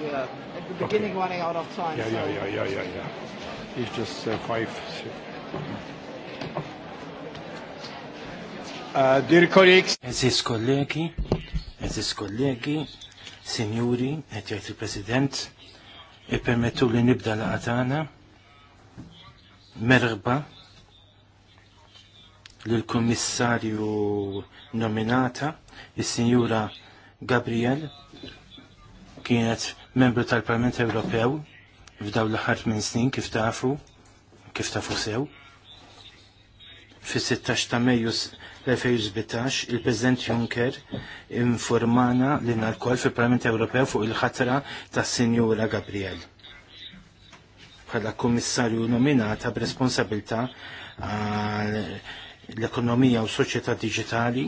we are at the beginning okay. running out of time. Yeah, so. yeah, yeah, yeah, yeah, yeah. It's just uh, five. Six. Uh, dear colleagues. Eżis kollegi, eżis kollegi, sinjuri, et jgħet il-president, i-permettu li nibda laqatana, merħba, l-kommissarju nominata, il-sinjura Gabriel, kienet membru tal-Parlament Ewropew f'daw l-ħar minn snin kif tafu, kif tafu sew. Fis-16 ta' Mejju l-2017 il-President Juncker informana li nalkol fil-Parlament Ewropew fuq il-ħatra tas Sinjura Gabriel. Bħala kummissarju nominata b'responsabilta għal l-ekonomija u soċjetà diġitali,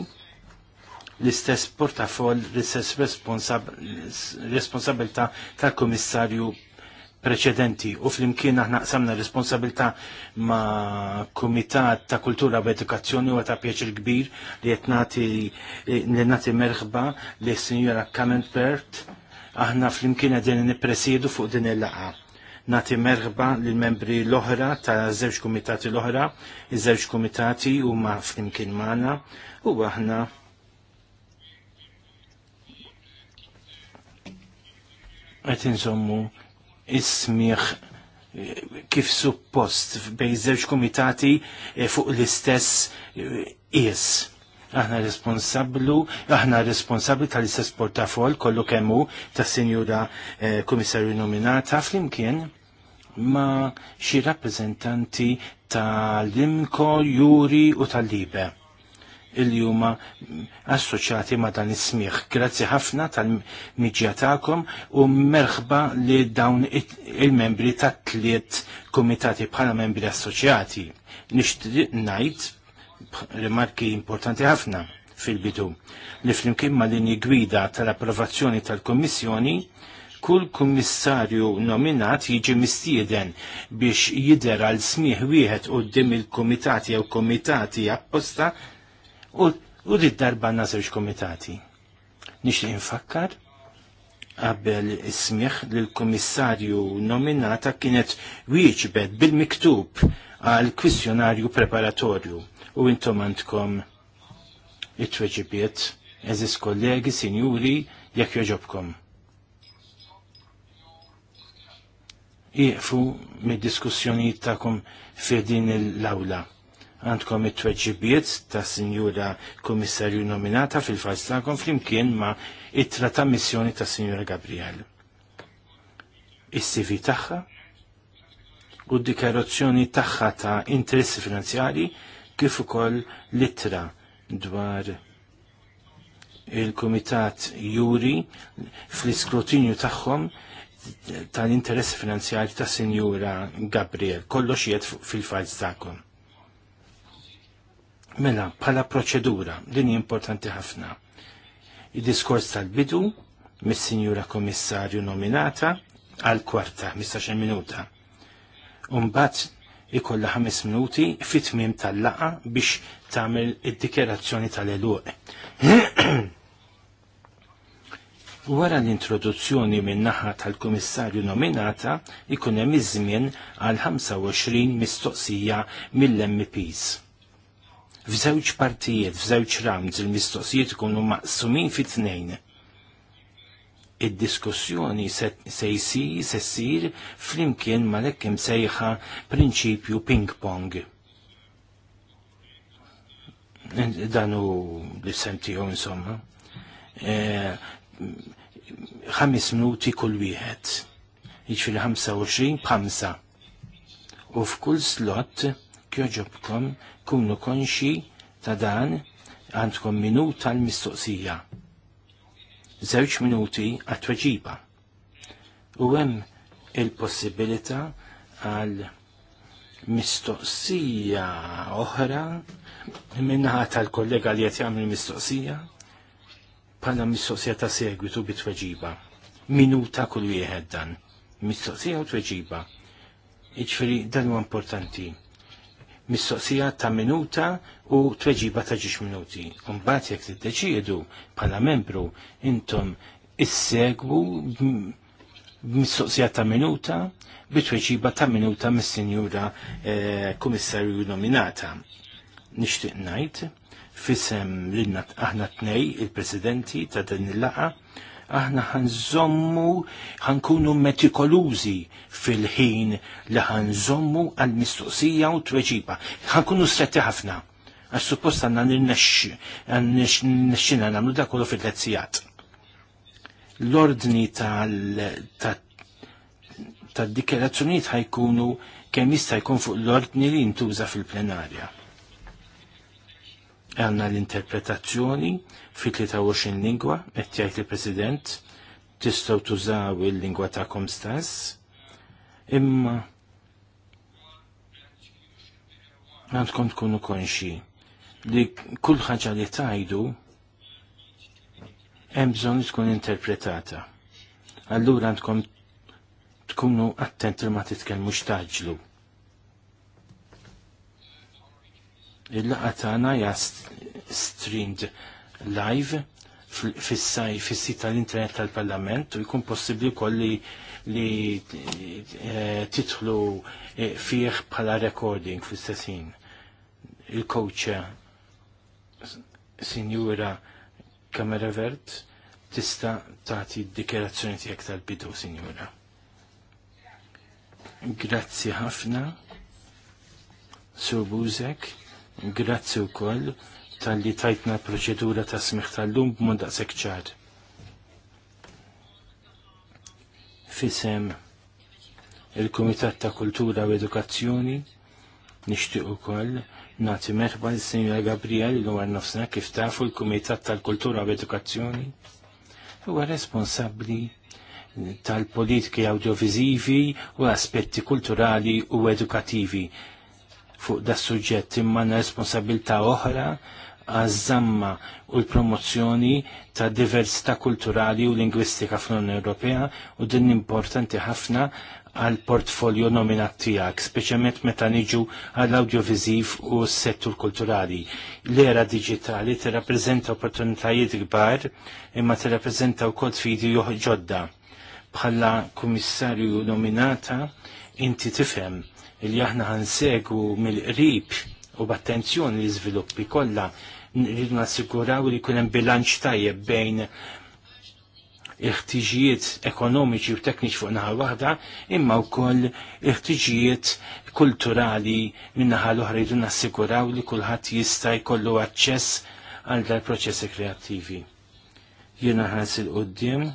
l-istess portafoll, l-istess responsabilta tal-komissarju preċedenti u fl-imkien aħna qsamna responsabilta ma' Kumitat ta' Kultura u Edukazzjoni u ta' pjaċir kbir li qed nagħti merħba li s-Sinjora Pert aħna fl-imkien qegħdin nippresiedu fuq din il-laqgħa. Nati merħba l membri l-oħra ta' żewġ kumitati l-oħra, iż-żewġ kumitati huma flimkien magħna u aħna qed inżommu ismiħ eh, kif suppost bej żewġ komitati eh, fuq l-istess eh, is. Aħna responsablu, aħna responsabli tal-istess portafol kollu kemmu tas sinjura komissarju nominata flimkien ma xi rappreżentanti tal-Imko, Juri u tal-Libe il-juma assoċjati ma dan is smigħ Grazzi ħafna tal miġjatakom tagħkom u merħba li dawn il-membri ta' tliet komitati bħala membri assoċjati. Nixtieq ngħid rimarki importanti ħafna fil-bidu li flimkien ma' linji gwida tal-approvazzjoni tal-Kommissjoni kull kummissarju nominat jiġi mistieden biex jidher għal smieħ wieħed qudiem il-komitati jew komitati apposta u di darba għanna x komitati. Nixtieq infakkar qabel ismiħ li l-komissarju nominata kienet wieġbet bil-miktub għal kwistjonarju preparatorju u intom għandkom it-tweġibiet eżis kollegi, sinjuri, jekk joġobkom. Iqfu mid-diskussjoni ta'kom fi din l-awla għandkom it-tweġibiet ta' Sinjura Komissarju nominata fil-fajs tagħkom flimkien ma' it-tra ta' missjoni ta' Sinjura Gabriel. Is-CV tagħha u d-dikarazzjoni tagħha ta' interessi finanzjari kif ukoll l-ittra dwar il-Kumitat Juri fl-iskrutinju tagħhom tal interessi finanzjari ta' Sinjura Gabriel. Kollox jiet fil-fajz tagħkom Mela, bħala proċedura, din importanti ħafna. Id-diskors tal-bidu, mis-sinjura komissarju nominata, għal kwarta, 15 minuta. Umbat, ikolla 5 minuti fit tmim tal-laqa biex tagħmel id-dikjerazzjoni tal-eluq. Wara l-introduzzjoni minn naħa tal-Komissarju nominata ikun hemm iż-żmien għal 25 mistoqsija mill-MPs f'żewġ partijiet, f'żewġ rounds il-mistoqsijiet ikunu maqsumin fit tnejn Id-diskussjoni se jsir se ssir flimkien ma lekkem sejħa prinċipju ping-pong. Danu li sentiju insomma. E, ħames minuti kull wieħed. Jiġifieri 25 b'ħamsa. U f'kull slot kjoġobkom kunu konxi ta' dan għandkom minuta l-mistoqsija. Zewċ minuti għat-tweġiba. U hemm il-possibilità għal mistoqsija oħra minnaħat tal-kollega li qed jagħmel mistoqsija bħala mistoqsija ta' segwitu bi tweġiba. Minuta kull wieħed dan. Mistoqsija u tweġiba. Iġifieri dan huwa importanti mistoqsija ta' minuta u tweġiba ta' ġiex minuti. Umbat jek tiddeċiedu bħala membru intom issegwu mistoqsija ta' minuta bi tweġiba ta' minuta mis-sinjura eh, kummissarju nominata. Nixtieq ngħid fisem l aħna tnej il-presidenti ta' din il-laqa aħna ħanżommu ħankunu metikolużi fil-ħin li ħanżommu għal-mistoqsija u tweġiba. ħankunu stretti ħafna. Għax suppost għanna n-nexxina namlu da kollu fil-lezzijat. L-ordni tal-dikjerazzjoniet ħajkunu kemm jista' jkun fuq l-ordni li jintuża fil-plenarja għanna l-interpretazzjoni fi 23 lingwa, qed jgħid il-President, tistgħu tużaw il-lingwa ta' stess, imma għandkom tkunu konxi li kull ħagġa li tajdu hemm bżonn tkun interpretata. Allura għandkom tkunu attenti ma titkellmux xtaġlu. Il-laqa tagħna ja streamed live fis-saj fis-sit tal-internet tal-Parlament u jkun possibbli wkoll li eh, titħlu eh, fih bħala recording fl-istess ħin. Il-coacha Sinjura Vert tista' tagħti d-dikjerazzjoni tiegħek tal-bidu, Sinjura. Grazzi ħafna. Sur Buzek Grazzi wkoll tal-li tajtna proċedura ta' smiħ tal-lum b'mod sekċar. ċar. Fisem il-Kumitat ta' Kultura u Edukazzjoni nixtieq ukoll nagħti merħba lis-Sinjora Gabriel li war nofsna kif tafu l-Kumitat tal-Kultura u Edukazzjoni huwa responsabbli tal-politiki audiovisivi u aspetti kulturali u edukativi fuq da suġġett imma responsabilità oħra għaż-żamma u l-promozzjoni ta' diversità kulturali u lingwistika fl-Unjoni Ewropea u din importanti ħafna għal portfolio nominat tijak, speċjalment meta niġu għall audiovisiv u s-settur kulturali. L-era digitali t rappresenta opportunitajiet kbar imma t rappresenta u kod fidi ġodda. Bħalla kummissarju nominata inti tifhem li aħna ħansegwu mill-qrib u b'attenzjoni li sviluppi kollha rridu nassiguraw li jkun hemm bilanċ tajjeb bejn il-ħtiġijiet ekonomiċi u tekniċi fuq naħa waħda, imma wkoll il-ħtiġijiet kulturali minn naħa l-oħra jridu nassiguraw li kulħadd jista' jkollu aċċess għal dal proċessi kreattivi. Jiena ħans qudiem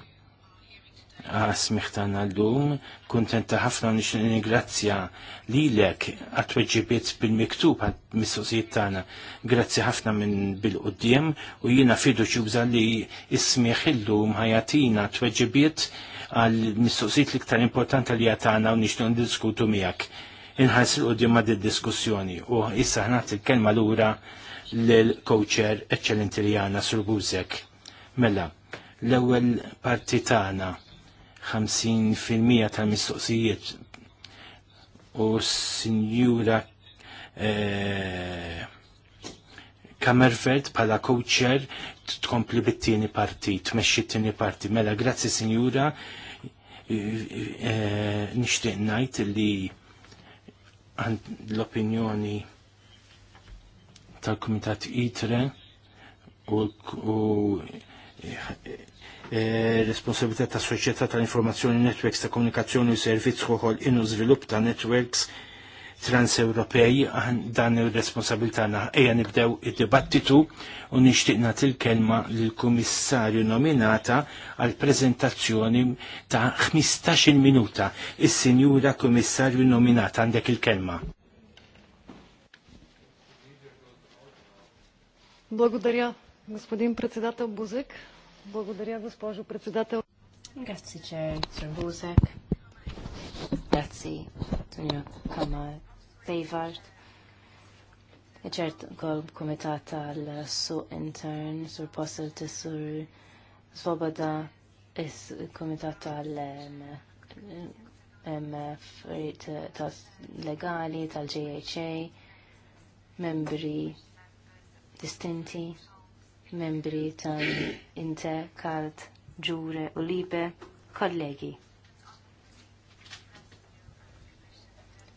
għasmiħtan għallum, kontenta ħafna nix ningrazzja li l-ek għatweġibiet bil-miktub għat mistoqsijiet tagħna. Grazzi ħafna minn bil-qoddim u jiena fidu ċubza li ismiħ illum ħajatina għatweġibiet għal mistoqsijiet l-iktar importanti li għatana u nix diskutu miegħek. Inħas l-qoddim għad diskussjoni u issa ħnaħt il-kelma lura l-coacher eccellenti li għana sur Guzek. Mela, l-ewwel parti tagħna 50% tal-mistoqsijiet u sinjura eh, Kamervert pala coacher tkompli bit-tieni parti, tmexxi t-tieni parti. Mela, grazzi sinjura, eh, eh nixtieq ngħid li l-opinjoni tal-Kumitat ITRE u, u eh, E, responsabilità ta' soċjetà tal-informazzjoni networks ta' komunikazzjoni u servizz uħol Inu żvilupp ta' networks trans-Ewropej dan ir-responsabilità ejja nibdew id-dibattitu u nixtieqna til-kelma lill-Kummissarju nominata għal preżentazzjoni ta' 15-il minuta. Is-Sinjura Kummissarju nominata għandek il-kelma. Благодаря, господин председател Бузик. Благодаря, госпожо председател. Grazie, Chair Buzek. Grazie, Tunja Kamal Bejvard. Iċert kol komitat tal-su intern, sur postel sur svoboda, is komitat tal-legali, tal-GHA, membri distinti membri tal-Inte, Kalt, Ġure u Libe, kollegi.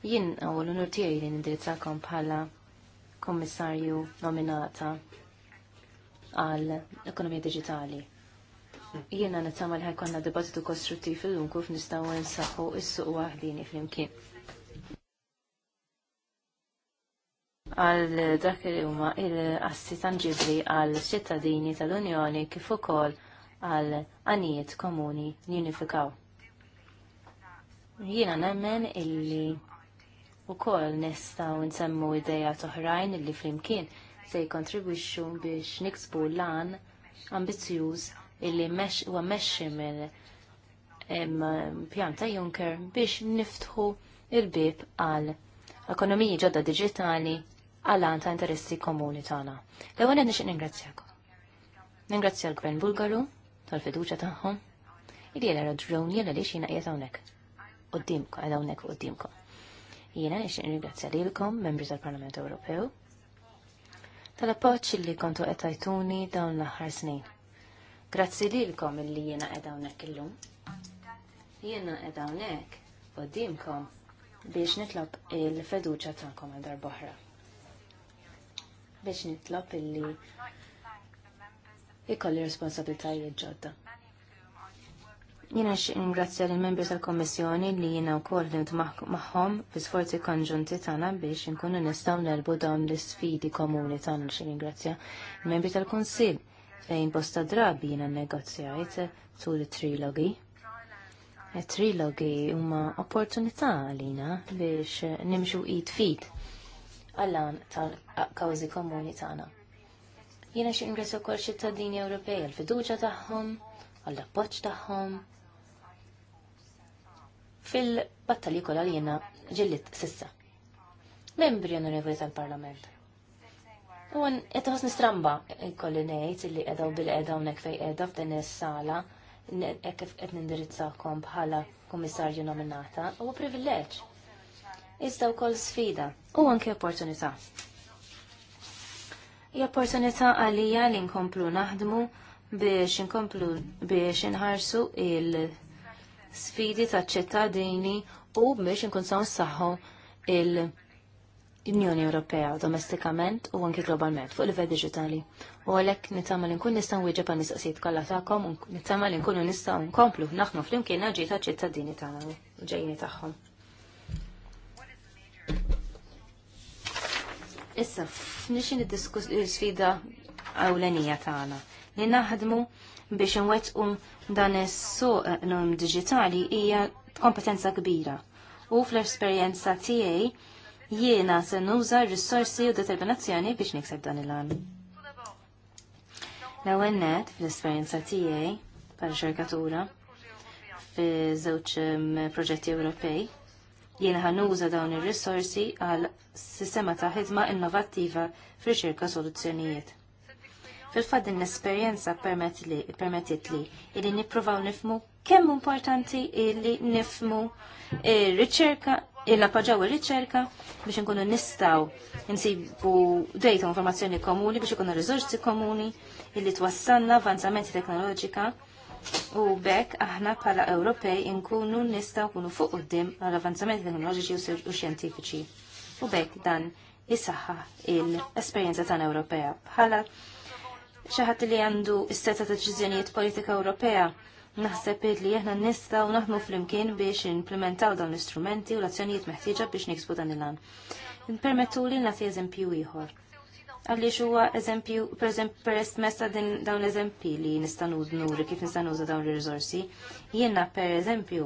Jien għaw l-unur li nindirizzakom bħala kommissarju nominata għal ekonomija digitali. Jiena nitsamal ħajkonna dibattitu kostruttiv il-lum kif nistaw nsaħħu is-suq waħdini fl-imkien. għal dak li huma il-assi tangibli għal ċittadini tal-Unjoni kif ukoll għal għanijiet komuni unifikaw. Jiena nemmen illi ukoll nistgħu nsemmu ideja toħrajn illi flimkien se jkontribwixxu biex niksbu lan ambizzjuż illi huwa mexxi mill pjan ta' Juncker biex niftħu il-bib għal ekonomiji ġodda digitali għal-għan ta' interessi komuni tagħna. L-ewwel qed nixtieq ningrazzjakom. Ningrazzja l-Gvern Bulgaru tal-fiduċja tagħhom. Ili jela raġuni jela li xina qiegħed hawnhekk. Qudiemkom qiegħed hawnhekk qudiemkom. Jiena nixtieq ningrazzja lilkom, membri tal-Parlament Ewropew, tal-appoġġ li kontu qed tajtuni dawn l-aħħar snin. Grazzi lilkom illi jiena qiegħed hawnhekk illum. Jiena qed hawnhekk quddiemkom biex nitlob il-feduċa tagħkom għal darbohra biex nitlop illi ikolli responsabiltajiet ġodda. Jina xingrazzja ingrazzja l-membri tal komissjoni li jina u koordinat maħħom fi sforzi konġunti tana biex nkunu nistaw nelbu dawn l-sfidi komuni tana x-ingrazzja l-membri tal-Konsil fejn bosta drabi jina negozjajt tul trilogi. E trilogi huma opportunità għalina biex nimxu id fid għallan tal-kawzi komuni tagħna. Jiena xi ingressu wkoll ċittadini Ewropej għall-fiduċja tagħhom, għall-appoġġ tagħhom. Fil-battalji kollha li jiena ġillit sissa. Membri onorevoli tal-Parlament. U għan etħos nistramba kolli nejt li edaw bil-edha unnek fej edha f'din is-sala kif qed nindirizzakom bħala kummissarju nominata huwa privileġġ iżda wkoll sfida u anke opportunità. Hija opportunità għalija li nkomplu naħdmu biex nkomplu biex inħarsu il-sfidi taċ-ċittadini u biex nkun saw nsaħħu il- Unjoni Ewropea domestikament u anki globalment fuq livell digitali. U għalhekk nitama li nkun nistgħu wieġeb għal nistaqsijiet kollha tagħkom u nittama li nkunu nistgħu nkomplu naħnu flimkien ġi ta' ċittadini tagħna u ġejjini tagħhom. Issa, f'nixin il-sfida għawlenija tagħna li naħdmu biex nwettqu dan is-suq digitali hija kompetenza kbira. U fl-esperjenza tiegħi jiena se nuża r-risorsi u determinazzjoni biex nikseb dan il-għan. L-ewwel fl-esperjenza tiegħi bħala xerkatura fi żewġ mm, proġetti Ewropej Jiena ħanuża dawn ir-risorsi għal sistema ta' ħidma innovattiva fir ċirka soluzzjonijiet. Fil-fatt din l-esperjenza permettit li li nippruvaw nifmu kemm importanti li nifmu ir-riċerka illa paġaw ir-riċerka biex nkunu nistaw insibu dejta informazzjoni komuni biex ikunu riżorsi komuni illi twassalna avvanzamenti teknoloġika U bekk aħna pala Ewropej inkunu nista' nkunu fuq qudiem għal avanzamenti teknoloġiċi u xjentifiċi. U bekk dan jisaħħa l-esperjenza tagħna Ewropea. Bħala xi ħadd li għandu istetta ta' deċiżjonijiet politika Ewropea naħseb li aħna nista' u naħdmu flimkien biex implementaw dawn l-istrumenti u l-azzjonijiet meħtieġa biex niksbu dan il-lan. Permettu li nagħti eżempju ieħor għaliex huwa eżempju, peress mesta din dawn eżempji li nista' nuri kif nistan nuża dawn ir rizorsi Jiena per eżempju,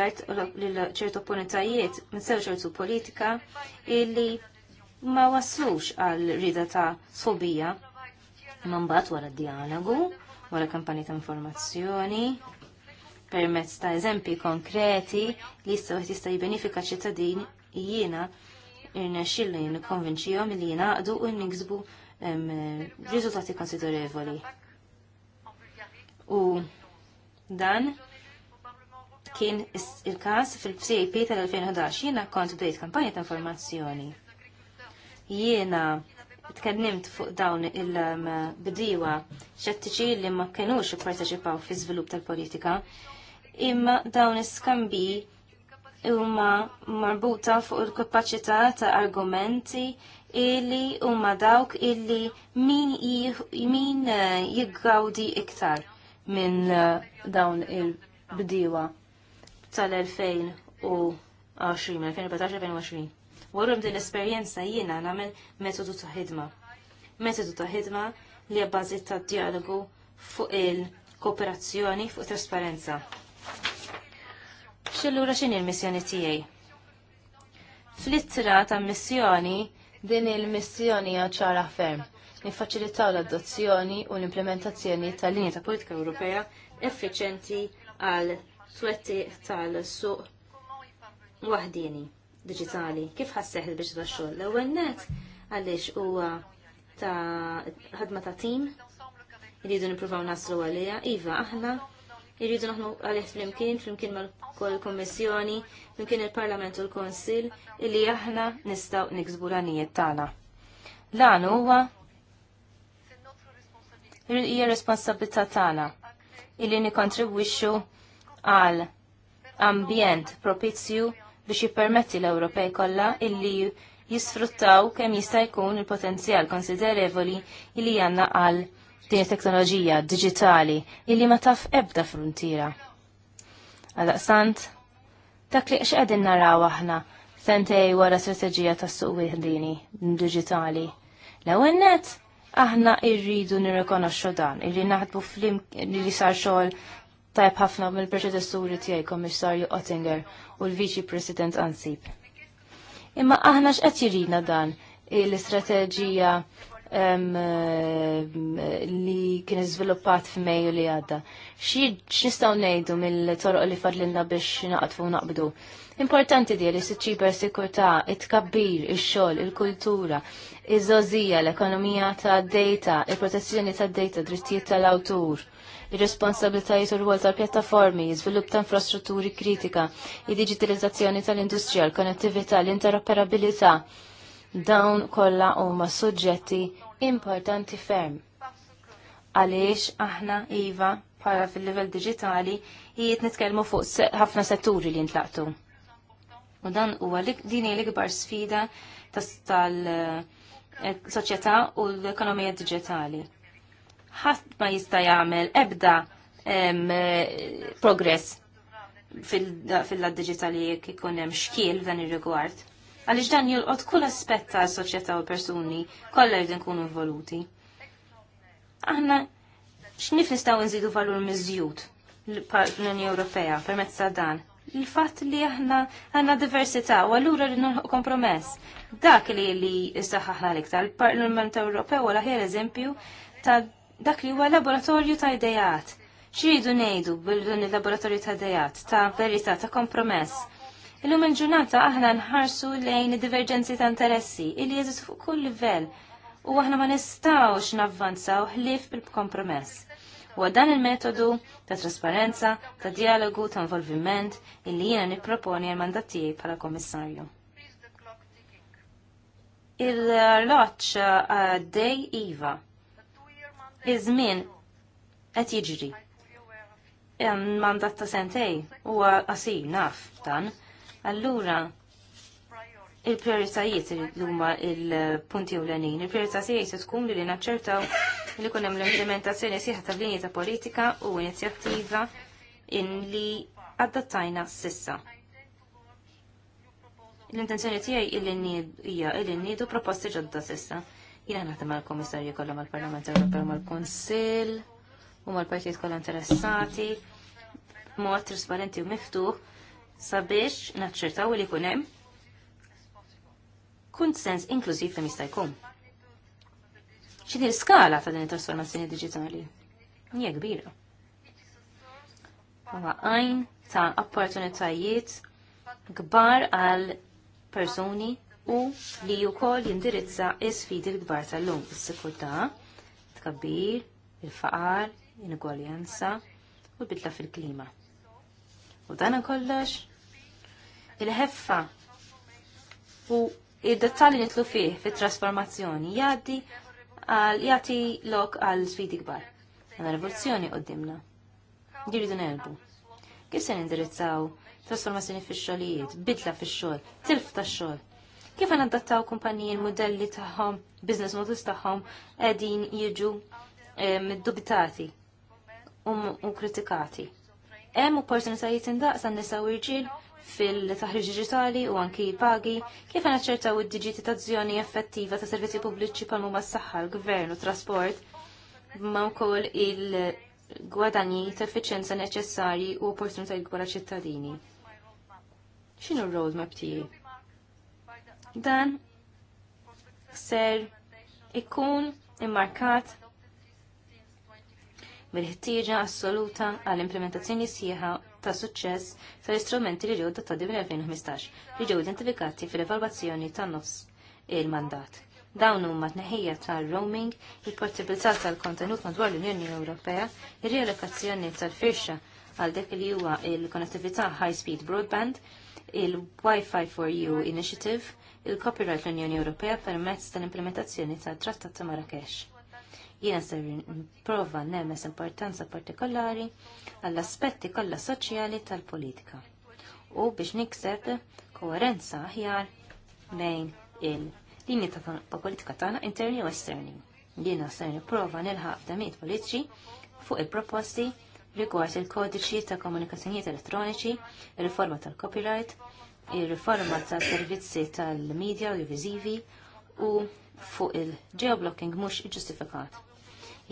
rajt li ċertu opponentajiet minn sew ċertu politika illi ma waslux għal rida ta' sobija man mbagħad wara dialogu, wara kampanji ta' informazzjoni, permezz ta' eżempji konkreti li jistgħu jista' jibbenifika ċittadin jiena irnexxilli nikkonvinċihom li jingħaqdu u niksbu riżultati konsiderevoli. U dan kien il-każ fil-CAP tal-2011 jiena kont bdejt kampanja ta' informazzjoni. Jiena tkellimt fuq dawn il-bdiwa xettiċi li ma kienux ipparteċipaw fi żvilupp tal-politika, imma dawn iskambi huma marbuta fuq il-kapaċità ta' argumenti illi huma dawk illi min, min eh, jiggawdi iktar minn eh, dawn il bdiwa tal-2020, 2014-2020. Warrum din l-esperjenza jiena nagħmel metodu ta' ħidma. Metodu ta' ħidma li għabbażit ta' dialogu fuq il-kooperazzjoni fuq trasparenza. Xillura xini l-missjoni tijaj? Flittra ta' missjoni din il-missjoni ċara ferm niffaċilitaw l-adozzjoni u l-implementazzjoni tal-linja ta' politika Ewropea effiċenti għal twetti tal-suq wahdini digitali. Kif ħasseħ biex da xogħol? L-ewwel net għaliex huwa ta' ħadma ta' tim li jridu nippruvaw naslu għalija. Iva aħna irridu naħnu għalih flimkien, flimkien mal kommissjoni, flimkien il-Parlament u l-Konsil, illi aħna nistaw niksbu l-għanijiet tagħna. Dan huwa hija responsabilità tagħna illi nikontribwixxu għal ambjent propizju biex jippermetti l-Ewropej kollha illi jisfruttaw kemm jista' jkun il-potenzjal konsiderevoli illi għandna għal din it-teknoloġija digitali illi ma taf ebda frontiera. sant, dak li x'qegħdin naraw aħna sentej wara strateġija tas-suq wieħdini digitali. L-ewwel net aħna rridu nirrikonoxxu dan, irri naħdbu flim li sar xogħol tajb ħafna mill-preċedessuri tiegħi Kommissarju Ottinger u l-Viċi President Ansib. Imma aħna x'qed jirina dan l-istrateġija Eh, li kien iżviluppat f'Mejju li għadda. X'nistgħu ngħidu mill-toroq li fadlilna biex naqtfu naqbdu. Importanti di li s-ċiber sikurtà, it-kabbir, ix-xogħol, il-kultura, iż-żożija, l-ekonomija ta' data, il-protezzjoni ta' data, drittijiet tal-awtur ir-responsabilitajiet u rwol tal-pjattaformi, iżvilupp ta' infrastrutturi kritika, id-digitalizzazzjoni tal-industrija, l-konnettività, l-interoperabilità, Dawn kollha huma suġġetti importanti ferm. Għaliex aħna iva para fil-livell digitali jiet nitkellmu fuq ħafna setturi li ntlaqtu. U dan huwa din hija l-ikbar sfida tal-soċjetà u l-ekonomija digitali. Ħadd ma jista' jagħmel ebda progress fil-digitali jekk ikun hemm xkiel dan ir-rigward għaliex dan jolqot kull aspett ta' soċjetà u persuni kollha jridu nkunu involuti. Aħna x'nif nistgħu nżidu valur miżjud l-Unjoni Ewropea permezz ta' dan. Il-fatt li aħna għandna diversità u allura rridu kompromess. Dak li li issaħħaħna l-iktar il-Parlament Ewropew wara ħjar eżempju ta' dak li huwa laboratorju ta' idejat. Xiridu ngħidu bil il-laboratorju ta' idejat ta' verità ta' kompromess Illum il-ġurnata aħna nħarsu lejn divergenzi ta' interessi illi jeżis fuq kull livell u aħna ma nistawx navvanzaw ħlif bil-kompromess. U dan il-metodu ta' trasparenza, ta' dialogu, ta' involviment illi jiena nipproponi għal mandat tiegħi bħala komissarju. Il-loċ uh, għaddej Iva. Iż-żmien qed jiġri. Mandat ta' sentej huwa qasir naf dan Allura, il-prioritajiet l huma il-punti l-għanin. Il-prioritajiet se tkun li naċċertaw li kunem hemm l-implementazzjoni siħa ta' linji ta' politika u inizjattiva in li adattajna sissa. L-intenzjoni tiegħi il illi nniedu proposti ġodda sissa. Jiena naħdem mal-Komissarju kollha mal-Parlament Ewropew mal-Kunsill u mal-partijiet kollha interessati mod trasparenti u miftuħ sabiex naċċertaw li jkun hemm kunsens inklużiv fejn jista' jkun. l-skala ta' din it-trasformazzjoni diġitali? Hija kbira. Huwa għajn ta' opportunitajiet kbar għal persuni u li wkoll jindirizza is-sfidi l-kbar tal-lum, is-sikurtà, tkabbir, il-faqar, l-inugwaljanza u l-bidla fil-klima. U dan kollox il-ħeffa u id-dettalji nitlu fih fit-trasformazzjoni jgħaddi għal jagħti lok għal sfidi kbar. Għandna rivoluzzjoni għoddimna. Jiridu nerbu. Kif se nindirizzaw trasformazzjoni fix-xogħlijiet, bidla fix-xogħol, tilf tax-xogħol. Kif għan adattaw il modelli tagħhom, business models tagħhom qegħdin jiġu middubitati ehm, u kritikati. Hemm opportunitajiet indaqs għan nisa u irġiel fil-taħriġ digitali u anki pagi kif naċċertaw id digitizzazzjoni effettiva ta' servizzi pubbliċi bħal huma s-saħħa, l-gvern u trasport ma wkoll il gwadani ta' effiċenza neċessarji u opportunitajiet kbar ċittadini. X'inhu r-roadmap tiegħi? Dan ser ikun immarkat mill-ħtieġa assoluta għall-implementazzjoni sieħa ta' suċċess tal-istrumenti li ġew ta' mill-2015 li ġew identifikati fil-evalwazzjoni ta' nofs il-mandat. Dawn huma tneħħija tal-roaming, il-portabilità tal-kontenut madwar l-Unjoni Ewropea, ir-relokazzjoni tal-firxa għal dek li huwa il-konnettività high speed broadband, il-Wi-Fi for You Initiative, il-copyright l-Unjoni Ewropea permezz tal-implementazzjoni tal-Trattat ta' Marrakesh. Jiena ser prova nemes importanza partikolari għall-aspetti kollha soċjali tal-politika u biex nikseb koerenza aħjar bejn il-linji ta' politika tagħna interni u esterni. Jiena ser nipprova nilħaq damiet politiċi fuq il-proposti rigward il-kodiċi ta' komunikazzjonijiet elettroniċi, il-riforma tal-copyright, il-riforma ta' servizzi tal-medja u vizivi u fuq il-geoblocking mhux ġustifikat.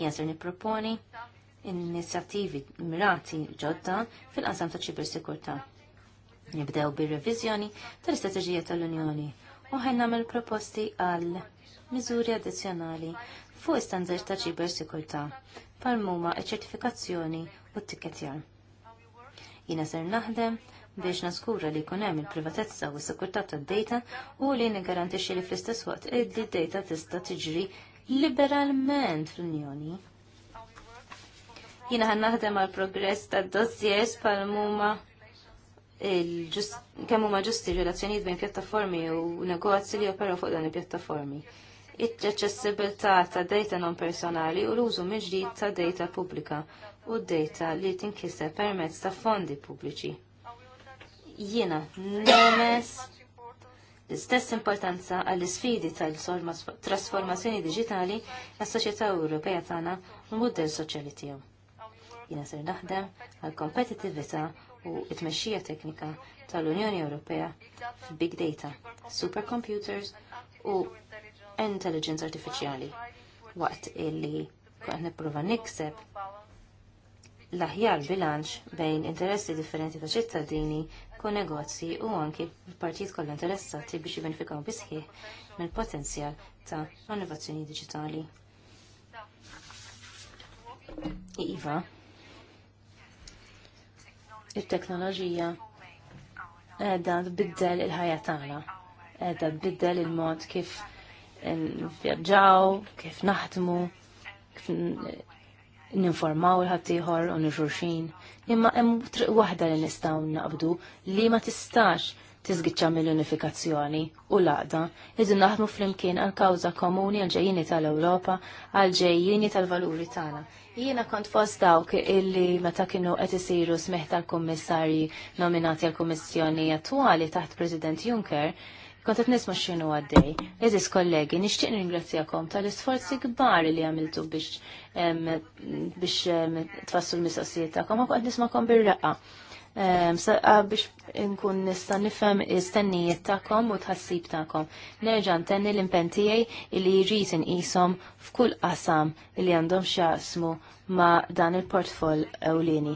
Jasser niproponi inizjattivi mirati ġodda fil-qasam ta' ċibersikurtà. Nibdew bir-reviżjoni tal-istrateġija tal-Unjoni u ħen nagħmel proposti għal miżuri addizzjonali fuq standard ta' ċibersikurtà huma muma ċertifikazzjoni u t-tikketjar. Jina ser naħdem biex naskura li jkun hemm il-privatezza u s-sikurtà tad-data u li nigarantixxi li fl-istess waqt id-data tista' tiġri liberalment fl-Unjoni. Jina ħan naħdem għal progress ta' dossiers pal muma kemmu huma ġusti relazzjonijiet bejn pjattaformi u negozji li operaw fuq dan il-pjattaformi. Iċċessibilità ta' data non personali u l-użu miġdid ta' data pubblika u data li tinkiseb permezz ta' fondi pubbliċi. Jiena nemes l-istess importanza għall isfidi tal-trasformazzjoni digitali għas-soċjetà Ewropea tagħna u mudell soċjali tiegħu. Jiena ser naħdem għall kompetittività u t tmexxija teknika tal-Unjoni Ewropea f'Big Data, Supercomputers u Intelligence Artificiali waqt illi kont nipprova nikseb l-aħjar bilanċ bejn interessi differenti ta' ċittadini, ku negozji u anki l-partijiet kollha interessati biex jibbenefikaw bisħieħ mill-potenzjal ta' innovazzjoni diġitali. Iva, il teknoloġija qiegħda tbiddel il-ħajja tagħna, qiegħda tbiddel il-mod kif vjaġġaw, kif naħdmu, kif ninformaw il-ħattijħor u nirruxin. Imma hemm triq waħda li nistgħu naqbdu li ma tistax tiżgiċċa mill-unifikazzjoni u laqda idu naħdmu flimkien għal kawża komuni għal ġejjini tal-Ewropa għal ġejjini tal-valuri tagħna. Jiena kont fost dawk illi meta kienu qed isiru smih tal-kummissarji nominati għal kummissjoni attwali taħt President Juncker Kont qed nisma' x'inhu għaddej. Eżis kollegi, nixtieq nirringrazzjakom tal-isforzi kbar li għamiltu biex biex tfassu l-mistoqsijiet tagħkom ma qed nismakom bir-raqqa. Ehm, ah, biex nkun nista' nifhem istennijiet tagħkom u tħassib tagħkom. Nerġa' ntenni l-impenn tiegħi li jrid inqishom f'kull qasam li għandhom x'jaqsmu ma' dan il-portfoll ewlieni.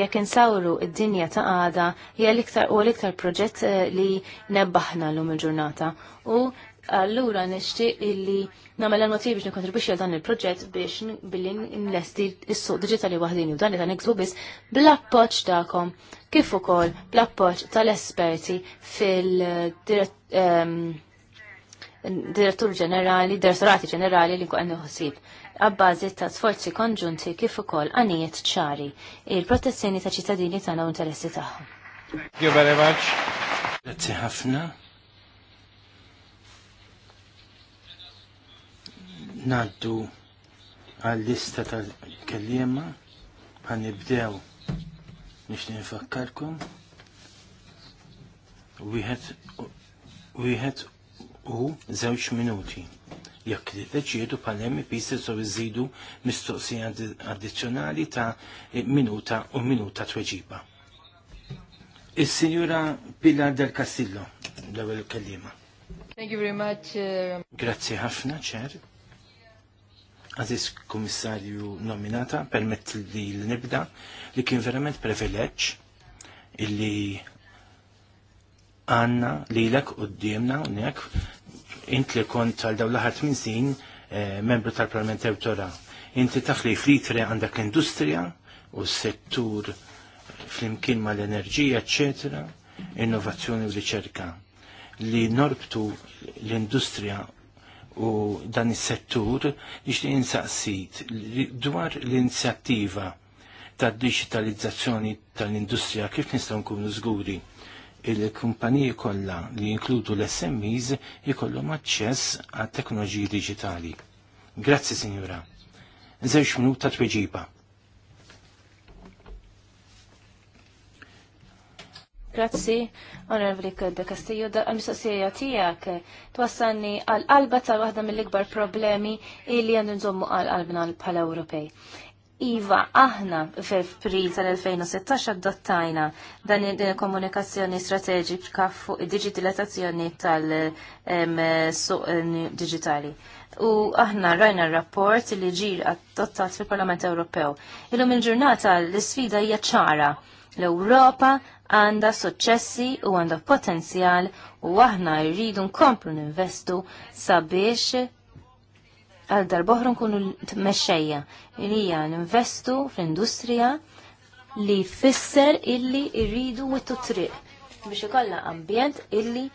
Jekk insawru id-dinja ta' għada hija l-iktar u l-iktar proġett eh, li nebbaħna lum il-ġurnata u Allura nishtiq illi nagħmel annoti biex nikkontribwixxi għal dan il-proġett biex billi n-lesti s-suq digitali wahdini u dan li dan niksbu biss bl-appoġġ tagħkom kif ukoll bl-appoġġ tal-esperti fil-direttur ehm, ġenerali, direttorati ġenerali li kwa ħossib għabbażi ta' sforzi konġunti kif ukoll għanijiet ċari il-protezzjoni ta' ċittadini tagħna u interessi tagħhom. Thank you very much. Grazie ħafna. naddu għal-lista tal-kellima għan nibdew nix ninfakkarkom wieħed u zewċ minuti jekk li pal palemmi ipiser so iżidu mistoqsija addizzjonali ta' minuta u minuta tweġiba. is signora Pilar del Castillo, l-ewwel kelliema. Thank you very much. Uh, Grazzi ħafna, ċer għaziz komissarju nominata, permett li l-nibda li kien verament privileġġ illi għanna li l-ek u d-diemna unnek int li kont tal daw laħar tminsin eh, membru tal-Parlament Ewtora. Inti taf li flitre għandak l-industrija u s-settur fl-imkien ma l-enerġija, eccetera, innovazzjoni u riċerka li norbtu l-industrija u dan is-settur nixtieq insaqsit dwar l-inizjattiva tad-diġitalizzazzjoni tal-industrija kif nistgħu nkunu żguri il-kumpaniji kollha li jinkludu l-SMEs jkollhom aċċess għat teknoloġiji diġitali. Grazzi, Sinjura. Żewġ minuta tweġiba. Grazzi, Onorevoli Kodda Castillo, għal-mistoqsija tijak, twassanni għal-qalba ta' waħda mill-ikbar problemi illi għandu nżommu għal-qalbna bħala Ewropej. Iva, aħna f'April tal-2016 adottajna dan il-komunikazzjoni strateġika fuq id-digitalizzazzjoni tal-suq digitali. U aħna rajna r-rapport li ġir adottat fil-Parlament Ewropew. Illum il-ġurnata l-sfida hija ċara. L-Ewropa għanda suċċessi u għanda potenzjal u aħna rridu nkomplu ninvestu sabiex għal darboħru nkunu t-mexxejja. Irija investu fl-industrija li fisser illi irridu wittu triq biex ikolla ambjent illi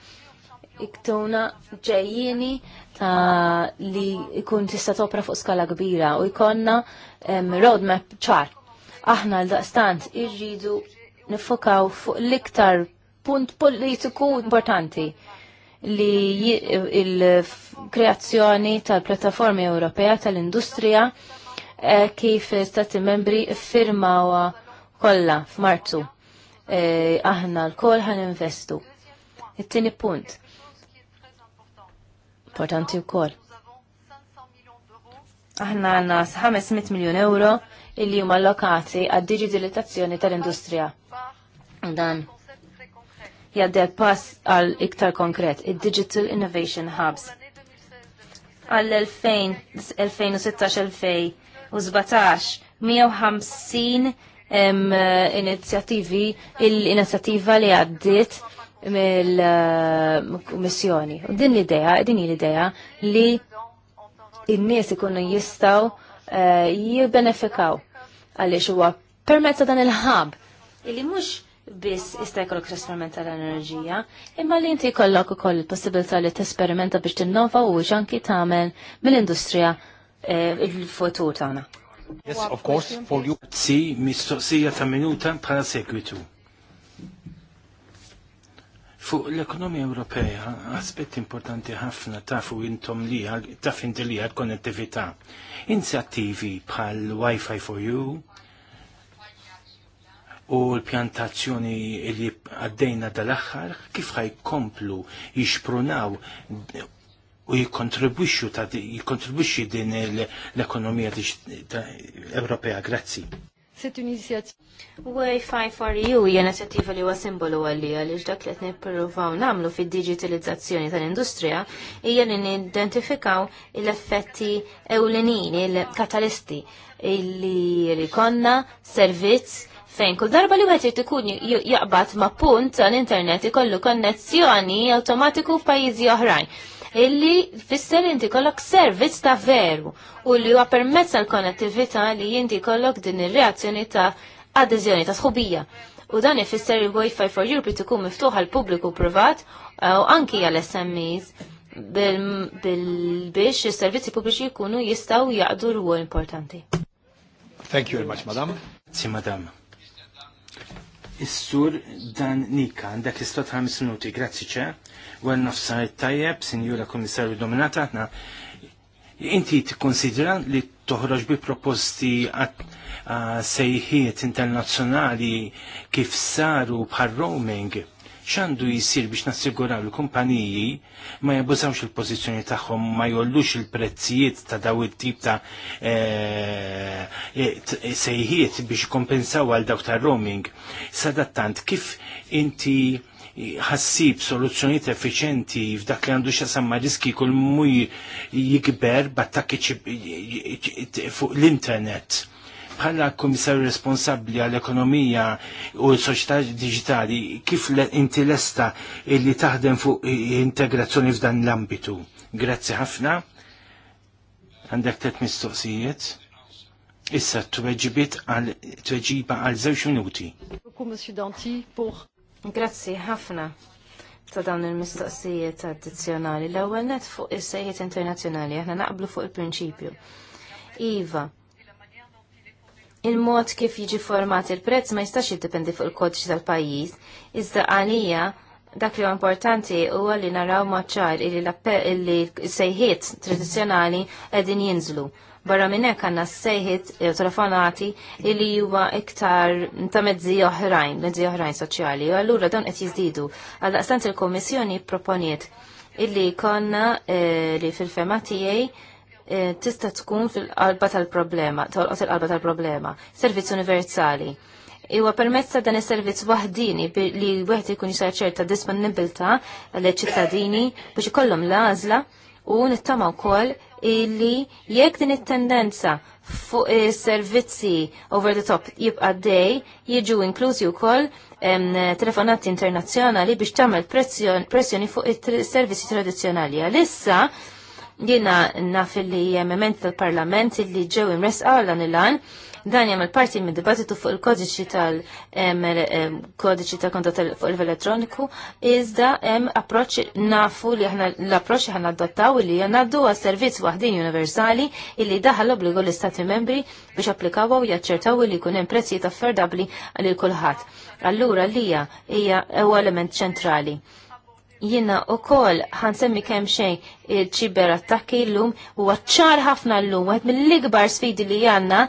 iktuna ġejjini ta' li ikun tista' topra fuq skala kbira u jkollna roadmap ċar. Aħna l-daqstant irridu nifokaw fuq l-iktar punt politiku importanti li il-kreazzjoni tal-Plattaformi Ewropea tal-Industrija eh, kif stati membri firmawa kollha f'Marzu. Eh, aħna l-kol ħan investu. It-tieni punt. Importanti wkoll. Aħna għanna 500 miljon euro illi huma allokati għad digitalizzazzjoni tal-industrija. Dan jaddel pass għal iktar konkret, il-Digital Innovation Hubs. Għal-2016-2017, 150 inizjattivi, l-inizjattiva li għaddit mill-missjoni. Eh, u din l-idea, din l-idea li in-nies ikunu jistgħu eh, jibbenefikaw għaliex huwa permezz dan il-ħab illi mhux biss jista' jkollok trasferment l enerġija imma li inti jkollok ukoll il-possibilità li tesperimenta biex tinnova u anki tagħmel mill-industrija eh, il-futur tagħna. Yes, of course, for you. Si, mistoqsija ta' minuta bħala segwitu. Fuq l-ekonomija Ewropea, aspett importanti ħafna tafu intom li taf inti li konnettività. Inizjattivi bħal Wi-Fi for you u l-pjantazzjoni li għaddejna dal-axħar kif komplu jixprunaw u jikontribwixxu din l-ekonomija Ewropea. Grazzi. C'est une initiative. wi for EU hija inizjattiva li huwa simbolu għalli għaliex dak li qed nippruvaw nagħmlu fid-diġitalizzazzjoni tal-industrija hija li nidentifikaw l-effetti ewlenin, il-katalisti li konna servizz fejn kull darba li wieħed irid ikun jaqbad ma' punt għall internet ikollu konnezzjoni awtomatiku f'pajjiżi oħrajn illi tfisser inti kollok servizz ta' veru u li huwa permezz għal konnettività li inti kollok din ir-reazzjoni ta' adeżjoni ta' sħubija. U dan ifisser il-Wi-Fi for Europe tkun miftuħ għal pubbliku privat uh, u anki għal SMEs biex il-servizzi pubbliċi jkunu jistaw jaqdu rwol importanti. Thank you very much, madam. Si, madam. Is-sur Dan Nika, għandak istot 5 minuti, grazzi ċe, għal nafsar tajjeb, sinjura komissarju dominata, għatna, inti tikkonsidra li toħroġ bi proposti għat sejħiet internazzjonali kif saru bħal roaming xandu jisir biex nassiguraw l-kumpaniji ma jabużawx il-pozizjoni tagħhom ma jollux il-prezzijiet ta' daw it-tip ta' eh, eh, sejħiet biex kompensaw għal dawk ta' roaming. Sadattant, kif inti ħassib soluzzjonijiet effiċenti f'dak li għandu xasamma riski kull muj jikber battakki fuq l-internet bħala komissarju responsabli għall-ekonomija u l-soċjetà digitali kif inti l-esta li taħdem fuq integrazzjoni f'dan l-ambitu. Grazzi ħafna. Għandek tet mistoqsijiet. Issa t tweġibit għal tweġiba għal żewġ minuti. Grazzi ħafna ta' dawn il-mistoqsijiet addizzjonali. L-ewwel net fuq is-sejjiet internazzjonali aħna naqblu fuq il-prinċipju. Iva, il-mod kif jiġi format il-prezz ma jistax jiddependi fuq il kodġi tal-pajjiż, iżda għalija dak li importanti huwa li naraw maċċar li l-sejħiet tradizzjonali qegħdin jinżlu. Barra minn hekk għandna sejħiet eh, telefonati li huwa iktar ta' mezzi oħrajn, mezzi oħrajn soċjali, u allura dan qed jiżdidu. Għal daqstant il-Kummissjoni proponiet illi konna eh, li fil-fema tiegħi Eh, tista tkun fil-qalba tal-problema, tolqot il-qalba tal-problema. Servizz universali. Iwa permezz ta' dan is-servizz waħdini li wieħed ikun jisarċer ċerta disponibilità l-ċittadini biex ikollhom l-għażla u nittama wkoll illi jekk din it-tendenza fuq is-servizzi over the top jibqa' dej jiġu inklużi wkoll telefonati internazzjonali biex tagħmel pressjoni fuq is-servizzi tradizzjonali. Għalissa Jiena naf li hemm tal-Parlament li ġew imresqa għal dan il-għan dan il parti minn dibattitu fuq il-kodiċi tal-kodiċi tal-kontat fuq il elettroniku iżda hemm approċċ nafu li aħna l-approċċ aħna adottaw li ngħaddu għas servizz waħdin universali illi daħal obbligu l-istati membri biex applikawa u jaċċertaw li jkun hemm prezzijiet affordabbli għal kulħadd. Allura lija hija huwa element ċentrali jina u kol ħansemmi kem xejn il-ċiber attakki l-lum u għacċar ħafna l-lum għed mill-ikbar sfidi li janna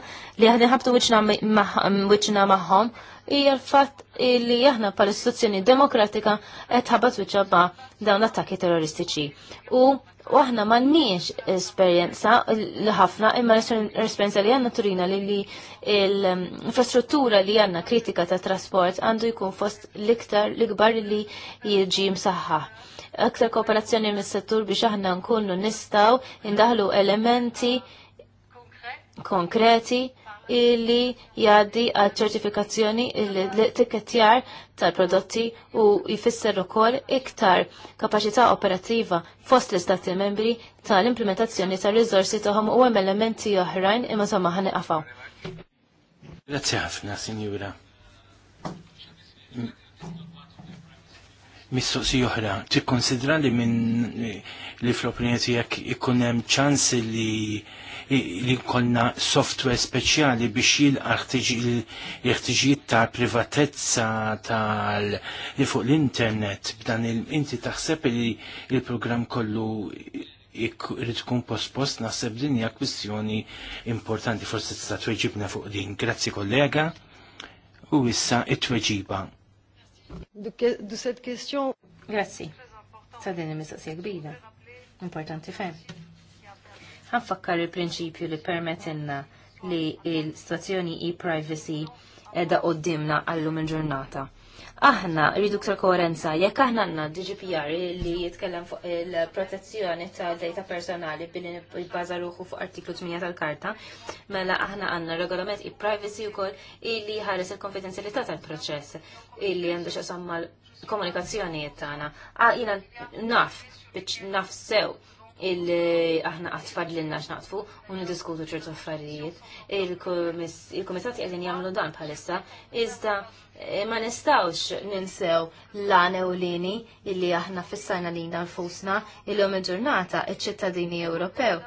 li għadin ħabtu wiċna maħħom hija l-fatt li jahna pal istituzzjoni demokratika qed ħabat wiċċa dawn l-attakki terroristiċi. U U aħna m'għandniex esperjenza li ħafna imma l-esperjenza li għandna turina li li l-infrastruttura li għandna kritika ta' trasport għandu jkun fost l-iktar l-ikbar li jiġi msaħħa. Aktar kooperazzjoni mis-settur biex aħna nkunu nistaw indaħlu elementi konkreti illi jaddi għal ċertifikazzjoni l-etikettjar tal-prodotti u jfisser ukoll iktar kapaċità operattiva fost l-istati membri tal-implementazzjoni tal-rizorsi tagħhom u hemm elementi oħrajn imma somma ħan iqafaw. Grazzi ħafna, Sinjura. Mistoqsi oħra, tikkonsidra li minn li fl-opinjoni tiegħek ikun hemm ċans li li konna software speċjali biex jilqa' ta' privatezza tal li fuq l-internet b'dan il inti taħseb li il-programm kollu irrid tkun post-post naħseb din hija kwistjoni importanti forsi tista' tweġibna fuq din. Grazzi kollega u issa it-tweġiba. Grazzi. Sa din il-mistaqsija kbira. Importanti fejn Għanfakkar il-prinċipju li permettinna li il-stazzjoni e-privacy edha qoddimna għallum il-ġurnata. Aħna rridu ktar koherenza, jekk aħna għandna DGPR li jitkellem fuq il-protezzjoni ta' data personali billi nibbaża ruħu fuq artiklu 8 tal-karta, mela aħna għandna regolament i-privacy wkoll illi ħares il-konfidenzjalità tal-proċess illi għandu x'asamma l-komunikazzjonijiet tagħna. Jiena naf bieċ naf sew illi aħna għatfad l-inna naqtfu u diskutu ċertu affarijiet. Il-komitati għedin jamlu dan bħalissa, iżda eh, ma nistawx ninsew l-għane u lini illi aħna fissajna lina nfusna il-lum il-ġurnata il-ċittadini Ewropew.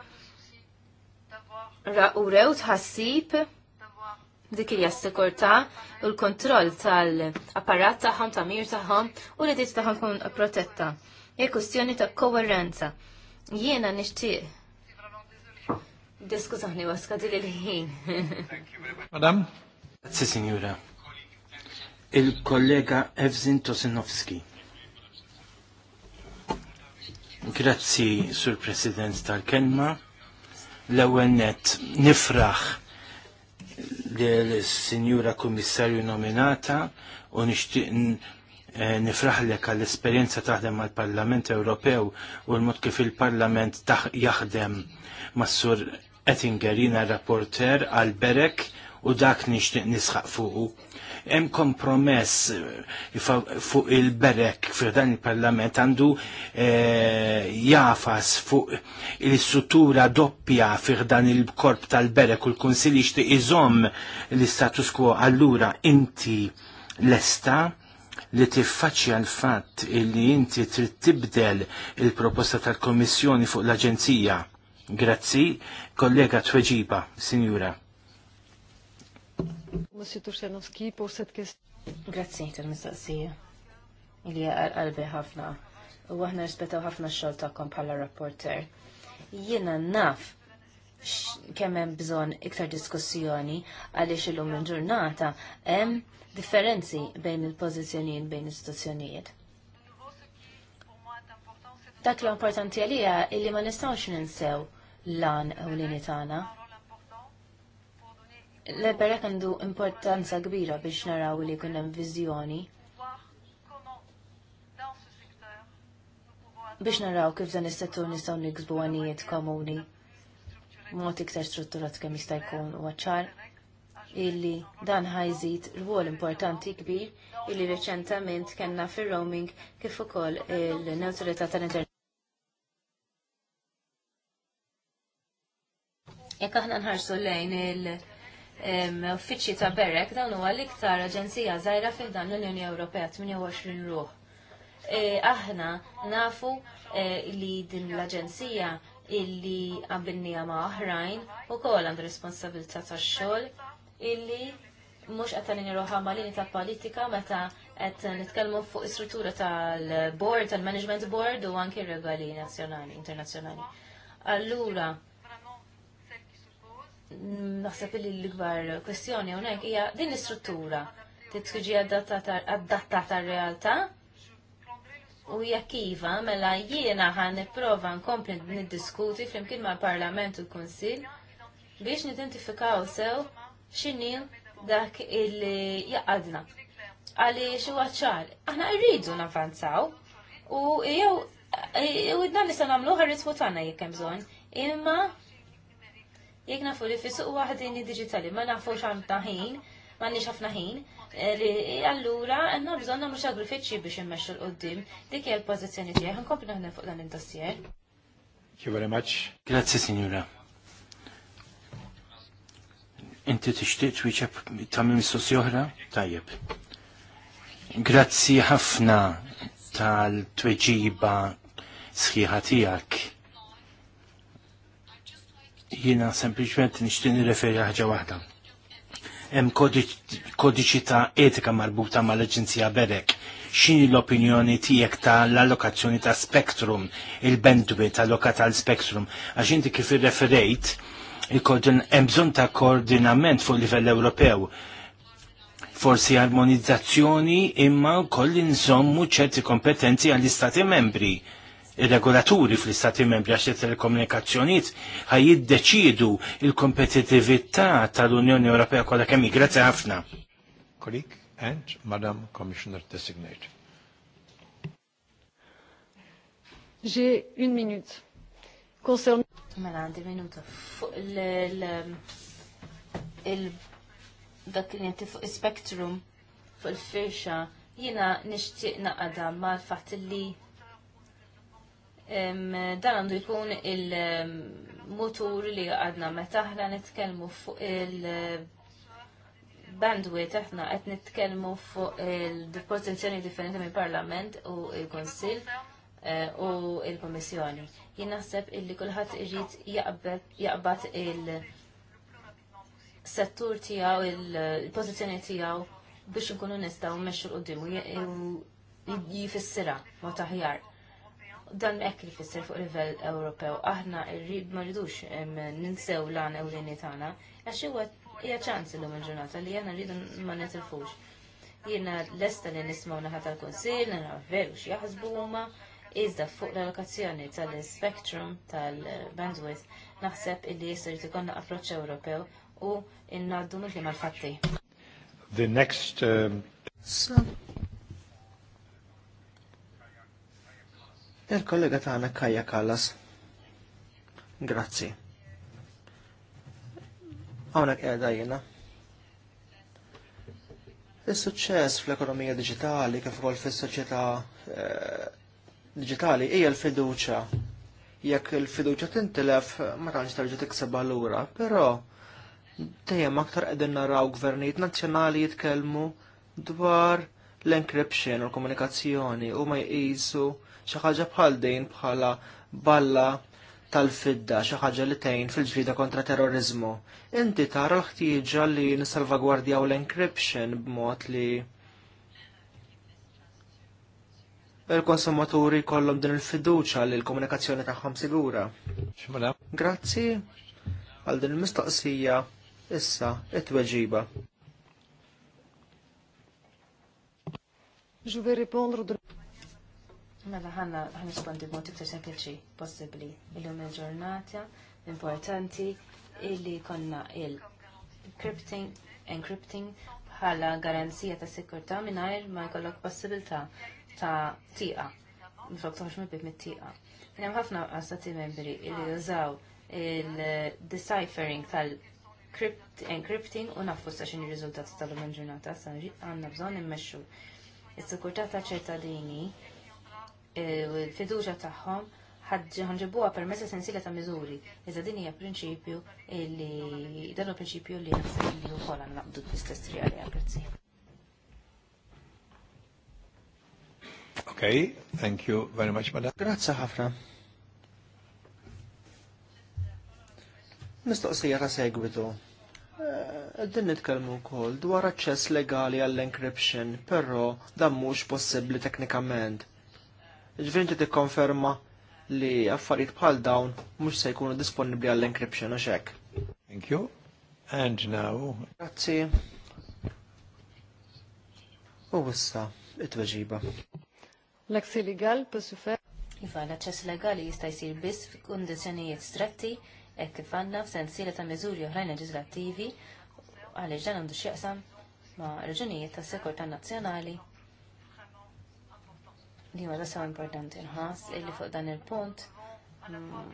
U rew tħassib dik hija s-sikurtà u l-kontroll tal-apparat tagħhom, ta' mir tagħhom u li dit tagħhom kun protetta. Hija kustjoni ta' kowerenza. Jiena nixtieq. Diskużani waska dil il-ħin. Madam? Grazzi, signora. Il-kollega Evzin Tosinowski. Grazzi, Sur President tal-kelma. L-ewwel net nifraħ l-Sinjura Kommissarju nominata u nixtieq Eh, nifraħlek għall-esperienza taħdem mal parlament Ewropew u l-mod kif il-Parlament jaħdem mas-sur Ettinger jina rapporter għal Berek u dak nixtieq nisħaq fuqu. Hemm kompromess eh, fuq il-Berek fuq dan il-Parlament għandu eh, jafas fuq il-struttura doppja fuq dan il-korp tal-Berek u l-Kunsill jixtieq iżomm l-istatus quo allura inti lesta' li tiffaċċja l-fatt illi inti trid tibdel il-proposta tal-Kommissjoni fuq l-Aġenzija. Grazzi, kollega tweġiba, sinjura. Monsieur Turċanowski, pour cette question. Grazzi tal-mistaqsija. Illi qalbi ħafna. U aħna rispetaw ħafna x-xogħol tagħkom bħala rapporter. Jiena naf kemm hemm bżonn iktar diskussjoni għaliex illum il-ġurnata hemm differenzi bejn il-pożizzjonijiet bejn istituzzjonijiet. Dak l importanti għalija illi ma nistgħux ninsew lan ewlieni tagħna. L-berek għandu importanza kbira biex naraw li kunna viżjoni biex naraw kif dan is-settur nistgħu niksbu għanijiet komuni mod iktar strutturat kemm jista' jkun u ċar illi dan ħajżid rwol importanti kbir illi reċentament kellna fir-roaming kif ukoll il-neutralità tal-internet. Jekk aħna nħarsu lejn il-uffiċċji ta' Berek dawn huwa l-iktar aġenzija żgħira fil dan l-Unjoni Ewropea 28 ruħ. E, aħna nafu e, li din l-aġenzija illi qabilnija ma' oħrajn ukoll għandu responsabilità tax-xogħol illi mux għattani niruħa malini ta' politika meta għed nitkellmu fuq istruttura tal-board, tal-management board u anki regali nazjonali, internazjonali. Allura, naħseb li l-gbar kwestjoni unek hija din l-istruttura titħiġi adattata tar-realtà u jekk iva mela jiena ħan nipprova nkompli niddiskuti flimkien mal-Parlament u l-Kunsill biex nidentifikaw sew xinni dak illi jaqadna. Għalli xie ċar, aħna rridu navanzaw u jew u dan nista' nagħmlu ħarrismu tagħna jekk hemm bżonn, imma jekk nafu li fissu u għahdini digitali, ma nafu għandna ħin, m'għandniex ħafna ħin, eh, li allura għanna bżon namlu xagrifiċi biex immexxu l-qoddim. Dik jgħal pozizjoni pożizzjoni tiegħek, nkompli naħdem fuq dan id-dossier. Thank you very much. Grazzi, Signora. Inti tixtieq twieċeb ta' mistoqsi oħra? Tajjeb. Grazzi ħafna tal-tweġiba sħiħa tiegħek. Jiena sempliċement nixtieq nirreferi ħaġa waħda. Hemm kodiċi ta' etika marbuta mal-Aġenzija Berek xini l-opinjoni tijek ta' l-allokazzjoni ta' spektrum, il-bandwidth allokata għal spektrum, għax inti kif irreferejt hemm bżonn ta' koordinament fuq livell Ewropew. Forsi armonizzazzjoni imma wkoll nżommu ċerti kompetenzi għall-Istati membri il-regolaturi fl-istati membri għax telekomunikazzjoniet ħaj jiddeċidu il-kompetitività tal-Unjoni Ewropea kollha kemm grazie ħafna. Kolik and Madam Commissioner Designate. J'ai une minute. Concernant Mela għandi minuta fuq il- dak li jenti fuq spektrum fuq il-firxa jina nishtiq naqada ma l-fat li dan għandu jkun il-motur li għadna meta ħla nitkelmu fuq il- bandwidth aħna qed nitkellmu fuq il-pożizzjoni differenti mill-Parlament u l-Kunsill Eh, u il-Komissjoni. Jien naħseb illi kulħadd irid jaqbad il-settur tiegħu il-pożizzjoni tiegħu biex nkunu nistgħu mmexxu l-qudiem u jifissirha mod aħjar dan hekk li fisser fuq livell Ewropew, aħna rrid ma rridux ninsew lan ewlieni tagħna, għax huwa hija ċans illum il-ġurnata li aħna rridu ma nitilfux. Jiena lesta li nismaw naħa tal-Kunsill, nara veru x'jaħsbu huma, Iżda fuq l-allokazzjoni tal-spektrum tal-bandwidth naħseb illi jisir tikonna approċċ Ewropew u innaddu mill kien fatti The next um, Il-kollega tagħna Kajja Kallas. Grazzi. Hawnhekk qiegħda jiena. Is-suċċess fl-ekonomija diġitali kif ukoll fis-soċjetà eh, digitali hija l-fiduċa. Jekk il-fiduċa tintilef ma tantx terġa' tiksebha lura, però dejjem aktar qegħdin naraw gvernijiet nazzjonali jitkellmu dwar l-encryption u l-komunikazzjoni u ma jqisu xi ħaġa bħal din bħala balla tal-fidda xi ħaġa li tgħin fil-ġrida kontra terrorizmu. Inti tara l-ħtieġa li nissalvagwardjaw l-encryption b'mod li il-konsumaturi kollom din il-fiduċa li l-komunikazzjoni tagħhom sigura. Grazzi għal din il-mistoqsija issa it-tweġiba. Ġuvi ripondru Mela ħanna ħan rispondi b'mod iktar sempliċi possibbli. Illum il-ġurnata importanti illi konna il-encrypting bħala garanzija ta' sikurta mingħajr ma jkollok possibilità ta' tieqa. ta' toħx mibib mit-tieqa. Kien ħafna għastati membri li jużaw il-deciphering tal- encrypting u nafu sa xin il-rizultat tal-lum ġurnata sa għanna bżon immexxu. Is-sikurtà ta' ċertadini eh, u l-fiduċa tagħhom per mezza sensila ta' miżuri. Iza din hija prinċipju li dan huwa prinċipju li naħseb li wkoll għandna naqbdu l-istess tri għaliha grazzi. Okay, thank you very much, madam. Grazzi ħafna. Mistoqsija ta' segwitu. Eh, din nitkellmu wkoll dwar aċċess legali għall-encryption, però dan mhux possibbli teknikament. Ġvinti ti tikkonferma li affarijiet bħal dawn mhux se jkunu disponibbli għall encryption għax hekk. Thank you. And now. Grazzi. U wissa, it-tweġiba. L-aksi legal pasufer. Iva, l-aċċess legali jista' jsir biss fi kundizzjonijiet stretti hekk kif għandna f'sensiela ta' miżuri oħrajn leġislattivi għaliex dan għandu x'jaqsam ma' reġunijiet tas-sekurtà nazzjonali li huwa nasaw importanti nħass illi fuq dan il-punt mm,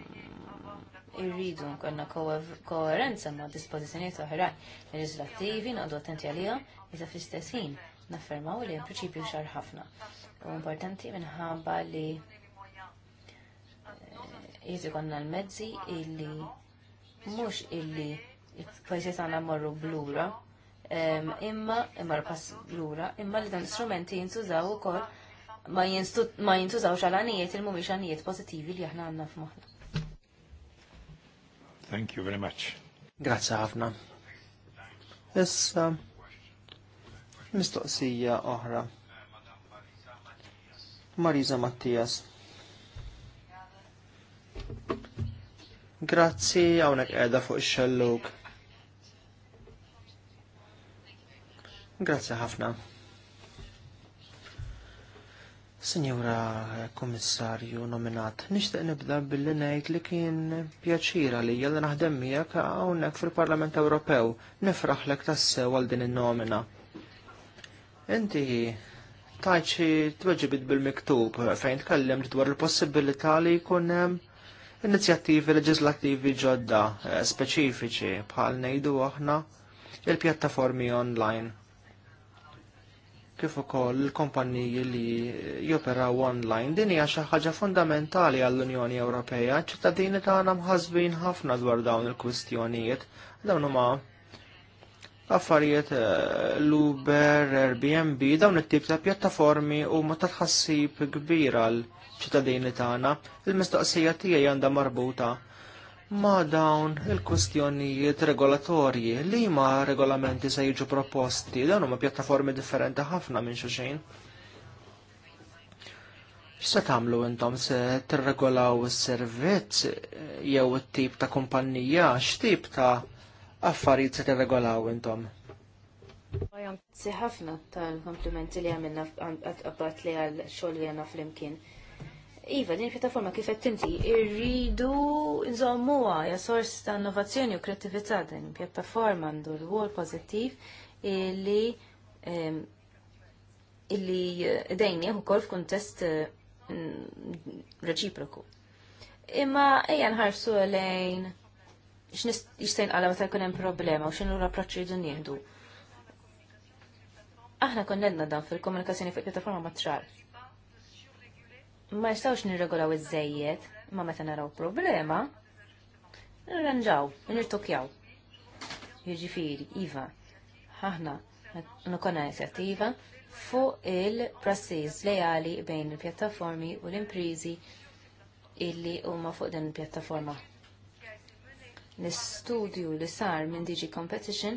irridu nkonna koerenza ma' dispożizzjonijiet oħrajn leġislattivi naqdu attenti għalija iżda fl-istess ħin naffermaw li hemm prinċipju xar ħafna. U importanti minħabba li eh, jiġi konna l-mezzi illi mhux illi il-pajjiżiet għandna morru blura imma imma l-pass blura imma li dan strumenti jintużaw ukoll ma jintużaw xalanijiet il-mumiex xalanijiet pozitivi li aħna għanna f'moħħna. Thank you very much. Grazie ħafna. Issa, mistoqsija oħra. Marisa Mattias. Grazzi għawnek edha fuq ix-xellug. Grazzi ħafna. Signora eh, Komissarju nominat, nixtieq nibda billi ngħid li kien pjaċira li jalla naħdem miegħek hawnhekk fil-Parlament Ewropew. Nifraħlek tassew għal din in-nomina. Inti tajt xi tweġibit bil-miktub fejn tkellimt dwar il-possibilità li jkun hemm inizjattivi leġislattivi ġodda eh, speċifiċi bħal ngħidu aħna il-pjattaformi online kif ukoll il-kompaniji li joperaw online. Din hija xi ħaġa fundamentali għall-Unjoni Ewropea, ċittadini tagħna mħasbin ħafna dwar dawn il-kwistjonijiet. Dawn huma affarijiet eh, l-Uber, Airbnb, dawn it-tip ta' pjattaformi huma ta' tħassib kbir għall ċittadini tagħna. Il-mistoqsija tiegħi għandha marbuta ma' dawn il kustjonijiet regolatorji li ma' regolamenti se jiġu proposti dawn huma pjattaformi differenti ħafna minn xejn. X'se tagħmlu intom se tirregolaw is-servizz jew it-tip ta' kumpanija x'tip ta' affarijiet se tirregolaw intom? Għajam, ħafna tal-komplimenti li għamilna għabat li għal xogħol li għanna fl-imkien. Iva, din il pjattaforma kif qed tinti irridu nżommuha hija sors ta' innovazzjoni u kreattività din pjattaforma għandu l-wol pożittiv illi illi eh, dejni ukoll f'kuntest eh, reċiproku. Imma ejja nħarsu lejn x'nistajn qala meta jkun hemm problema u x'inhu l-approċċ jridu nieħdu. Aħna konnedna dan fil-komunikazzjoni fuq pjattaforma mat-trar ma jistawx nirregolaw iż-żejjed ma meta naraw problema, nirranġaw, nirtokjaw. Jiġifieri, iva, aħna nukonna inizjattiva fuq il-prassiż lejali bejn il-pjattaformi u l-imprizi illi huma fuq din il-pjattaforma. L-istudju li sar minn Digi Competition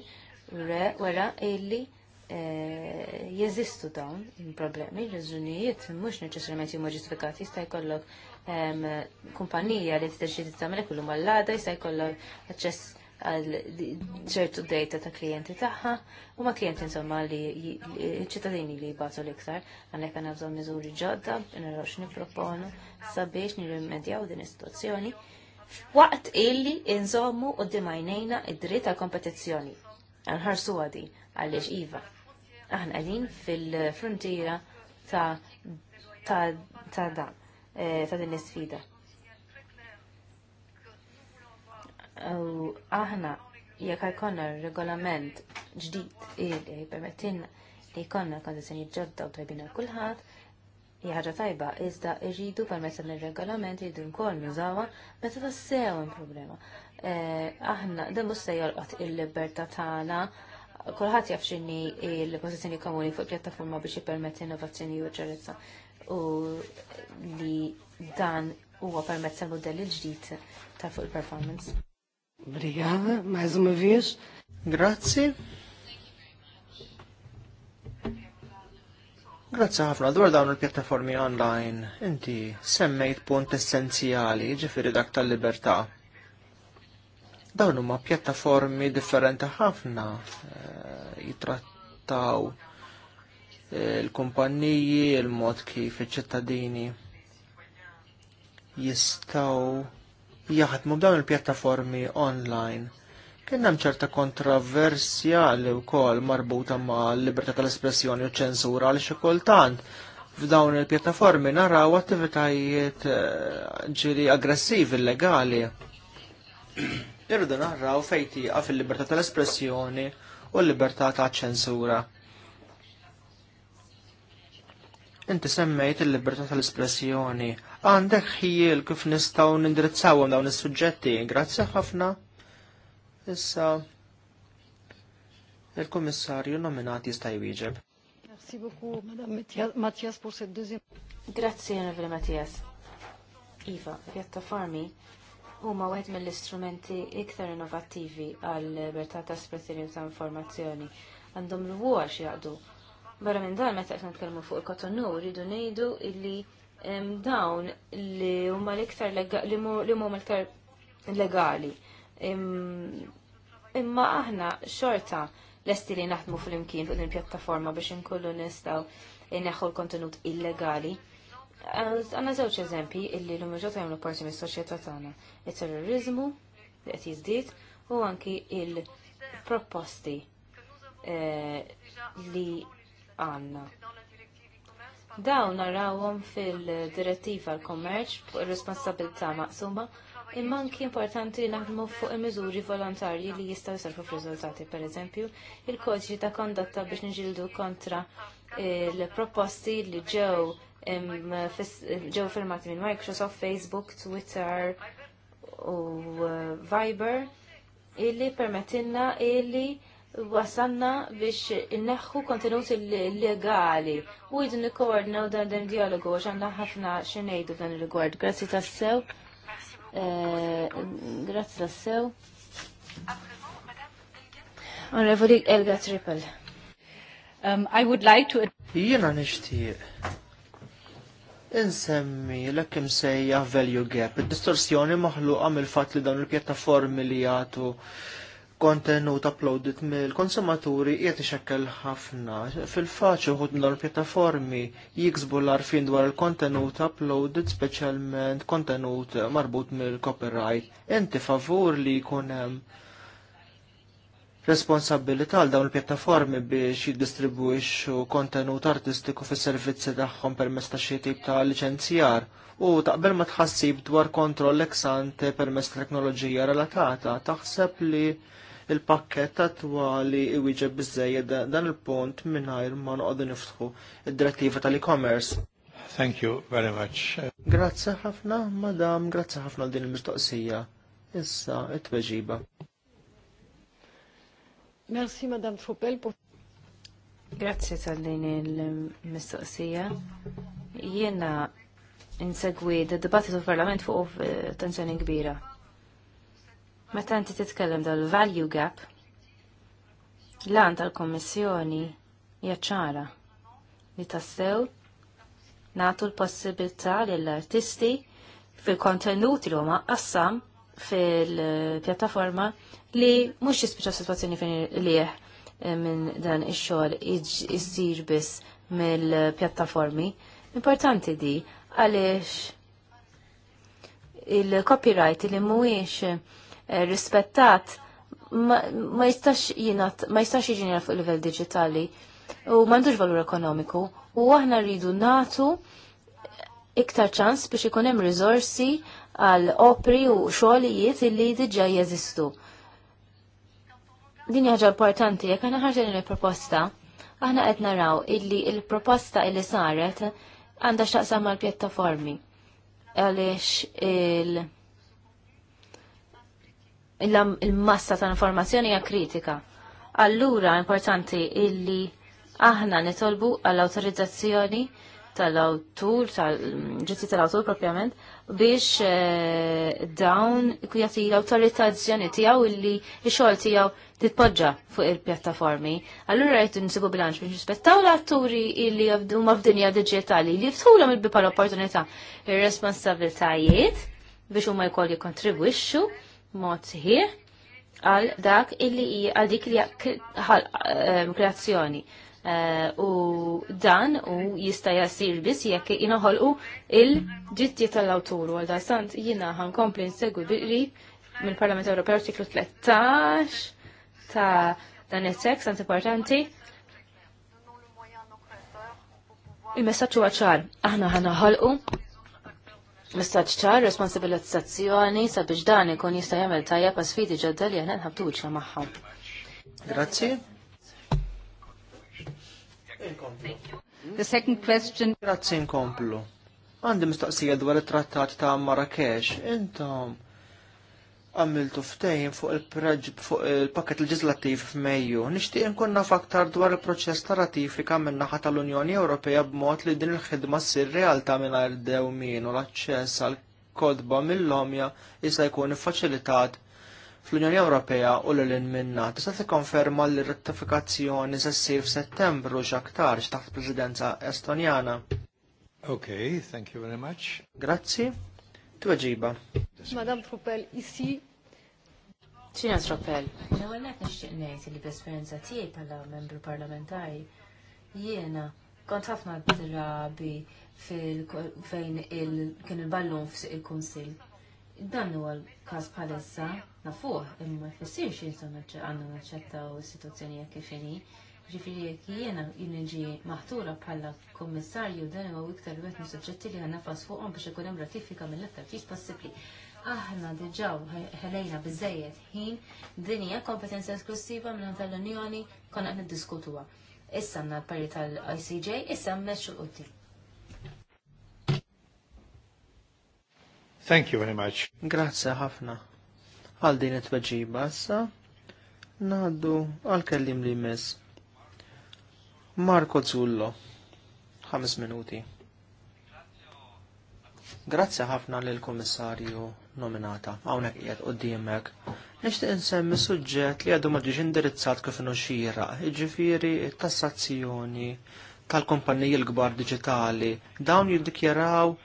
wera illi Eh, jeżistu dawn il-problemi, l-żunijiet, mhux neċessarjament huma ġustifikati, jista' jkollok kumpanija li tiddeċidi tagħmel kullum għall-għada, jista' jkollok aċċess għal ċertu data ta' klienti tagħha u ma' klienti insomma li ċittadini li jibatu l-iktar għandek għandna bżon miżuri ġodda naraw niproponu, sabiex nirrimedjaw din is waqt illi insommu u dimajnejna id-dritt kompetizjoni. kompetizzjoni. Nħarsu għadi għaliex iva Aħna qegħdin fil-frontiera ta' ta' ta' dan eh, ta' din l sfida U aħna jekk jkollna regolament ġdid li jippermettilna li jkollna kondizzjoni ġodda u tajbina kulħadd, hija ħaġa tajba, iżda rridu permezz dan ir-regolament jridu wkoll nużawha meta tassew hemm problema. Eh, aħna dan mhux se jolqot il-libertà tagħna kolħat jaf xinni il-pozizjoni komuni fuq pjattaforma biex jipermetti innovazzjoni u ġerezza u li dan huwa permezz tal-modell il-ġdid ta' fuq il-performance. Brigada, mażum viex. Grazzi. Grazzi ħafna dwar dawn il-pjattaformi online. Inti semmejt punt essenzjali ġifiri dak tal-libertà Dawn huma pjattaformi differenti ħafna eh, jitrattaw il-kumpanniji, eh, il-mod kif iċ-ċittadini jistgħu jaħdmu b'dawn il-pjattaformi online. Kien hemm ċerta kontroversja li wkoll marbuta ma' libertà tal-espressjoni u ċensura għal xi kultant f'dawn il-pjattaformi naraw attivitajiet eh, ġiri aggressivi illegali irridu naħraw fejti għaf il libertà tal-espressjoni u l-libertà ta' ċensura. Inti semmejt il-libertà tal-espressjoni. Għandek ħijil kif nistgħu nindirizzawhom dawn is-suġġetti. Grazzi ħafna. Issa il-Kummissarju nominati jista' jwieġeb. Merci beaucoup, Madame Mathias, pour cette deuxième. Grazie, Onorevole Mathias. Iva, vjetta farmi, huma wieħed mill-istrumenti iktar innovattivi għal libertà ta' espressjoni u ta' informazzjoni għandhom għax jaqdu. Barra minn dan meta qed nitkellmu fuq il-Kotonu rridu ngħidu illi dawn li huma l-iktar li huma l-iktar legali. Imma aħna xorta lesti li naħdmu fl-imkien fuq din pjattaforma biex inkollu nistgħu neħħu l-kontenut illegali Għanna żewġ eżempji illi l-umġot għamlu parti mis soċjetà tagħna. Il-terrorizmu li qed jiżdied u anki il-proposti eh, li għanna. Dawn narawhom fil-direttiva l-kommerċ fuq ir-responsabilità maqsuma imma anki importanti li naħdmu fuq il-miżuri volontarji li jistgħu jserfu f'riżultati, pereżempju, il-kodġi ta' kondotta biex niġildu kontra il-proposti li ġew ġew firmati minn Microsoft, Facebook, Twitter u uh, Viber illi permettinna illi wasanna biex inneħħu kontenut illegali u jidu nikkoordinaw dan dan dialogu għax għandna ħafna xinejdu dan il-rigward. Grazzi tassew. Eh, grazzi tassew. Onorevoli Elga Triple. Um, I would like to... Jena nishtiq Insemmi l-ekkim sejja value gap, il-distorsjoni maħluqa mill-fat li dawn il-pjattaformi li jgħatu kontenut uploaded mill-konsumaturi jiet ixekkel ħafna. Fil-faċi uħud dawn pjattaformi jiksbu l-arfin dwar il-kontenut uploaded, specialment kontenut marbut mill-copyright. Inti favur li kunem hemm responsabilità għal dawn il-pjattaformi biex jiddistribwixxu kontenut artistiku fis-servizzi tagħhom permezz ta' xi tip ta' liċenzjar u taqbel ma tħassib dwar kontroll ex ante permezz teknoloġija relatata taħseb li il-pakket attwali iwieġeb biżejjed dan il-punt mingħajr ma noqogħdu niftħu id-direttiva tal-e-commerce. Thank you very much. Grazzi ħafna, madam, grazzi ħafna din il-mistoqsija. Issa, it-tweġiba. Merci, Madame Fopel. Pour... Grazie tal-din il-mistoqsija. Jiena insegwi d dibattitu parlament fuq attenzjoni kbira. Meta inti titkellem dal-value gap, l tal-Kommissjoni jaċċara li tassew natu l-possibilità l-artisti fil-kontenuti li huma qassam fil-pjattaforma li mhux jispiċċa situazzjoni fejn liħ eh, minn dan ix-xogħol jsir biss mill-pjattaformi. Importanti di għaliex il-copyright li mhuwiex eh, rispettat ma jistax jinat, ma jistax jiġinja fuq livell digitali u m'għandux valur ekonomiku u aħna rridu natu iktar ċans biex ikun hemm riżorsi għal opri u xogħlijiet illi diġà jeżistu. Din ħaġa importanti, jekk aħna ħarġa il-proposta, aħna qed naraw illi il-proposta illi saret għandha x'taqsam mal-pjattaformi. Għaliex il- il-massa ta' informazzjoni hija kritika. Allura importanti illi aħna nitolbu għall-autorizzazzjoni tal-awtur, tal-ġitti tal-awtur propjament, biex eh, dawn jagħti l-awtorizzazzjoni tiegħu illi x-xogħol tiegħu titpoġġa fuq il-pjattaformi. Allura rajtu nsibu bilanċ biex nispettaw l-atturi illi huma f'dinja digitali li jiftulhom il-bipa l-opportunità ir-responsabiltajiet biex huma jkoll jikkontribwixxu mod sħiħ għal dak illi għal dik li eh, kreazzjoni. Eh, u dan u jista jasir biss jekk inaħolqu il ġittiet tal-awtur għal sant jina ħankompli nsegwi biri mill-Parlament Ewropew artiklu 13 ta' dan it sant importanti Il-messagġu għacħar, aħna ħana ħolqu, messaġġ ċar, responsabilizzazzjoni sabiex dan ikun jista' jagħmel tajjeb għas sfidi ġodda li aħna nħabtuċna magħhom. Grazzi. The second question. Grazzi nkomplu. Għandi mistoqsija dwar it-trattat ta' Marrakesh. Intom għamiltu ftejn fuq il-pakket leġislattiv f'Mejju. Nixtieq inkun naf aktar dwar il-proċess ta' ratifika minn naħa tal-Unjoni Ewropea b'mod li din il-ħidma ssir realtà mingħajr dewmien u l-aċċess għal kodba mill-omja jista' jkun iffaċilitat fl-Unjoni Ewropea u l-lin minna. Tista' tikkonferma li r-rettifikazzjoni se ssir f'Settembru x'aktar taħt Presidenza Estonjana. Ok, thank you very much. Grazzi. Tweġiba. Madam Propel, issi ċina Propel? L-ewwel qed nixtieq ngħid li b'esperienza tiegħi bħala membru parlamentari jiena kont ħafna drabi fejn il kien il-ballun il kunsill dan huwa l-każ bħalissa nafuh imma jfissirx insomma għandna naċċettaw is-sitwazzjoni kif inhi. Ġifieri jekk jiena jinġi maħtura bħala kummissarju dan huwa iktar wieħed mis-suġġetti li ħannafas fuqhom biex ikun hemm ratifika mill-aktar kif possibbli. Aħna diġà ħelejna biżejjed ħin din hija kompetenza esklusiva minn tal-Unjoni konna qed niddiskutuha. Issa għandna l parri tal-ICJ, issa mmexxu l-qudiem. Thank you very much. Grazie ħafna. Għal din it-tweġiba issa ngħaddu għal kellim li jmiss. Marco Zullo, ħames minuti. Grazzi ħafna lil kummissarju nominata, hawnhekk qiegħed qudiemek. Nixtieq insemmi suġġett li għadu ma ġiex indirizzat kif xira, jiġifieri tassazzjoni tal-kumpaniji l-kbar diġitali dawn jiddikjaraw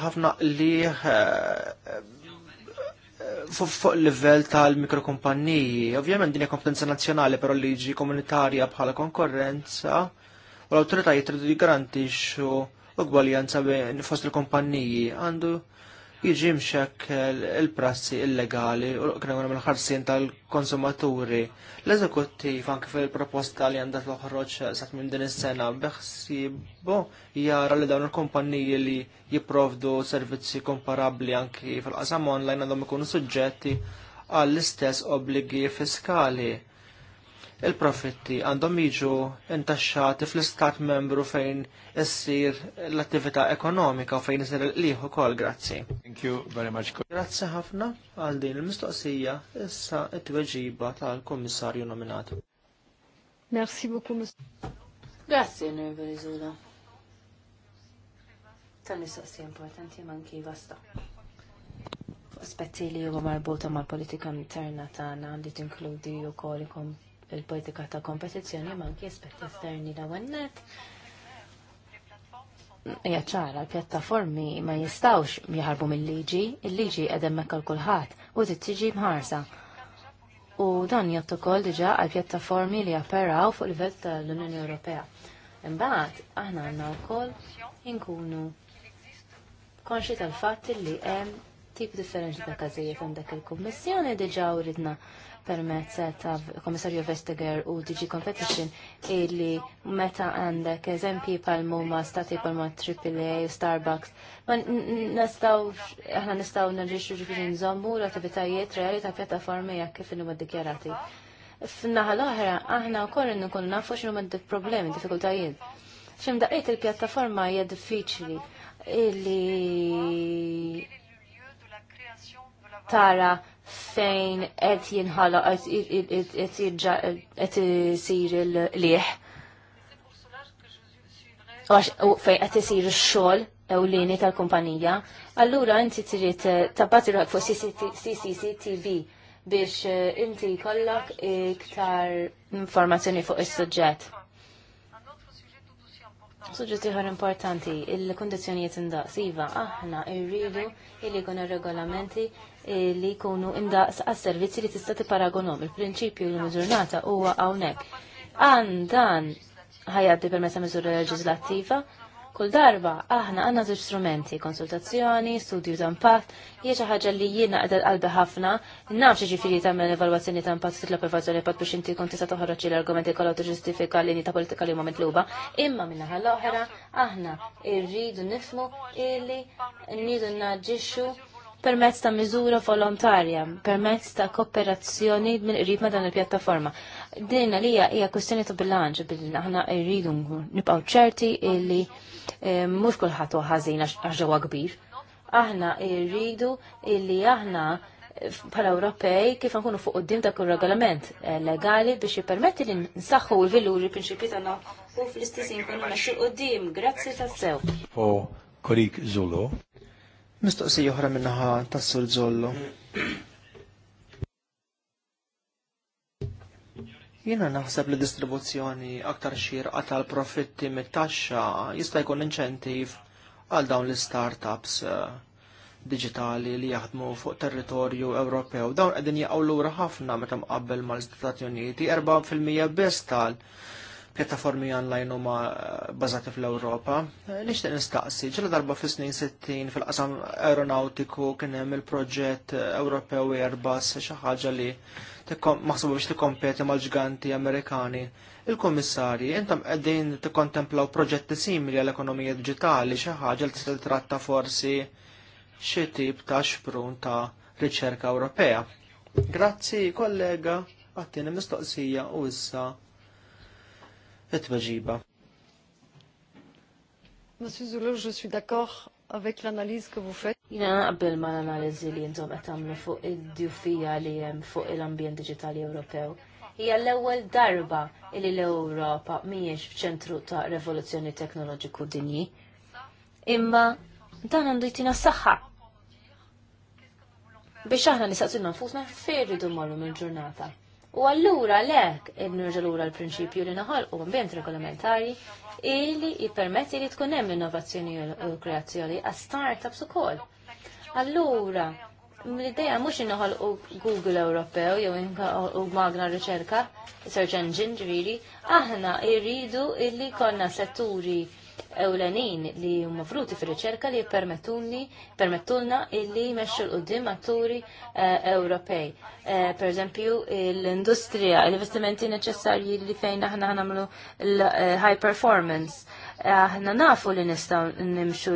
ħafna li eh, eh, fuq livell tal-mikrokumpaniji. Ovvjament din hija kompetenza nazzjonali, però liġi komunitarja bħala konkurrenza u l-awtoritajiet tridu jgarantixxu bejn fost il-kumpanniji għandu jiġi mxekkel il-prassi illegali u l-oknawna mill-ħarsin tal-konsumaturi. L-eżekuttiv anke fil-proposta li għandha toħroġ sa minn din is-sena beħsibu jara li dawn il-kumpanniji li jipprovdu servizzi komparabbli anki fil-qasam online għandhom ikunu suġġetti għall-istess obbligi fiskali il-profitti għandhom jiġu intaxxati fl-istat membru fejn issir l-attività ekonomika u fejn isir liħu kol, grazzi. Thank you very much. Grazzi ħafna għal din il-mistoqsija issa it-tweġiba tal komissarju nominat. Merci beaucoup, Monsieur. Grazzi, Nerva Rizula. Tan mistoqsija importanti manki vasta aspetti li huwa marbuta mal-politika interna tagħna li tinkludi wkoll ikom il-politika ta' kompetizzjoni ma' anki aspetti esterni da' għannet. Ija ċara, pjattaformi ma jistawx jħarbu mill-liġi, il-liġi għedem mekka l u t tiġi mħarsa. U dan jottu kol diġa għal pjattaformi li japperaw fuq livell tal-Unjoni Ewropea. Imbagħad aħna għandna wkoll inkunu konxi tal-fatt li hemm tip differenti ta' każijiet għandek il-Kummissjoni diġà ridna permezz ta' Komissarju Vestager u DG Competition illi meta għandek eżempji pal muma stati pal muma AAA u Starbucks. Ma nistaw, aħna nistaw nirriġu ġifiri nżommu l-attivitajiet reali ta' pjattaformi jekk kif huma dikjarati. F'naħa l-oħra, aħna wkoll nkunu nafu x ma' problemi, diffikultajiet. daqqiet il-pjattaforma hija diffiċli illi tara fejn qed jinħala qed isir il-lieħ. fejn qed isir ix-xogħol ewlieni tal-kumpanija, allura inti trid eh, tabbat irħak fuq CCTV biex eh, inti jkollok iktar informazzjoni fuq is-suġġett. Suġġetti ħar importanti, il kundizzjonijiet indaqsiva, aħna irridu illi jkunu regolamenti li jkunu imdaqs għas-servizzi li tista' tiparagonhom. Il-prinċipju li miżurnata huwa hawnhekk. Għandan ħajaddi permessa miżura leġislattiva, Kull darba, aħna għanna żewġ strumenti, konsultazzjoni, studju ta' impatt, hija xi ħaġa li jiena qiegħda qalbi ħafna, naf xi ġifieri tagħmel evalwazzjoni ta' impatt titla evalwazzjoni impatt biex inti kont tista' toħroġ l-argumenti kollha tiġustifika l ta' politika li huma mitluba, imma minna l oħra aħna rridu nifmu illi nridu naġġixxu permezz ta' miżura volontarja, permezz ta' kooperazzjoni minn qrib ma' dan il-pjattaforma. Din għalija hija kwestjoni ta' bilanċ billi aħna rridu nibqgħu ċerti li eh, mhux kulħadd huwa ħażin għax ġewwa kbir. Aħna rridu illi aħna eh, bħala Ewropej kif nkunu fuq qudiem dak ir-regolament eh, legali biex jippermetti li nsaħħu l-viluri prinċipji tagħna u fl-istess inkunu mexxi qudiem. Grazzi tassew. Korik Zulu. Mistoqsija oħra minnaħa tas-sur Zollo. Jiena naħseb li distribuzzjoni aktar xirqa tal-profitti mit-taxxa jista' jkun inċentiv għal dawn l-startups eh, digitali li jaħdmu fuq territorju Ewropew. Dawn qegħdin jaqgħu lura ħafna meta mqabbel mal-Istati Uniti, 4% biss tal pjattaformi online huma eh, bażati fl-Ewropa. Eh, nixtieq nistaqsi, ġela darba fis-snin 60 fil-qasam aeronautiku kien hemm il-proġett eh, Ewropew Airbus xi ħaġa li maħsuba biex tikkompeti mal-ġganti Amerikani. Il-Kummissarji, intom qegħdin tikkontemplaw proġetti simili għall-ekonomija diġitali xi ħaġa li tista' tratta forsi xi tip ta' xprun ta' riċerka Ewropea. Grazzi, kollega, għattini mistoqsija u issa it-tweġiba. Monsieur Zulu je suis d'accord avec l'analyse que vous faites. Jina naqbel ma l-analizi li jintom qed tagħmlu fuq id-djufija li hemm fuq il-ambjent digitali Ewropew. Hija l-ewwel darba li l-Ewropa mhijiex f'ċentru ta' rivoluzzjoni teknoloġiku dinji. Imma dan għandu jtina saħħa. Biex aħna nistaqsu nfusna fejn rridu mmorru mill-ġurnata. U allura lek nirġa' lura l-prinċipju li naħol u għambient regolamentari illi jipermetti li tkun hemm innovazzjoni u kreazzjoni għas startups ukoll. Allura, l-idea mhux inħol u Google Ewropew jew u Magna Riċerka, Search Engine ġviri, aħna jridu illi konna setturi ewlenin li huma fruti fir-riċerka li permettuni permettulna illi jmexxu l qoddim atturi eh, Ewropej. Eh, per eżempju, l-industrija, l-investimenti neċessarji li fejn aħna nagħmlu l-high eh, performance aħna nafu li nistgħu nimxu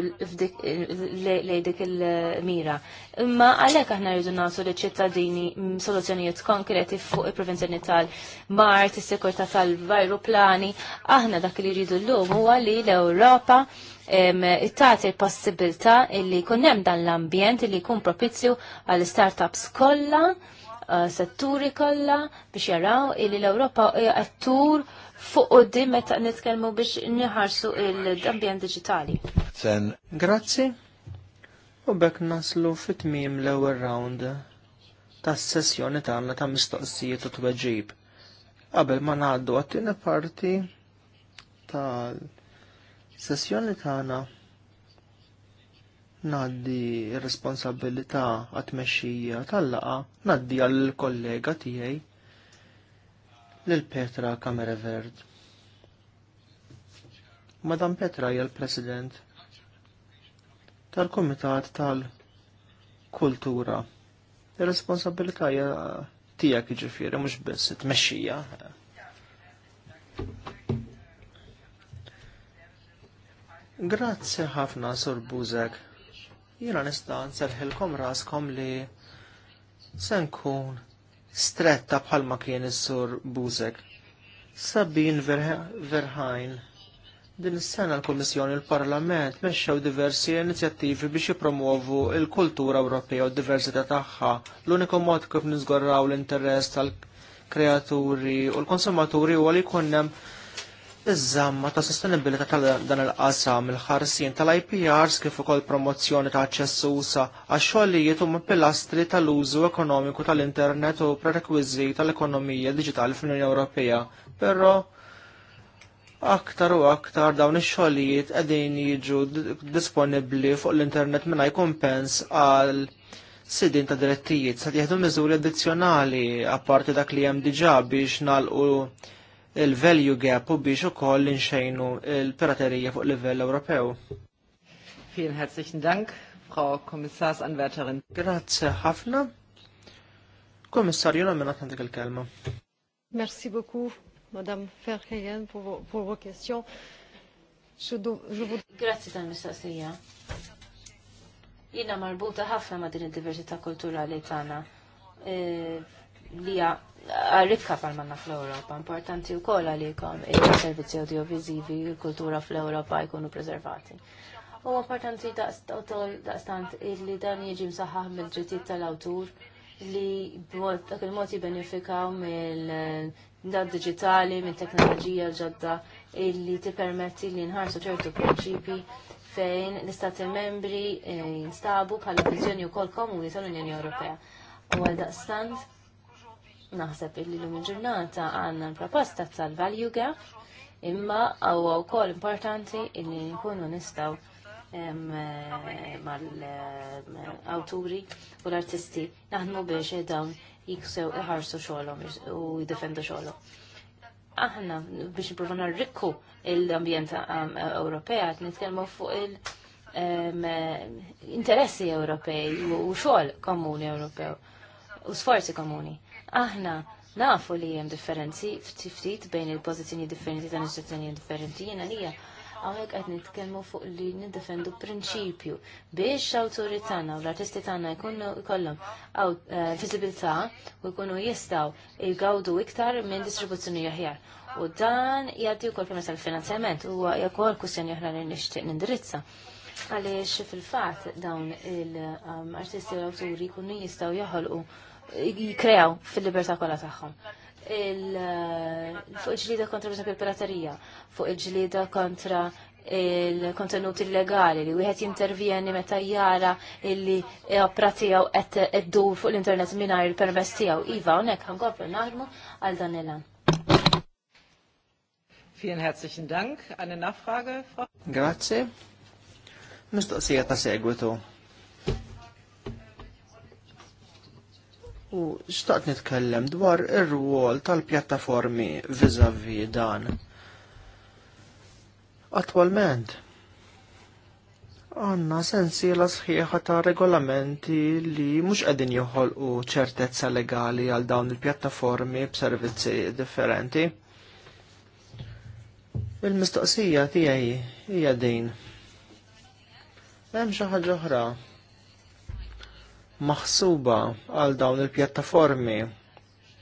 lej dik il-mira. Imma għalhekk aħna rridu nagħtu li ċittadini mm, soluzzjonijiet konkreti fuq il-prevenzjoni tal-mart, is sekurta tal vajruplani aħna dak li rridu llum huwa li l-Ewropa it-tagħti l-possibilità li jkun hemm dan l-ambjent li jkun propizju għall startups kollha eh, setturi kollha biex jaraw illi l-Ewropa għattur fuq u di meta nitkellmu biex nħarsu l-ambjent digitali. Sen. Grazzi. U bekk naslu fit-tmiem l-ewwel round tas sessjoni tagħna ta' mistoqsijiet u tweġib. Qabel ma ngħaddu għat-tieni parti tal-sessjoni tagħna ngħaddi r-responsabilità għat-tmexxija tal-laqa naddi għall-kollega tiegħi lil Petra Verd. Madam Petra hija l-President tal-Kumitat tal-Kultura. Ir-responsabilità hija tiegħek jiġifieri mhux biss tmexxija Grazzi ħafna Sur Buzek. Jiena nista' nserħilkom raskom li se nkun stretta bħalma kien is-sur Buzek. Sabin verhajn, Din is-sena l-Kummissjoni l parlament mexxew diversi inizjattivi biex jipromuovu l-kultura Ewropea u d-diversità tagħha. L-uniku mod kif niżgorraw l-interess tal-kreaturi u l-konsumaturi huwa li jkun hemm iż-żamma ta' sostenibilità tal dan il-qasam il-ħarsien tal-IPRs kif ukoll promozzjoni ta' aċċess usa għax xogħlijiet huma pilastri tal-użu ekonomiku tal-internet u prerekwiżi tal-ekonomija diġitali fl-Unjoni Ewropea. Però aktar u aktar dawn ix-xogħlijiet qegħdin jiġu disponibbli fuq l-internet mingħajr kumpens għal sidin ta' direttijiet se jieħdu miżuri addizzjonali apparti dak li hemm diġà biex nagħlqu il-value gap u biex u koll l-inxajnu il-piraterija fuq livell Ewropew. Vielen herzlichen Dank, Frau Kommissarsanwärterin. Grazie Hafna. Kommissarju nominat għandek il-kelma. Merci beaucoup, Madame Ferkeyen, pour, vos questions. Grazie tal-mistaqsija. Jina marbuta ħafna ma din id-diversità kulturali tagħna. Eh, Lija ribka pal-manna fl-Europa, importanti u li għalikom il-servizzi audiovisivi, il-kultura fl-Europa jkunu preservati. U importanti daqstant li dan jieġi msaħħaħ mill-ġitit tal-awtur li dak il-mod jibenefikaw mill-dat digitali, mill-teknoloġija l-ġodda illi tippermetti li nħarsu ċertu prinċipi fejn l-istati membri eh, instabu bħala viżjoni wkoll komuni tal-Unjoni Ewropea. U għal daqstant naħseb illi l-lum il-ġurnata għanna l-proposta tal-value gap, imma għaw kol importanti illi nkunu nistaw eh, mal-awturi u l-artisti naħdmu biex dawn jiksew iħarsu xolom u jidefendu xolom. Aħna biex niprofa narrikku l-ambjent Ewropea qed nitkellmu fuq il interessi Ewropej u xogħol komuni Ewropew u sforzi komuni. Aħna nafu li hemm differenzi ftit bejn il-pożizzjoni differenti ta' istituzzjonijiet differenti jiena hija. għawek għed nitkelmu fuq li nindefendu prinċipju biex autorit tagħna u l-artisti tagħna jkunu jkollhom viżibilità eh, u jkunu jistgħu jgawdu iktar minn distribuzzjoni aħjar. U dan u wkoll permezz l finanzjament u jkoll kwistjoni oħra li nixtieq nindirizza. Għaliex fil-fatt dawn il-artisti um, u l-awturi jkunu jistgħu joħolqu jikrew fil liberta kolla taħħom. Eh, fuq il-ġlida kontra il-piraterija, fuq il-ġlida kontra il-kontenuti illegali li wieħed jintervjeni meta jara illi pratijaw qed iddur fuq l-internet mingħajr il-permess tiegħu. Iva, hawnhekk ħankopru naħdmu għal dan il-an. Vielen herzlichen Dank. Eine Nachfrage, Frau? Grazie. Mistoqsija ta' segwitu u xtaqt nitkellem dwar ir-rwol tal-pjattaformi vizavi dan. Attualment, għanna la sħiħa ta' regolamenti li mhux qegħdin joħolqu ċertezza legali għal dawn il-pjattaformi b'servizzi differenti. Il-mistoqsija tiegħi hija din. Hemm xi ħaġa oħra maħsuba għal dawn il-pjattaformi.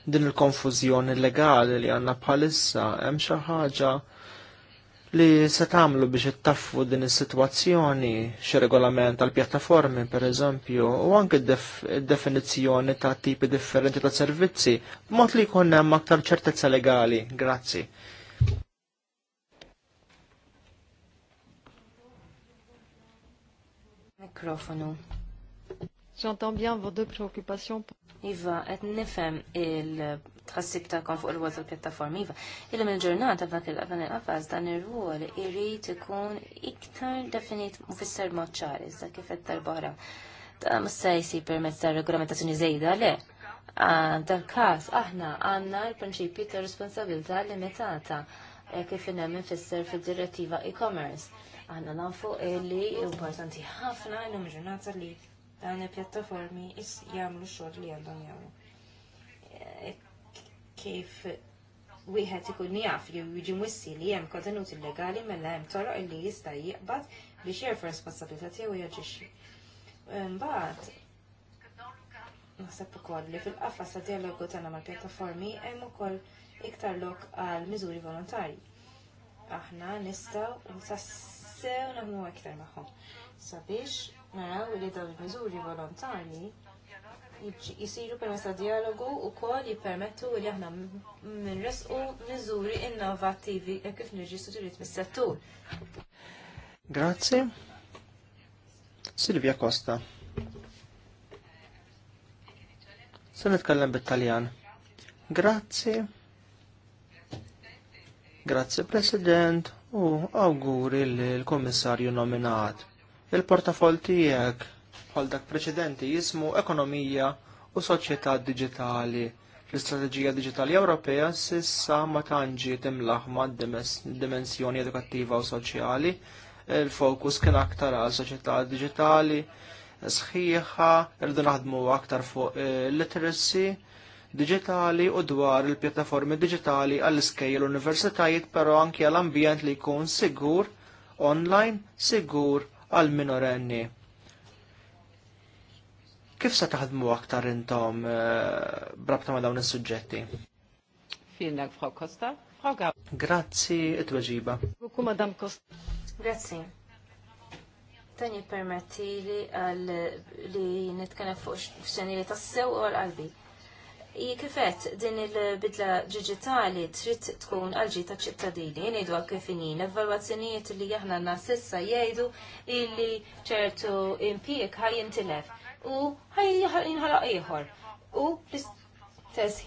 Din il-konfużjoni legali li għanna bħalissa hemm xi ħaġa li se tagħmlu biex ittaffu din is-sitwazzjoni xi regolament għal pjattaformi pereżempju u anke d-definizzjoni ta' tipi differenti ta' servizzi b'mod li jkun hemm aktar ċertezza legali. Grazzi. Mikrofonu. J'entends bien vos deux préoccupations. Iva, qed nifhem il-tħassib ta' konfuq il-wol tal-pjattaforma iva. il-lum il-ġurnata f'dak il-qafan il-qafas dan ir ruol irid ikun iktar definit mfisser mod ċar kifet kif tal bora Da mussaj se jsir permezz ta' regolamentazzjoni zejda, le. Dal-każ aħna għandna l-prinċipju ta' responsabilità limitata e, kif inhem infisser fid-direttiva e-commerce. Aħna nafu li importanti ħafna il ġurnata li dawn il-pjattaformi jagħmlu xogħol li għandhom jagħmlu. E, kif wieħed ikun jaf li jiġi mwissi li hemm kontenut illegali mela hemm toroq li jista' jiqbad biex jerfa' responsabilità tiegħu jaġixxi. Mbagħad naħseb ukoll li fil-qafas ta' dialogu tagħna mal-pjattaformi hemm ukoll iktar lok għal miżuri volontarji. Aħna nistgħu u tassew naħdmu iktar magħhom sabiex naraw mela, li dawn il-miżuri volontari jisiru permessa dialogu u kol jipermettu li aħna minresqu miżuri innovattivi e kif nirġi suturiet mis-settur. Grazie. Silvia Costa. Se nitkellem bit-Taljan. Grazie. Grazie President u awguri l-Kommissarju nominat il-portafol tiegħek bħal dak preċedenti jismu ekonomija u soċjetà digitali. L-istrateġija digitali Ewropea sissa ma tanġiet imlaħma dimensjoni edukattiva u soċjali, il-fokus kien aktar għal soċjetà digitali, sħiħa, irdu naħdmu aktar fuq eh, literacy digitali u dwar il-pjattaformi digitali għall-iskejjel universitajiet, pero anki għall-ambjent li jkun sigur online, sigur għal minorenni. Kif se taħdmu aktar intom eh, brabta ma dawn is-suġġetti? Vielen Dank, Frau Costa. Frau Gab. Grazzi, it Buku, Madam Costa. Grazzi. Tani permetti li li nitkellem fuq xeni li tassew u għal qalbi kifet din il-bidla digitali trid tkun għalġi ta' ċittadini, ngħidu għal kifinin, evalwazzjonijiet li jahna na sissa jgħidu illi ċertu impjieg jintilef u jinħala ieħor. U l istess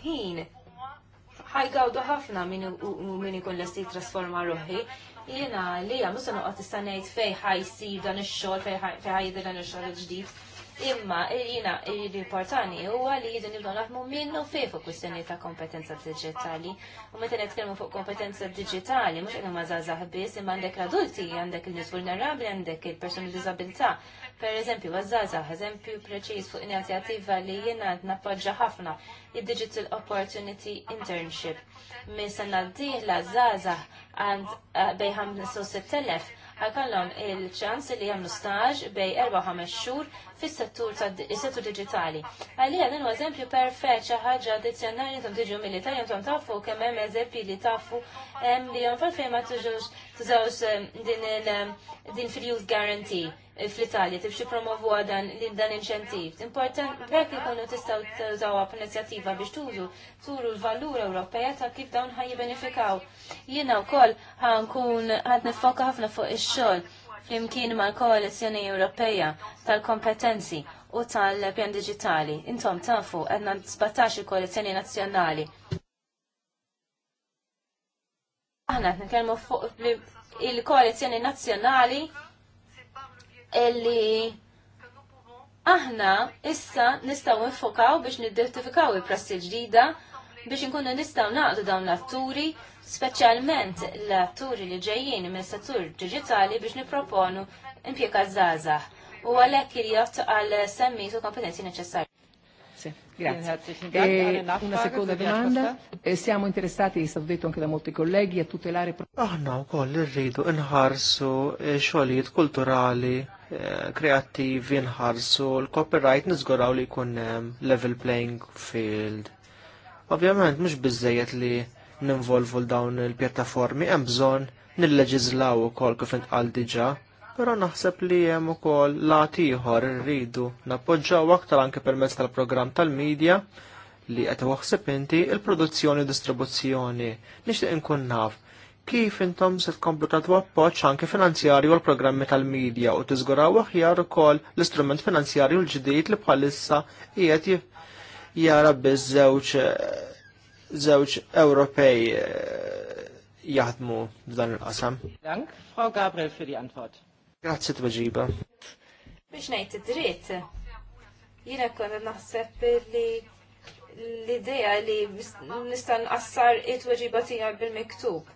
ħaj għawdu ħafna min ikun lesti trasforma ruħi jena li għam, musa nuqqat istanajt fej ħaj si dan il-xol, fej ħaj dan il-xol il-ġdijt, Imma jina l-importanti huwa li jidin nibdu naħmu minnu fih fuq kwistjoni ta' kompetenza digitali. U meta nitkellmu fuq kompetenza digitali, mhux qegħdu mażażaħ biss imma għandek l-adulti, għandek il-nies vulnerabbli, għandek il-persuni b'diżabilità. Per eżempju, għazzażaħ, eżempju preċiż fuq inizjattiva li jiena nappoġġa ħafna il-Digital Opportunity Internship. Mis sena d-dieħla żgħażagħ għand eh, bejn ħajkollhom il-ċans li jemnu staġ bej 4-5 xhur fis-settur tas-settur digitali. Għalija din huwa eżempju perfett xi ħaġa addizzjonali intom tiġu militari intom tafu kemm hemm eżempju li tafu hemm li hemm fejn ma tiġux tużawx din fil-youth guarantee fl-Italja tibxi promovu dan dan inċentiv. Important, bekk ikunu tistaw tużaw b'inizjattiva biex tużu turu l-valur Ewropea ta' kif dawn ħaj jibbenefikaw. Jiena wkoll ħankun għad nifoka ħafna fuq ix-xogħol flimkien mal-Koalizjoni Ewropeja tal-Kompetenzi u tal-Pjan Digitali. Intom tafu għedna 17 il-Koalizjoni Nazzjonali. Aħna qed nitkellmu fuq il-Koalizjoni Nazzjonali illi aħna issa nistgħu nfokaw biex niddertifikaw il-prassi ġdida biex nkunu nistgħu naqdu dawn l-atturi, speċjalment l-atturi li ġejjin mis-settur digitali biex nipproponu impjeka żgħażagħ u għalhekk irjot għal u kompetenzi neċessarji. E una seconda domanda. Eh, siamo interessati, è stato detto anche da molti colleghi, a tutelare... Aħna u koll irridu nħarsu eh, xogħlijiet kulturali kreattivi nħarsu l-copyright nizguraw li jkun ehm, level playing field. Ovvjament mhux bizzejet li ninvolvu dawn il-pjattaformi hemm bżonn u ukoll kif intqal diġà, però naħseb li hemm ukoll lat ieħor irridu nappoġġaw aktar anke permezz tal-programm tal-medja li qed waħseb inti il-produzzjoni u distribuzzjoni. Nixtieq inkun naf kif intom se tkomplu tagħtu appoġġ anke finanzjarju għal programmi tal-medja u tiżguraw aħjar ukoll l-istrument finanzjarju l-ġdid li bħalissa qiegħed jara biż żewġ żewġ Ewropej eh, jaħdmu f'dan il-qasam. Dank, Frau Gabriel für die Antwort. Grazzi tweġiba. Biex ngħid id-dritt, jiena konna naħseb li l-ideja li nistan qassar it-tweġiba tiegħek bil-miktub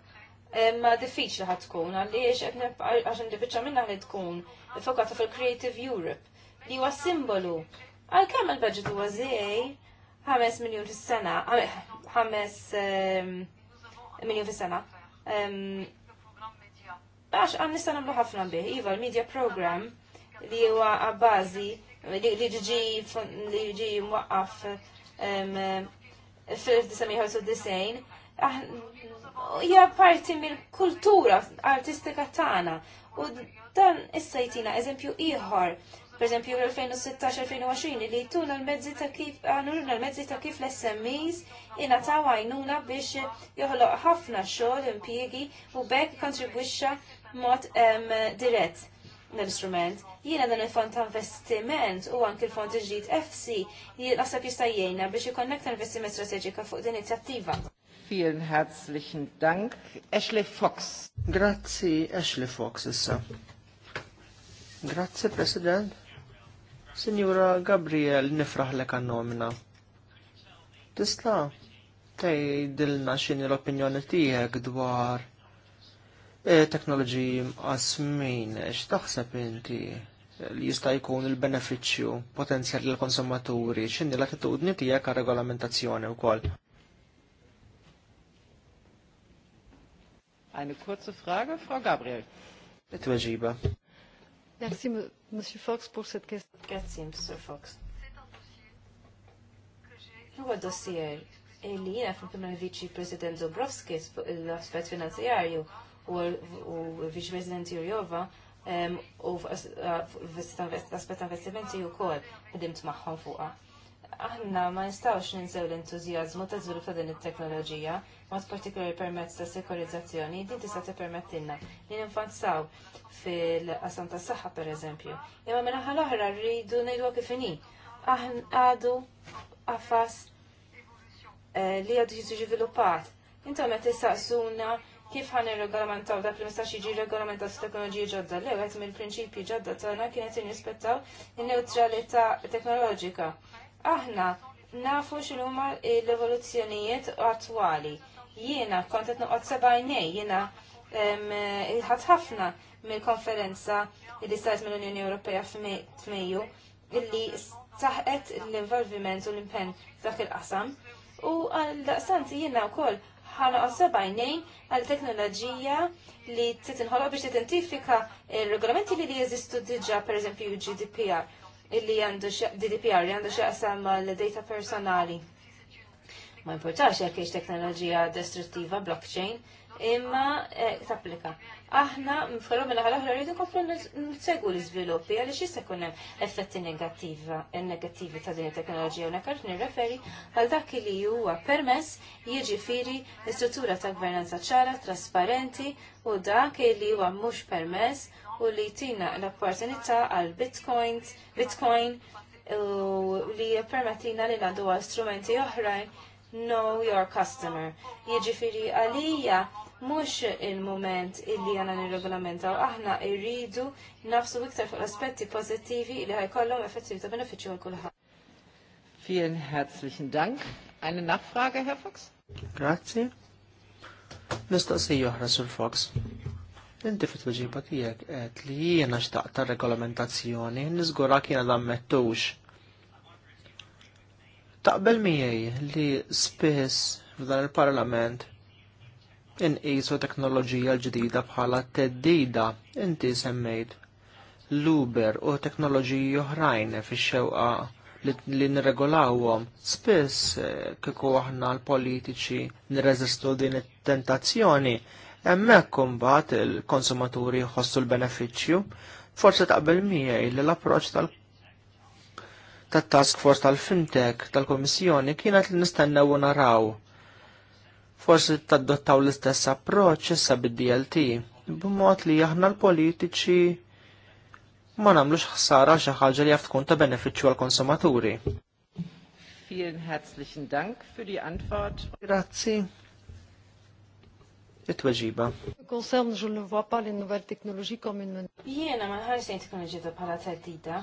ma diffiċli ħad tkun għaliex qed għax indibiċċa minna li tkun fokata fil-Creative Europe li huwa simbolu għal kemm il-budget huwa żej 5 miljun fis-sena, 5 miljun fis-sena. Għax għan nistan nagħmlu ħafna bih, iva l-media program li huwa għabbażi li ġiġi li ġiġi mwaqqaf fil-1995 hija parti mill-kultura artistika tagħna u dan issa jtina eżempju ieħor pereżempju l-2016-2020 li jtuna l-mezzi ta' kif għanurna l-mezzi ta' kif l-SMEs ingħataw għajnuna biex joħloq ħafna xogħol impjiegi u bekk kontribwixxa mod dirett l-instrument. Jiena dan il-fond ta' investiment u anki l-fond ġdid FC jina naħseb jista' jgħinna biex jikonnekta investiment strateġika fuq din inizjattiva. Vielen herzlichen Dank. Ashley Fox. Grazzi, Ashley Fox, issa. Grazzi, President. Signora Gabriel, nifraħ l nomina Tista' tgħidilna x'inhi l-opinjoni tiegħek dwar eh, teknoloġiji mqasmin, x'taħseb inti li jista' jkun il-benefiċċju potenzjali l-konsumaturi, x'inhi l-attitudni tiegħek għal regolamentazzjoni wkoll. Eine kurze Frage, Frau Gabriel. Tweġiba. Merci, Monsieur Fox, pour cette question. Grazie, Monsieur Fox. Huwa dossier li jiena fil-kuna viċi President Dobrovskis fuq l-aspet finanzjarju u viċi President Jurjova u l-aspet investimenti u kol id-dimt maħħom fuqa aħna ma nistawx ninsew l-entużjażmu ta' żvilupp ta' din it-teknoloġija, mod partikolari permezz ta' sekurizzazzjoni, din tista' tippermettilna li ninfanzaw fil-qasam ta' saħħa pereżempju. Imma minn aħħar l-oħra rridu ngħidu kif inhi. Għadu affas eh, li għadu jiġu ġiviluppat. Intom qed tistaqsuna kif ħan ir-regolamentaw dak li mistax jiġi regolamentat teknoloġija ġodda l ewwel mill-prinċipji ġodda tagħna kienet irrispettaw in-newtralità teknoloġika Aħna nafu x'huma l-evoluzzjonijiet attwali. Jiena kont qed noqgħod jiena jiena ħadd ħafna mill-konferenza li stajt mill-Unjoni Ewropea f'Mejju illi saħqet l-involviment u l-impenn f'dak il-qasam. U għal daqsant jiena koll ħana għasabajnejn għal teknoloġija li t-tinħolo biex t-identifika il-regolamenti li li jeżistu diġa, per eżempju, GDPR illi għandu DDPR li għandu xaqsam l-data personali. Ma importax jekk hiex teknologija destruttiva blockchain, imma eh, tapplika. Aħna mfallu minna ħal-oħra rridu n nsegwu l-izviluppi għaliex jista' jkun hemm effetti negattivi ta' din it-teknoloġija u nekart nirreferi għal dak li huwa permess jiġifieri struttura ta' gvernanza ċara, trasparenti u dak li huwa mhux permess u li tina l-opportunità għal bitcoins, bitcoin u li permettina li nandu għal strumenti oħrajn know your customer. Jiġifiri għalija mux il-moment illi għana nirregolamentaw, aħna irridu nafsu iktar fuq l-aspetti pozittivi li ħajkollhom effettivi ta' benefiċċju għal kulħadd. Vielen herzlichen Dank. Eine Nachfrage, Herr Fox? Grazie. Mr. oħra, Sur Fox. Inti fit tweġiba tiegħek qed li jiena xtaq tar-regolamentazzjoni niżgura kiena dammettux. Taqbel miegħi li spiss f'dan il-Parlament inqisu teknoloġija l-ġdida bħala teddida inti semmejt l-Uber u teknoloġiji oħrajn fix-xewqa li nirregolawhom. Spiss eh, kieku aħna l-politiċi nirreżistu din it-tentazzjoni Hemmhekk imbagħad il-konsumaturi jħossu l-benefiċċju, forsi taqbel miegħi li l-approċċ tal tat-task force tal-fintech tal-Komissjoni kienet li nistennew u naraw. Forsi tadottaw l-istess approċċ issa bid-DLT, b'mod li aħna l-politiċi ma nagħmlux ħsara xi ħaġa li jaf tkun ta' benefiċċju għall-konsumaturi. Vielen herzlichen Dank für die Antwort. Grazzi it-tweġiba. Concerne, je ne vois pas les nouvelles technologies comme une Jiena ma ħarsejn teknoloġija bħala teddida.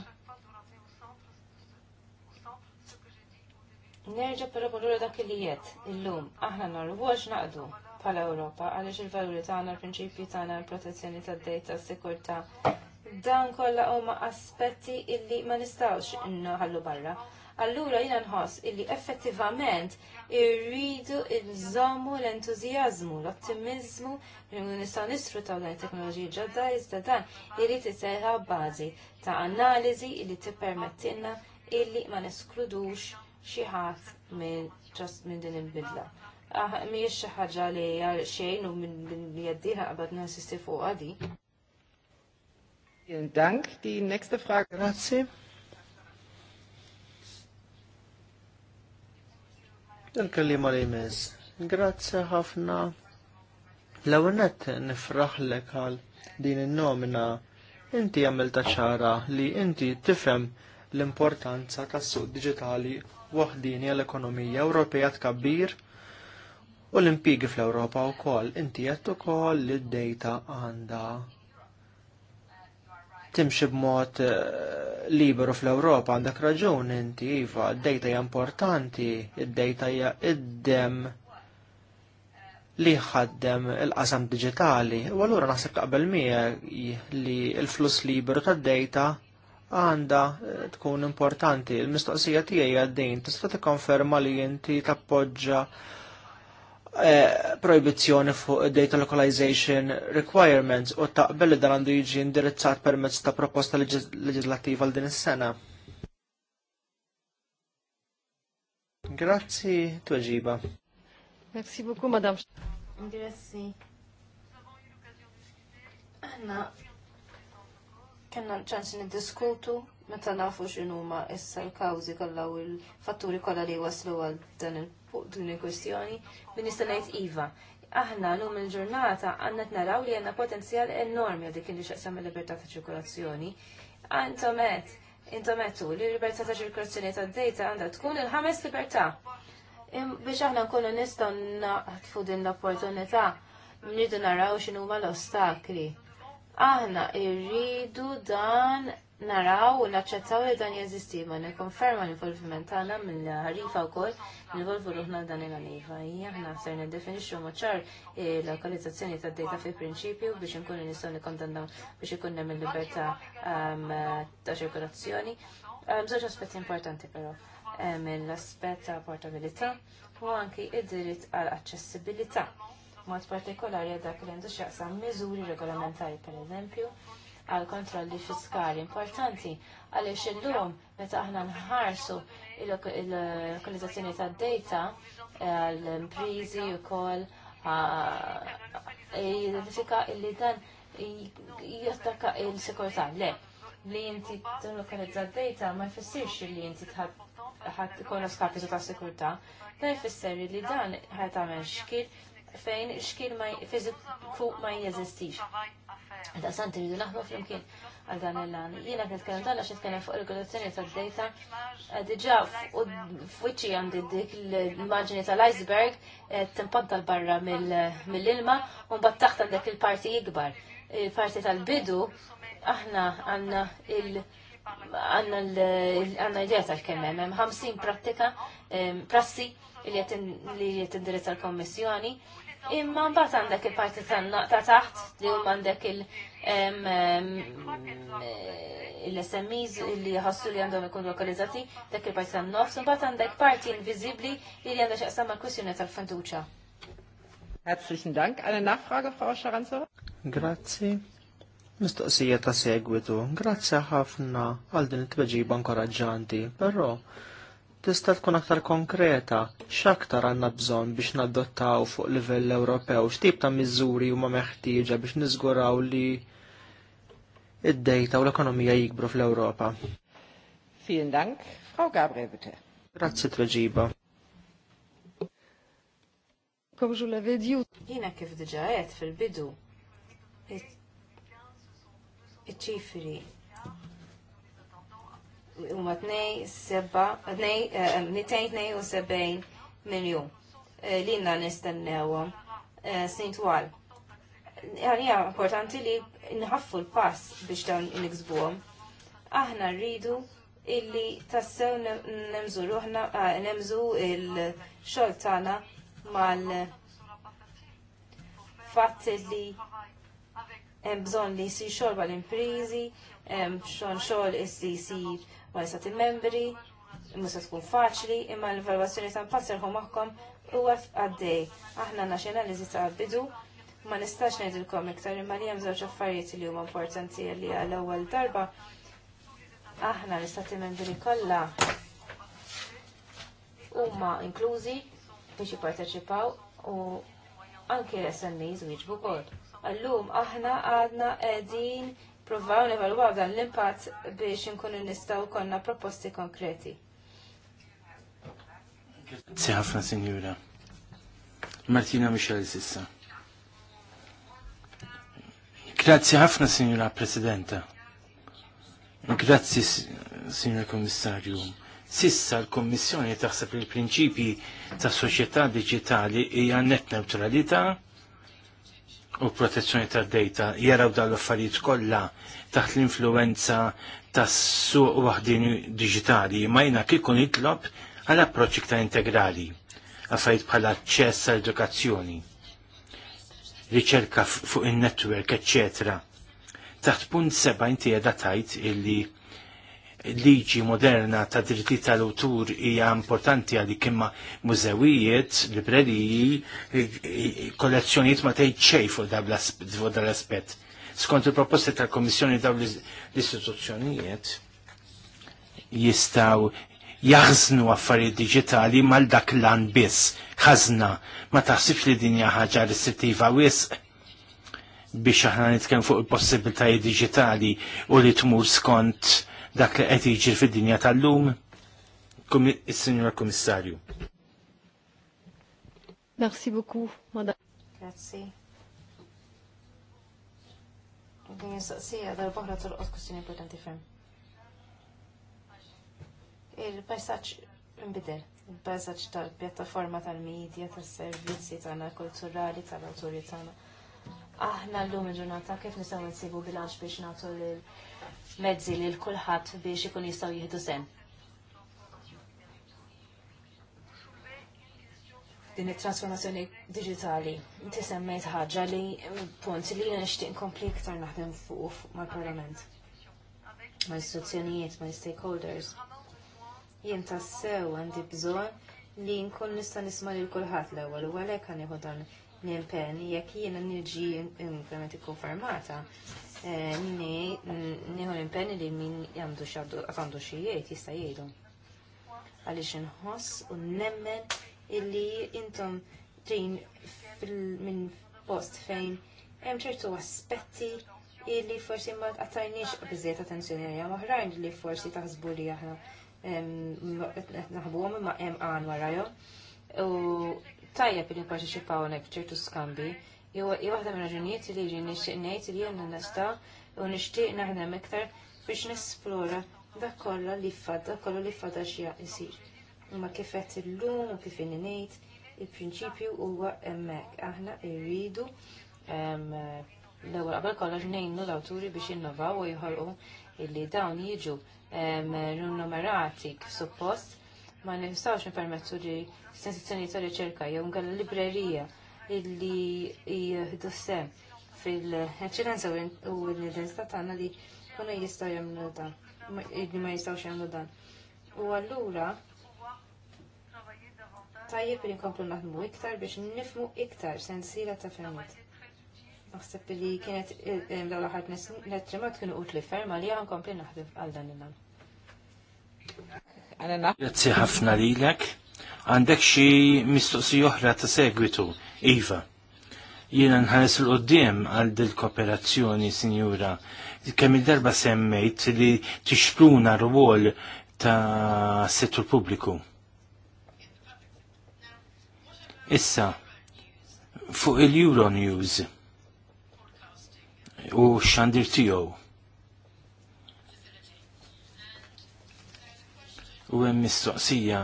Nerġa' però lura dak li jett illum aħna norwux naqdu bħala Ewropa għaliex il-valuri tagħna, l ta' tagħna, l-protezzjoni tad-dejta, s-sikurtà, dan kollha huma aspetti illi ma innu inħallu barra allura jina nħoss illi effettivament irridu il-żommu l-entuzjazmu, l-ottimizmu li nistgħu ta' dan it-teknoloġiji ġodda iżda dan irid isejħa bażi ta' analiżi illi tippermettilna illi ma neskludux xi ħadd minn ġast minn din il-bidla. Ah, mhijiex xi ħaġa li xejn u minn li għabad qabad nasisti fuq għadi. Vielen Dank. Die nächste Frage. Grazie. Il-kellima li jmiss. Grazzi ħafna. l nifraħ nifraħlek għal din il-nomina. Inti għamil ċara li inti tifem l-importanza tas sud digitali waħdini għall-ekonomija Ewropea tkabbir u l-impigi fl-Ewropa u koll. Inti jattu koll l data dejta għanda timxi b'mod eh, liberu fl-Ewropa għandek raġun inti iva, id-dejta hija importanti, id-dejta hija id-dem li ħaddem il-qasam digitali. U allura naħseb taqbel miegħek li l-fluss liberu tad-dejta għanda eh, tkun importanti. Il-mistoqsija tiegħi għaddejn tista' tikkonferma li inti tappoġġa Eh, proibizzjoni fuq data localization requirements u taqbel li dan għandu jiġi indirizzat permezz ta' proposta leġislativa għal din is-sena. Grazzi, tuġiba. Merci beaucoup, madame. Grazzi. Għanna, kanna ċansi diskutu meta nafu x'inhuma issa l-kawżi kollha u l-fatturi kollha li waslu għal dan din il kwestjoni min nista' ngħid iva. Aħna lum il-ġurnata għandna naraw li għandna potenzjal enormi għal dik li xaqsam il-libertà ta' ċirkolazzjoni. Għantomet, intometu li l-libertà ta' ċirkolazzjoni tad-dejta għandha tkun il-ħames libertà. Biex aħna nkunu nistgħu naqtfu din l-opportunità nridu naraw x'inhuma l-ostakli aħna irridu dan naraw u naċċettaw li dan jeżisti ma nikkonferma l-involviment tagħna mill-ħarifa wkoll nivolvu ruħna dan il-għanifa. Aħna ser niddefinixxu maċar l-lokalizzazzjoni tad-dejta fi prinċipju biex inkunu nistgħu nikkondannaw biex ikun hemm il-libertà ehm, ta' ċirkolazzjoni. Bżewġ ehm, aspetti importanti però ehm, l aspett ta' portabilità u anki id-dritt għal aċċessibilità. Mod partikolari dak li għandu xaqsa miżuri regolamentari per eżempju, għal kontrolli fiskali importanti għaliex illum meta aħna nħarsu il-lokalizzazzjoni ta' data għal-imprizi u kol identifika illi dan jattaka il-sekurtà. Le, li inti t-lokalizza data ma jfessirx li inti ħat kolla skapitu ta' sekurtà. ma' jfessir li dan ħat għamel xkil fejn xkil ma jeżistix Għadda sant rridu naħmu flimkien għal dan il-lan. Jina kien tkellem tal għax tkellem fuq regolazzjoni tad-data eh, diġà u f'wiċċi għandi dik l-immaġini tal-iceberg eh, timpantal barra mill-ilma u mbagħad taħt għandek il-parti ikbar. Il-parti tal-bidu aħna għandna il- għanna għanna idea tal-kemmem, hemm 50 prattika, eh, prassi li jett indirizza tal kommissjoni Imma mbagħad għandek il-parti ta' taħt li huma għandek eh, il-SMEs li jħassu li għandhom ikun lokalizzati, dak il-parti tan nofs, mbagħad għandek parti inviżibbli li għandha x'aqsam mal-kwissjoni tal fenduċa Herzlichen Dank. Eine Nachfrage, Frau Scharanzova? Grazie. Mistoqsija ta' segwitu, grazzi ħafna għal din it-tweġiba inkoraġġanti, però tista' tkun aktar konkreta, x'aktar għandna bżonn biex nadottaw fuq livell Ewropew, x'tip ta' miżuri huma meħtieġa biex niżguraw li id-dejta u l-ekonomija jikbru fl-Ewropa. Vielen Dank, Frau Gabriel, bitte. Grazzi treġiba. Komġu la vedju. Jina kif diġa fil-bidu. Iċifiri, ċifri huma 272 miljon li għanna nistennewhom eh, snin twal. Għalija importanti li nħaffu l-pass biex dawn niksbuhom. Aħna rridu illi tassew nemżu ruħna, eh, nemżu il xogħol tagħna mal-fatt li hemm bżonn li jsir xogħol mal-imprizi, hemm xogħol issi jsir ma l il membri, musa tkun faċli, imma l-valwazzjoni ta' passer maħkom u għaf għaddej. Aħna naxjonalizi ta' bidu, ma nistax ngħidilkom iktar imma li hemm żewġ affarijiet li huma importanti li għal ewwel darba aħna l-istati membri kollha huma inklużi biex jipparteċipaw u anke SMEs wieġbu kod. Allum aħna għadna qegħdin Provaw nevalwaw dan l-impatt biex inkunu nistgħu konna proposti konkreti. Grazie ħafna, Sinjura. Martina Michel sissa. Grazzi ħafna, Signora Presidenta. Grazzi, Signor Kommissarju. Sissa l-Kommissjoni taħseb li l-prinċipi ta' soċjetà digitali hija net neutralità u protezzjoni tad data jaraw dal affarijiet kollha taħt l-influenza tas-suq waħdin diġitali ma jina kikun jitlob għal approċċ ta' integrali affarijiet bħala aċċess għal edukazzjoni riċerka fuq in netwerk eċċetera. Taħt punt seba' inti tajt illi liġi moderna ta' dritti tal utur hija importanti għalli kimma mużewijiet, libreriji, kollezzjonijiet ma tgħid xejn fuq dan l-aspett. Skont il-proposti tal-Komissjoni daw l-istituzzjonijiet jistgħu jaħznu affarijiet diġitali mal dak l l-an biss, ħażna, ma taħsibx li din hija ħaġa restrittiva wisq biex aħna nitkellem fuq il-possibilitajiet diġitali u li tmur skont dak li qed jiġri fid-dinja tal-lum, is-Sinjora Kummissarju. Merci beaucoup, madame. Grazie. dal Il-pajsaċ imbidel, il-pajsaċ tal-pjattaforma tal-medja, tal-servizzi tal kulturali, tal autorità. tagħna aħna l-lum il-ġurnata kif nistaw nsibu bilanċ biex nagħtu mezzi li l-kulħadd biex ikun jistgħu jieħdu sen. Din it-trasformazzjoni digitali tisemmejt ħaġa li punt li jiena nixtieq nkompli iktar naħdem fuq mal-Parlament, mal-istituzzjonijiet, mal-stakeholders. Jien tassew għandi bżonn li nkun nista' nisma' lil kulħadd l-ewwel u għalhekk għan dan l-impenn jekk jiena niġi implementi konfermata Eh, mm, nieħu l-impenni li min għandu għandu xijiet jista' jgħidu. Għaliex inħoss u nemmen illi intom trin minn post fejn hemm ċertu aspetti illi forsi ma għattajniex biżiet attenzjoni għalja oħrajn li forsi taħsbu li aħna naħbu għom ma' hemm għan warajhom. U tajjeb li nparteċipaw nek ċertu skambi waħda minn raġunijiet li ġi nixtieq ngħid li jenna nista u nixtieq naħdem iktar biex nesplora dak kollha li fadda, kollu li fadda xi jsir. Imma kif qed illum u kif inni ngħid, il-prinċipju huwa hemmhekk. Aħna rridu l-ewwel qabel kollox ngħinu l-awturi biex innovaw u jħolqu illi dawn jiġu rinnumerati suppost ma nistgħux nippermettu li sensazzjoni ta' riċerka jew nkella librerija illi jihdu sem fil-eċċellenza u l-identità tagħna li kuna jistgħu jagħmlu dan, illi ma jistgħux jagħmlu dan. U allura tajjeb li nkomplu naħdmu iktar biex nifmu iktar sensira ta' femmiet. Naħseb li kienet l-għala eh, eh, ħart nettrimat kienu utli ferma li għan komplu naħdem għal dan il-nan. Grazie ħafna lilek. Għandek xi mistoqsi oħra ta' segwitu, Iva. Jiena nħares l-qoddim għal dil kooperazzjoni sinjura. Kemm il-darba semmejt li tixpruna rwol ta' settur pubbliku. Issa, fuq il-Euronews u xandir tijow. U hemm mistoqsija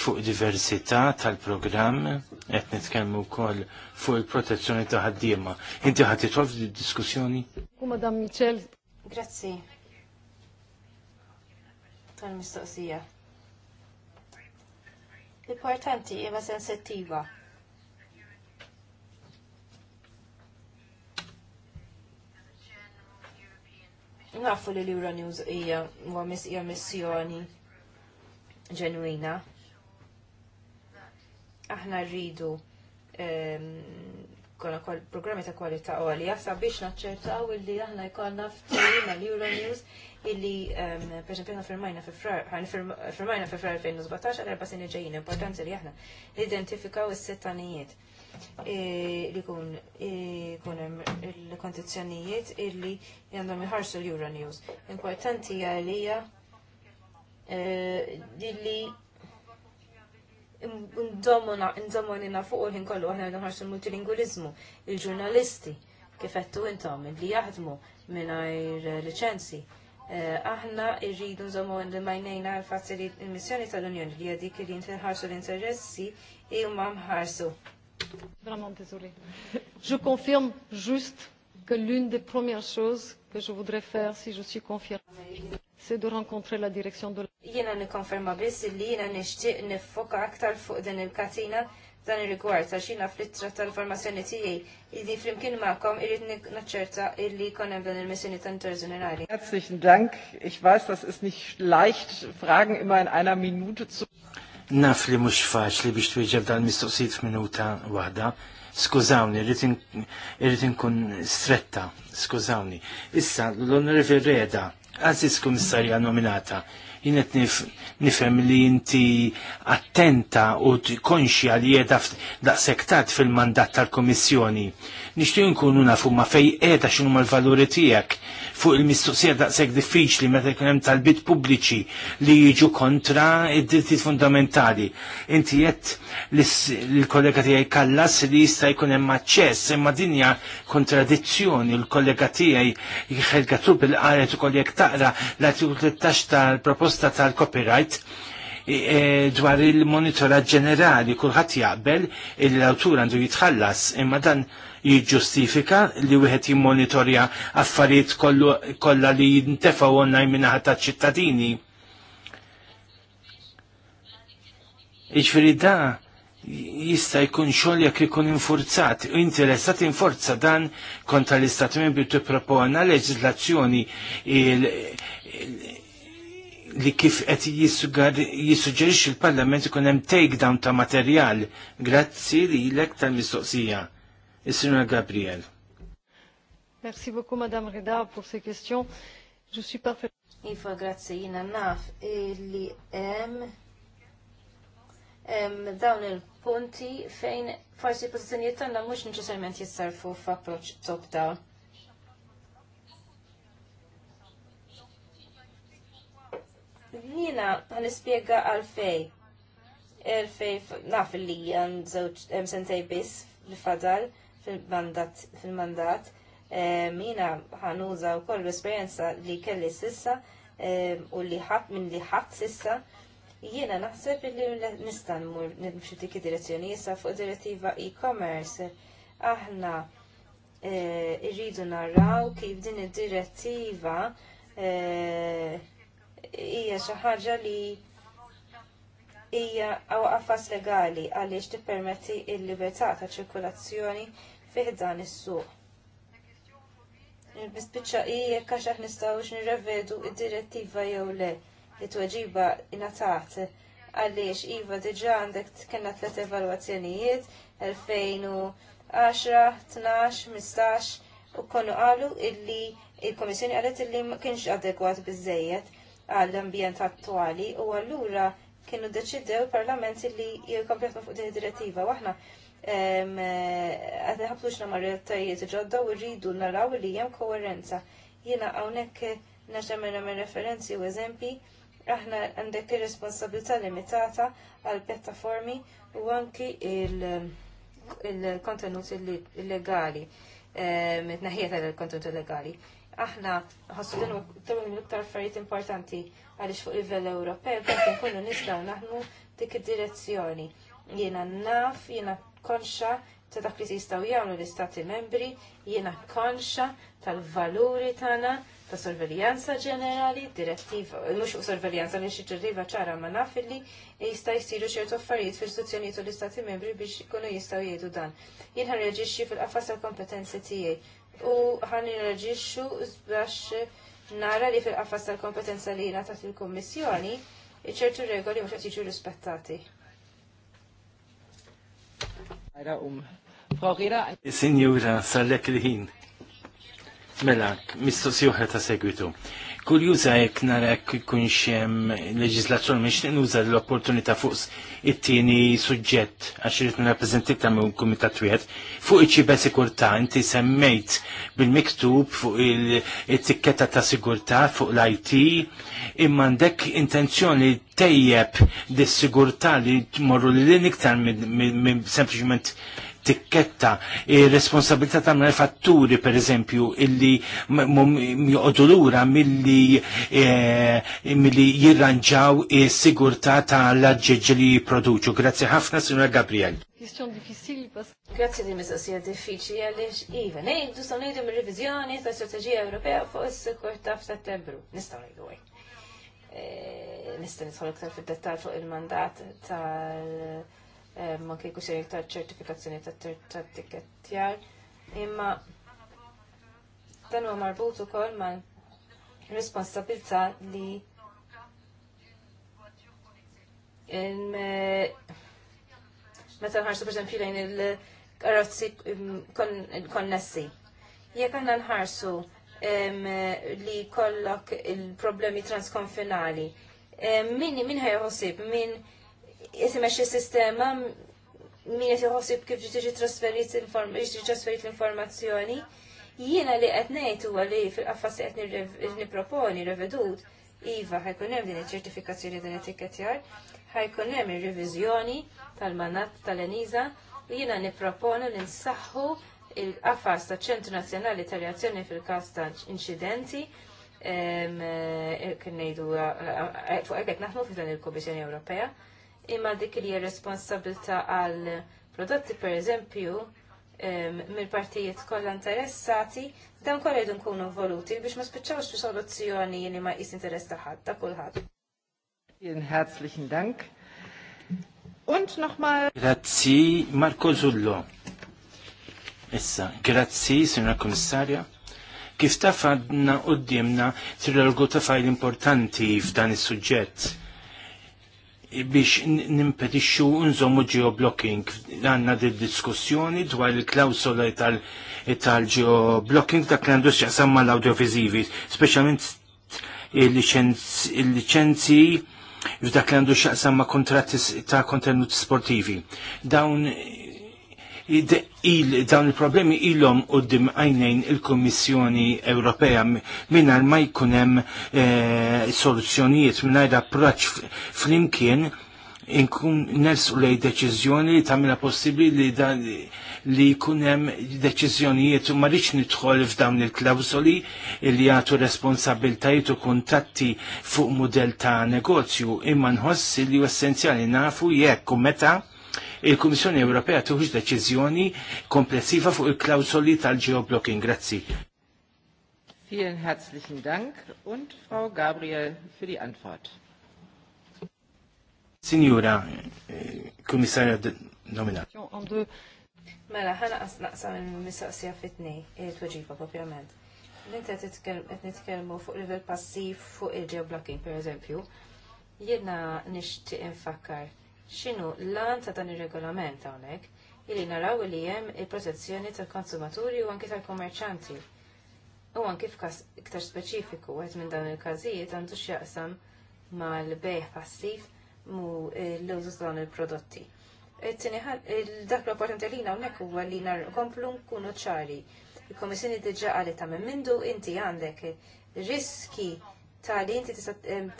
fuq diversità tal-programm, qed nitkellmu wkoll fuq il-protezzjoni ta' ħaddiema. Inti ħadd titolf diskussjoni? U Madam Michel, grazzi tal-mistoqsija. L-importanti iva sensittiva. Nafu li l-Euronews hija huwa missjoni ġenwina aħna rridu ehm, konna programmi ta' kwalità għalija sabiex naċċertaw illi aħna jkollna f'tejjim għal-Euronews illi, ehm, per esempio, aħna firmajna fi frar 2017 għal-erba sini ġejjin, importanti li aħna identifikaw is-settanijiet e, li kun e, kun il-kondizjonijiet illi għandhom iħarsu l-Euronews. Importanti għalija e, illi ndommonina fuq uħin kollu għahna nħarx il-multilingualizmu, il-ġurnalisti, kifettu intom, li jaħdmu minnajr licenzi. Eh, aħna irridu nżommu li majnejna għal fazzi li il-missjoni tal-Unjoni li għadik li nħarsu l-interessi i imma mħarsu. Vraiment désolé. Je confirme juste que l'une des premières choses que je voudrais faire si je suis confirmée, c'est de rencontrer la direction de la... Jiena nikkonferma biss li jiena nixtieq nifoka aktar fuq din il-katina dan ir-rigward għax jiena fl-ittra tal-formazzjoni tiegħi li flimkien magħkom irid naċċerta illi jkun hemm dan il-missjoni ta' inter ġenerali. Herzlichen Dank. Ich weiß, das ist nicht leicht, Fragen immer in einer Minute zu Naf li mhux faċli biex twieġeb dan mistoqsijiet f'minuta waħda. Skużawni, irrid inkun stretta, skużawni. Issa, l onorevi Reda, għaziz kummissarja nominata, Jinet nifem li inti attenta u konxja li jeda daqsektat fil-mandat tal-Komissjoni. Nishtu nkunu nafu ma fej edha xinu l valuri tijak fuq il-mistoqsija daqshekk diffiċli meta jkun hemm talbit pubbliċi li jiġu kontra id dritti fundamentali. Inti qed l-kollega tiegħi kallas li jista' jkun hemm aċċess imma dinja kontradizzjoni l-kollega tiegħi ħelga tub il-qaret ukoll jekk taqra l-artiklu 13 tal-proposta tal-copyright e, e, dwar il monitora ġenerali kulħadd jaqbel il-awtur għandu jitħallas imma dan jiġġustifika li wieħed jimmonitorja affarijiet kollha li jintefgħu online minn ħadd ċittadini. Iġifieri da jista' jkun xogħol jekk ikun infurzat u interessat inforza dan kontra l-Istati Membri tippropona leġiżlazzjoni li kif qed jissuġġerixxi l-Parlament ikun hemm takedown ta' materjal. Grazzi lilek tal-mistoqsija is Gabriel. Merci beaucoup, Madame Reda, pour ces questions. Je suis parfait. Iva, grazie, jina naf li em, em dawn il-punti fejn forsi pozizjoniet tagħna mhux neċessarjament jissarfu f'approċċ top-down. Jina ħanispjega Il fej naf li jan żewġ sentej biss li fadal fil-mandat fil-mandat eh, mina ħanuża wkoll l-esperjenza li kelli sissa eh, u li ħadd minn li ħadd sissa jiena naħseb li nista' nmur nimxu dik direzzjoni issa fuq direttiva e-commerce. Aħna eh, irridu narraw kif din id-direttiva hija xi ħaġa li hija għafas legali għaliex tippermetti l libertà ta' ċirkulazzjoni fih dan is-suq. Il-bispiċċa hija jekk għax aħna nistgħux nirrevedu id-direttiva jew le li tweġiba ingħatat għaliex iva diġà għandek kellna tliet evalwazzjonijiet 2010, 12, 15 u konnu qalu illi il-Komissjoni qalet illi ma kienx adegwat biżejjed għall-ambjent attwali u allura kienu deċidew il-Parlament li jikompletna fuq din id-direttiva. Waħna Eh, għad ħabtux na marrettajiet ġodda u rridu naraw li jem koherenza. Jena għawnek naċemena minn referenzi u eżempi, aħna għandek ir-responsabilità limitata għal pjattaformi u anki il-kontenut illegali, mitnaħiet għal il-kontenut illegali. Aħna ħassu din tru l-iktar affarijiet importanti għaliex fuq livell Ewropew kif nkunu nistgħu naħnu dik id-direzzjoni. Jiena naf, jiena konxa ta' dak li jistgħu jagħmlu l-istati membri, jiena konxa tal-valuri tagħna ta' sorveljanza ġenerali, direttiva, mhux u sorveljanza li xi direttiva ċara ma naf jista' jsiru ċertu affarijiet fil-istituzzjonijiet u l-istati membri biex ikunu jistgħu jgħidu dan. Jien ħanreġixxi fil-qafas tal-kompetenzi tiegħi u ħanreġixxu biex nara li fil-qafas tal-kompetenza li jiena ta' il-Kummissjoni ċertu regoli mhux qed jiġu rispettati. Sinjura, sallek liħin. Mela, mistoqsi oħra ta' segwitu. Kull jek jekk kun jekk ikun xem leġislazzjoni nuża l-opportunità fuq it-tieni suġġett għax irid ta' minn kumitat wieħed fuq iċ-ċiber sigurtà inti semmejt bil-miktub fuq it-tikketta ta' sigurtà fuq l-IT imma għandek intenzjoni tejjeb dis-sigurtà li tmorru lil iktar minn sempliċement tikketta ir-responsabilità tal-manifatturi per eżempju illi joqogħdu lura milli eh, milli jirranġaw is-sigurtà l aġġeġ li jipproduċu. Grazzi ħafna, Sinura Gabriel. Grazie diffiċili pass. Grazzi di mistoqsija diffiċli għaliex iva, du sa ngħidu mir-reviżjoni tal-Strateġija Ewropea fuq is-sikur ta' f'Settembru. Nistgħu ngħidu hekk. Eh, nista' nidħol iktar fid dettal fuq il-mandat tal- ma kieku xejn ta' ċertifikazzjoni ta' tikketjar. Imma dan huwa marbut ukoll mal responsabilità li meta nħarsu per lejn il-karozzi konnessi. Jekk għandna nħarsu li kollok il-problemi transkonfinali, min min ħajħosib, min jisimex il-sistema min qed jħossib kif tiġi trasferit l-informazzjoni. Jiena li qed ngħid huwa li fil-qafas li qed nipproponi revedut, iva ħajkun hemm din iċ-ċertifikazzjoni din il tikketjar ħajkun hemm ir-reviżjoni tal-manat tal eniza u jiena niproponi li nsaħħu il-qafas ta' ċentru Nazzjonali ta' Reazzjoni fil-każ ta' incidenti, eh, kien ngħidu eh, eh, fuq hekk naħmu f'dan il-Kummissjoni Ewropea imma dik li responsabilta għal prodotti per eżempju mill-partijiet kollha interessati dan kollha jdu nkunu voluti biex ma spiċċawx fi soluzzjoni li ma jqis interess ta' ħadd ta' kulħadd. Vielen herzlichen Dank. Und nochmal. Grazzi Marco Zullo. Issa, grazzi, Signora Kommissarja kif taf għadna u d-diemna trilogu ta' fajl importanti f'dan is suġġett biex nimpetixxu nżommu geoblocking. Għanna di diskussjoni dwar il klawsola tal-geoblocking ta' li għandu x'jaqsam mal-audiovisivi, specialment il-licenzi f'dak li għandu x'jaqsam ma' kontratti ta' kontenut sportivi. Dawn dawn il-problemi ilhom qudiem għajnejn il-Kummissjoni Ewropea mingħajr ma jkun hemm eh, soluzzjonijiet mingħajr approċċ flimkien inkun u lej deċiżjoni li tagħmilha possibbli li dan li kunem deċizjonijiet u marriċ nidħol f'dawn il-klawzoli li għatu responsabiltajiet u kuntatti fuq model ta' negozju imma nħoss li u essenzjali nafu jekk u meta il-Kummissjoni Ewropea tuħux deċiżjoni komplessiva fuq il-klawsoli tal-geoblocking. Grazzi. Vielen herzlichen Dank und Frau Gabriel für die Antwort. Signora, eh, Kommissarja nomina. Mela, ħana naqsam il-mistoqsija fitnej, il-tweġiba propjament. L-inti qed nitkellmu fuq livell passiv fuq il-geoblocking, per eżempju, jiena nixtieq infakkar x'inhu l-lan ta' dan ir-regolament hawnhekk illi naraw li hemm il-protezzjoni tal-konsumaturi u anke tal-kummerċanti. U anke f'każ iktar speċifiku qed minn dawn il-każijiet għandu x'jaqsam mal-bejħ passiv mu l-użu dawn il-prodotti. Dak l importanti li hawnhekk huwa li komplu nkunu ċari. Il-Komissjoni diġà qalet ta' minn mindu inti għandek riski ta' li inti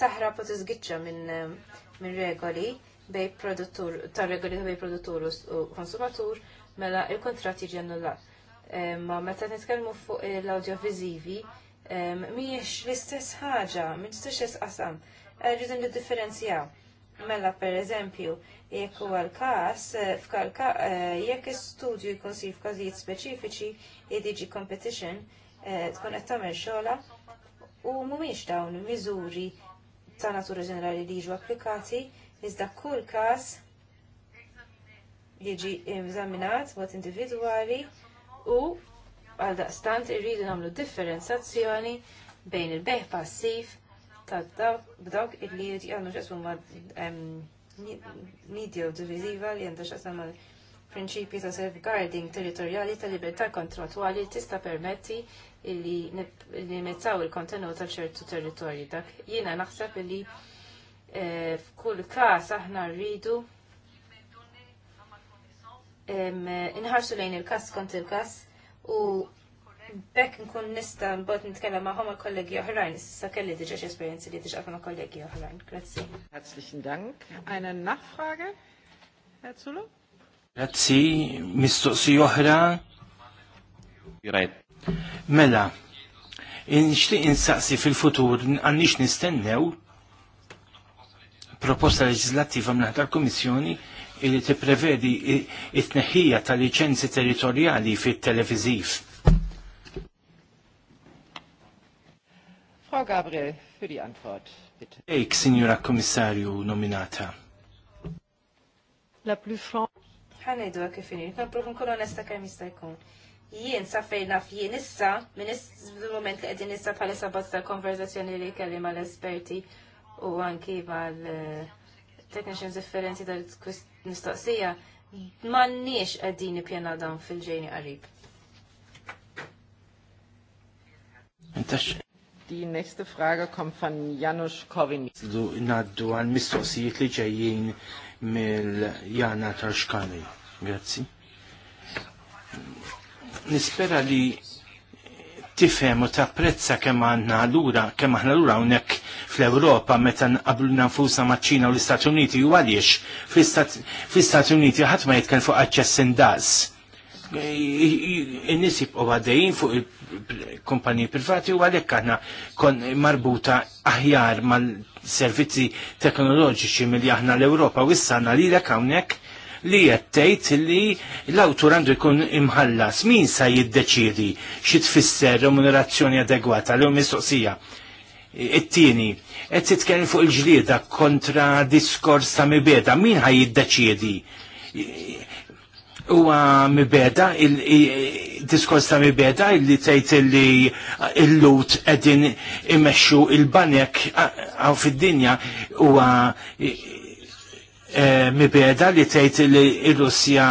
taħrab u tiżgiċċa minn regoli bej produttur, ta' regoli bej produttur u konsumatur, mela il-kontrat jiġi annullat. Ma meta nitkellmu fuq l-audiovisivi, miex l-istess ħaġa, minn l-istess qasam, rridu differenzjaw. Mela, per eżempju, jekk huwa l-każ, eh, f'kalka eh, jekk istudju jkun si f'każijiet speċifiċi, id-DG Competition eh, tkun qed tagħmel xogħla u mhumiex dawn miżuri ta' natura ġenerali li jiġu applikati iżda kull każ jiġi eżaminat mod individwali u għal daqstant irridu nagħmlu differenzazzjoni bejn il-beħ passiv ta' dawk li għandu xaqsmu ma' media divisiva li għandu xaqsmu ma' prinċipi ta' safeguarding territorjali ta' libertà kontratuali tista' permetti li limitaw il-kontenut tal ċertu territorji dak. Jiena naħseb illi Eh, f'kull każ aħna rridu inħarsu lejn il kas kont il kas u bekk nkun nista nbot nitkellem magħhom għal kollegi oħrajn, issa kelli diġa xi li diġa ma' kollegi oħrajn. Grazie. Herzlichen Dank. Eine Nachfrage, Herr Zulo? Grazzi, mistoqsi oħra. Mela, nixtieq insaqsi fil-futur għandix nistennew proposta leġislattiva minn tal-Kummissjoni li tipprevedi it-tneħħija ta' liċenzi territoriali fit-televiżiv. Frau Gabriel, für die Antwort, bitte. Ejk, Signora Kommissarju nominata. La plus franc. Ħanejdu għak kifini, nipruvu nkun onesta kemm jista' jkun jien sa fejna fjien issa, minn moment li għedin issa bħala sabat ta' konverzazzjoni li kelli mal esperti u anki għal eh, technicians differenti tal-mistoqsija m'għandniex qegħdin pjena dan fil-ġejni qarib. Die nächste Frage kommt von Janusz Korwin. Naddu għal mistoqsijiet li ġejjin mill-Jana Tarxkani. Grazzi. Nispera li tifhem u tapprezza kemm għandna lura, kemm aħna lura hawnhekk fl-Ewropa meta qablu nanfusa maċ-Ċina u l-Istati Uniti u għaliex fl-Istati Uniti ħadd ma jitkellem fuq aċċess indas. In-nies jibqgħu għaddejjin fuq il-kumpaniji privati u għalhekk aħna kon marbuta aħjar mal-servizzi teknoloġiċi milli aħna l-Ewropa u issa għandna lilek hawnhekk li jettejt li l-autur għandu jkun imħallas. Min sa jiddeċidi xi tfisser remunerazzjoni adegwata l mistoqsija it-tieni qed titkellem fuq il-ġlieda kontra diskors ta' mibeda, min ħaj jiddeċiedi? Huwa mibeda il-diskors ta' mibeda illi tgħid li l-lut qegħdin imexxu il-banek għaw fid-dinja huwa Eh, mibeda li tgħid li r-Russja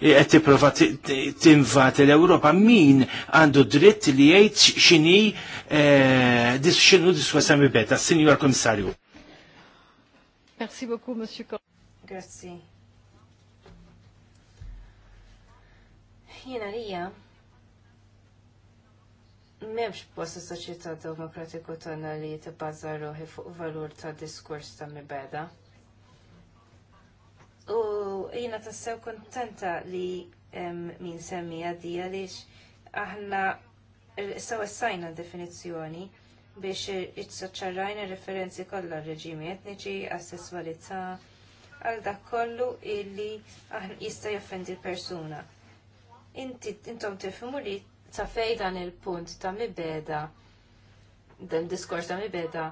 qed tipprova tinvati l-Ewropa, min għandu dritt li jgħid x'inhi eh, x'inhu diswesa mibeda, Sinjor Komissarju. Merci beaucoup, Monsieur Kor. Grazzi. Jiena lija m'hemmx post is demokratiku tagħna li tibbażżar ruħi fuq valur ta' diskors ta' mibeda. U jina tassew kontenta li min semmi għaddi għalix aħna saw essajna definizjoni biex iċċaċċarrajna referenzi kollha reġimi etniċi, għas-sessualità, għal dak kollu illi aħna jista' joffendi persuna. Inti intom tifhmu li ta' fej dan il-punt ta' mibeda, dan diskors ta' mibeda,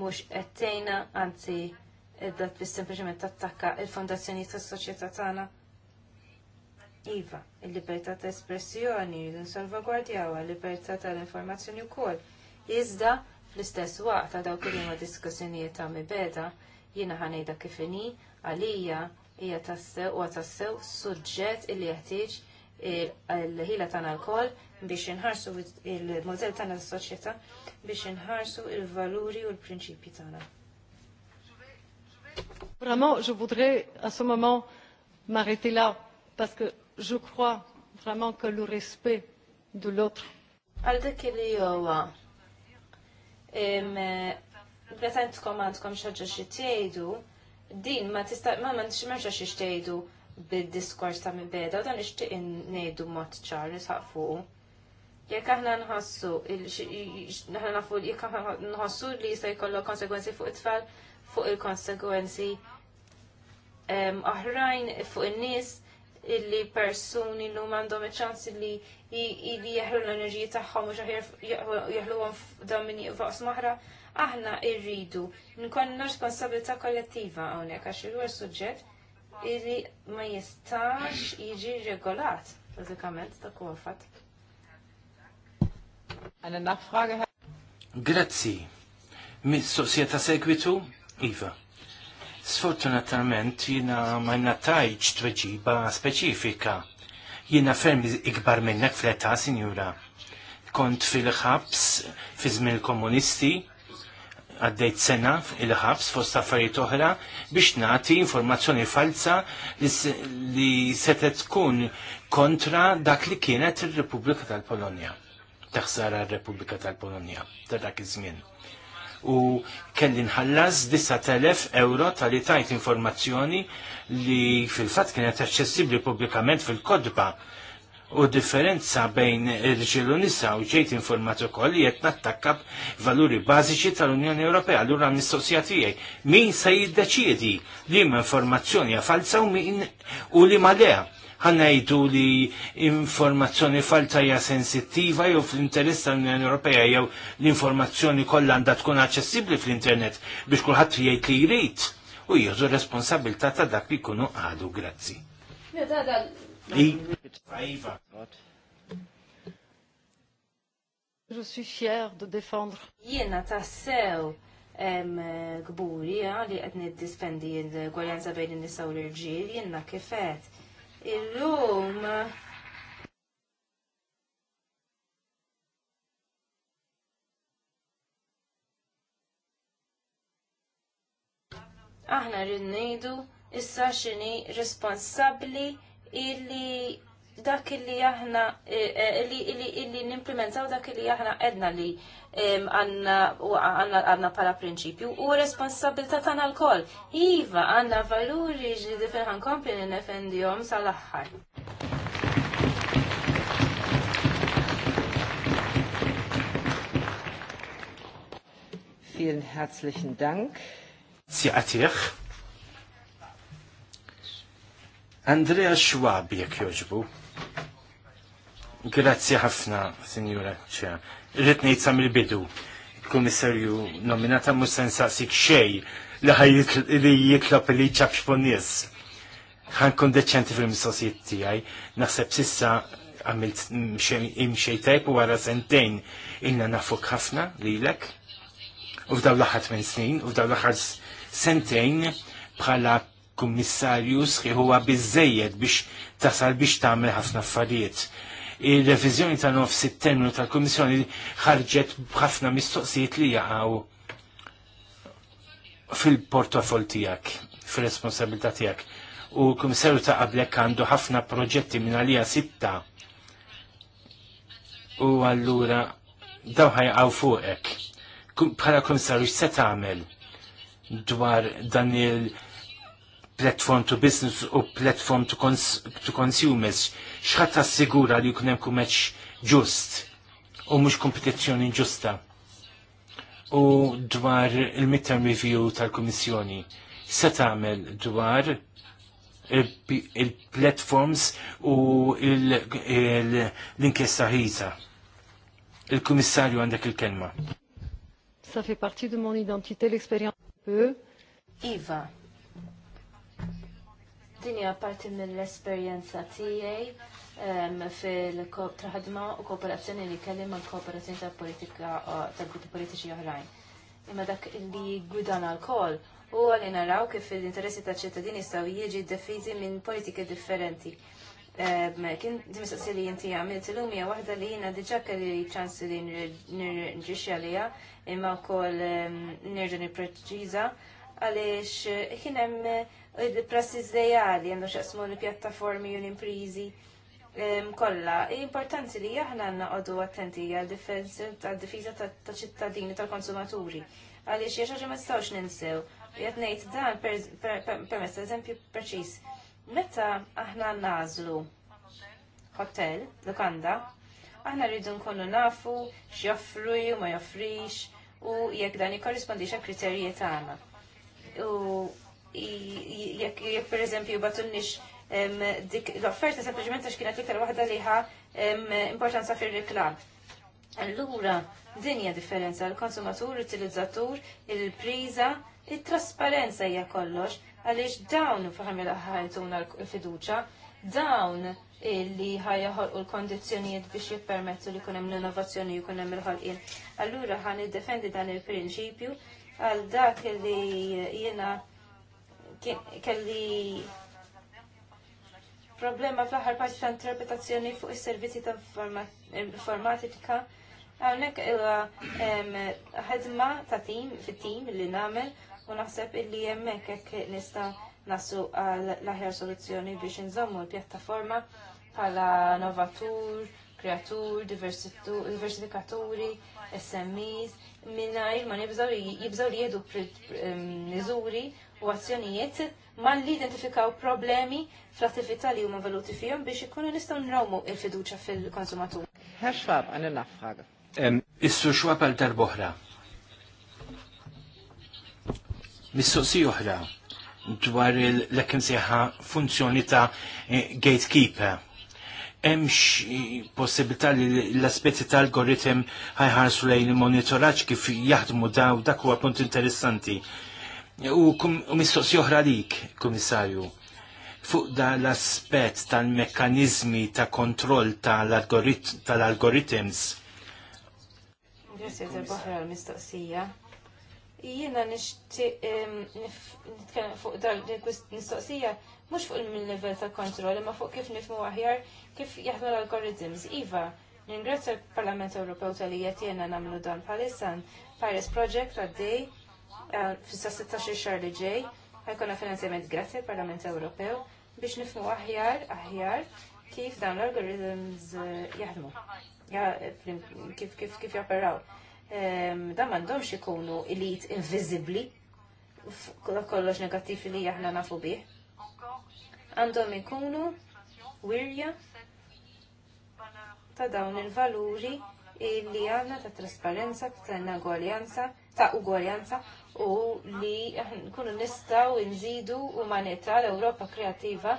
mhux qed tgħinna anzi eddat biss sempliċement tattakka il-fondazzjoni tas soċjetà tagħna. Iva, il-libertà ta' espressjoni, l-insalvagwardjawa, libertà tal-informazzjoni wkoll. Iżda fl-istess waqt ta' dawk li ma' diskussjonijiet ta' mibeda, jiena ħanejda kif inhi għalija hija tassew u tassew suġġett illi jeħtieġ il-ħila tagħna l biex inħarsu il-modell tagħna tas-soċjetà biex inħarsu il-valuri u l-prinċipji tagħna. Vraiment, je voudrais à ce moment m'arrêter là parce que je crois vraiment que le respect de l'autre. Prezentkom għandkom xaġġa xi tgħidu, din ma tista' ma m'għandx m'hemmx xi tgħidu bid-diskors ta' mibeda, dan ixtieq ngħidu mod ċar nisħaq fuq. Jekk aħna nħassu, jek aħna nħassu li se jkollok konsekwenzi fuq it-tfal, fuq il-konsegwenzi oħrajn fuq in-nies illi persuni l huma għandhom iċ-ċans li li jaħlu l-enerġija tagħhom u jaħluhom f'domini fuq maħra, aħna rridu nkollna responsabilità kollettiva hawnhekk għax huwa suġġett illi ma jistax jiġi regolat bażikament ta' huwa fatt. Għanna nafraga. Grazzi. Mis-soqsija ta' segwitu Iva. Sfortunatament jina ma natajġ tweġiba speċifika. Jina ferm ikbar minnek fleta, sinjura. Kont fil-ħabs fi żmien komunisti, għaddejt sena il-ħabs fost affarijiet oħra biex nagħti informazzjoni falsa li setet tkun kontra dak li kienet ir-Repubblika tal-Polonja. Taħsara r-Repubblika tal-Polonja ta' dak iż-żmien u kelli nħallas 9,000 euro tal itajt informazzjoni li fil-fat kienet aċċessibbli pubblikament fil-kodba u differenza bejn irġilu nisa u ġejt informat ukoll li qed nattakka valuri bażiċi tal-Unjoni Ewropea allura mistoqsija tiegħi min se jiddeċiedi li ma informazzjoni falsa u min u li ma leha ħanajdu li informazzjoni falta hija sensittiva jew fl-interess tal-Unjoni Ewropea jew l-informazzjoni kollha għandha tkun aċċessibbli fl-internet biex kulħadd jgħid li jrid u jieħdu responsabilità ta' dak li jkunu għadu. Grazzi. Iva. Je suis fier de défendre. Jiena tassew gburi li qed niddispendi l-gwarjanza bejn in-nisa u l-irġiel jiena kifet illum aħna rrid ngħidu issa xini responsabbli illi dak illi aħna illi e, e, nimplementaw dak illi jahna edna li għanna għanna pala prinċipju u responsabilta tagħna l-koll. Iva għanna valuri ġdidi fejn ħankompli nifendihom sal-aħħar. Vielen herzlichen Dank. Sie Andrea Schwab jek joġbu. Grazzi ħafna, Sinjura ċe. Rrit ngħid sa mill-bidu. Kummissarju nominata mhux se nsaqsik xejn li ħaj li jitlob li jċabx fuq nies. Ħankun deċenti fil-mistoqsijiet tiegħi, naħseb sissa għamilt imxej tajb u għara sentejn inna nafuk ħafna lilek. U f'daw l-aħħar minn snin, u f'daw l-aħħar sentejn bħala kummissarju sħi huwa bizzejed biex tasal biex tagħmel ħafna affarijiet. Ir-reviżjoni ta' nofs it-terminu tal-Kummissjoni ħarġet b'ħafna mistoqsijiet li jaqgħu fil-portofol tiegħek, fil-responsabilità tiegħek. U l-Kummissarju ta' qablek għandu ħafna proġetti minn għalija sitta. U allura daw ħajqaw fuqek. Bħala kummissarju se tagħmel dwar dan il- platform to business u platform to, cons to consumers, xħat assigura li jkun hemm ġust u mhux kompetizzjoni ġusta. U dwar il-midterm review tal-Kummissjoni, se tagħmel dwar il-platforms u l-inkjesta ħiza. Il-Kummissarju għandek il-kelma. Sa fait partie de mon identité, l'expérience Iva, Din hija parti mill-esperjenza tiegħi fil traħadma u kooperazzjoni li kelli mal kooperazzjoni ta' politika ta' gruppi politiċi oħrajn. Imma dak li gwidana l-kol u għalli naraw kif l-interessi ta' ċittadini staw jieġi defizi minn politika differenti. Kien dimistaqsi li jinti għamilt l-lum hija waħda li jina diġa kelli ċans li nġiexi għalija imma wkoll nerġa' nippreċiża għaliex kien hemm il prassi lejali għandu xaqsmu l-pjattaformi u l-imprizi kolla. Importanti li jahna għanna għoddu attenti għal-difiza ta' ċittadini tal-konsumaturi. Għalix, jaxa ġemma ma stawx ninsew. Jatnejt dan permess eżempju preċis. Meta aħna nazlu hotel, lukanda, aħna rridu nkunu nafu x'joffru ma joffrix u jekk dan jikorrispondix għal kriterji tagħna. U jekk per eżempju batunnix dik l-offerta sempliċement għax kienet iktar waħda liħa importanza fir-reklam. Allura, dinja differenza l-konsumatur, l-utilizzatur, il-priża, il-trasparenza hija kollox, għaliex dawn faħam il-ħajtuna l-fiduċa, dawn li u l-kondizjonijiet biex jippermettu li kunem l-innovazzjoni u kunem il-ħolqin. Allura ħan id-defendi dan il-prinċipju għal dak li jena kelli problema fl-aħħar paċi ta' interpretazzjoni fuq is-servizzi ta' informatika. Għawnek il ħedma ta' tim fit-tim li nagħmel u naħseb illi hemmhekk hekk nista' nasu għal l-aħjar soluzzjoni biex nżommu l-pjattaforma bħala novatur, kreatur, diversifikaturi, SMEs, il ma jibżaw li jihdu nizuri u azzjonijiet ma li identifikaw problemi fl-attività li huma valuti fihom biex ikunu nistgħu nrawmu l-fiduċja fil-konsumatur. Herr Schwab, għandna nafħaga. Issu xwab għal darboħra. Mistoqsi oħra dwar l-ekim seħħa funzjoni ta' eh, gatekeeper hemmx possibilità li l-aspetti tal-algoritm ħajħarsu lejn il-monitoraġġ kif jaħdmu daw dak huwa punt interessanti. U, mistoqsi oħra dik, komissarju, fuq da l-aspet tal-mekkanizmi ta' kontroll tal-algoritms. Grazie ta' mistoqsija Jiena nishtiq nitkellem fuq dal-mistoqsija mhux fuq il-level ta' kontroll, imma fuq kif nifmu aħjar kif jaħdmu l-algoritms. Iva, ningrazzja l-Parlament Ewropew tal-li jena namlu dan bħalissan Paris Project għaddej Eh, fissa 16 xar li ġej ħajkonna finanzjament grazzi l-Parlament Ewropew biex nifmu aħjar aħjar kif dan l-algorithms eh, jaħdmu, kif kif kif japparaw. Dan m'għandhomx ikunu elit invisibli kollox negattiv li aħna nafu bih. Għandhom ikunu wirja ta' dawn il-valuri li għanna ta' trasparenza, ta' ugwaljanza, ta' ugwaljanza u li kunu nistaw nżidu umanità l europa kreativa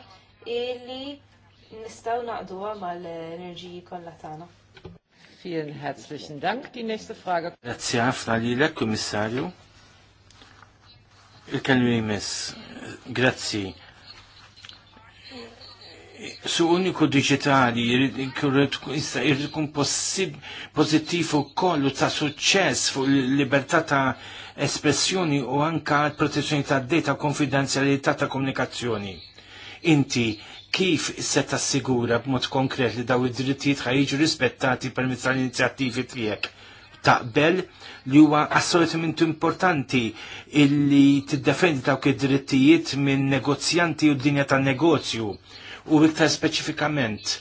illi nistaw naqduha mal-enerġiji kollha tagħna. Vielen herzlichen Dank. Die nächste Frage. Grazie ħafna lilek, Kummissarju. Il-kelmi jmiss. Grazzi su uniku digitali jirrid ikun pozittiv kollu ta' suċċess fuq libertà ta' espressjoni u anka protezzjoni ta' data konfidenzjalità ta' komunikazzjoni. Inti kif se tassigura b'mod konkret li daw id-drittijiet jiġu rispettati permezz tal-inizjattivi tiegħek? taqbel li huwa assolutament importanti illi tiddefendi dawk id-drittijiet minn negozjanti u d-dinja tan negozju u iktar speċifikament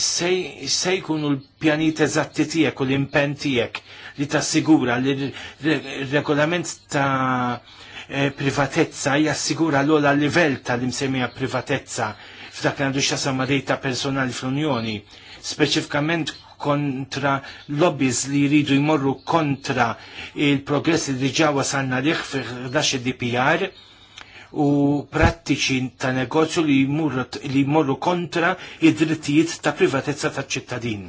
se jkunu l-pjanit eżatti tiegħek u l-impen tiegħek li tassigura li r-regolament ta' e, privatezza jassigura l-ola livell tal-imsemmija privatezza f'dak li għandu xasama dejta personali fl-Unjoni, speċifikament kontra lobbies li jridu jmorru kontra il-progress li ġawa wasalna liħ fi 11 DPR, u prattiċi ta' negozju li li jmorru kontra id-drittijiet ta' privatezza ta' ċittadin.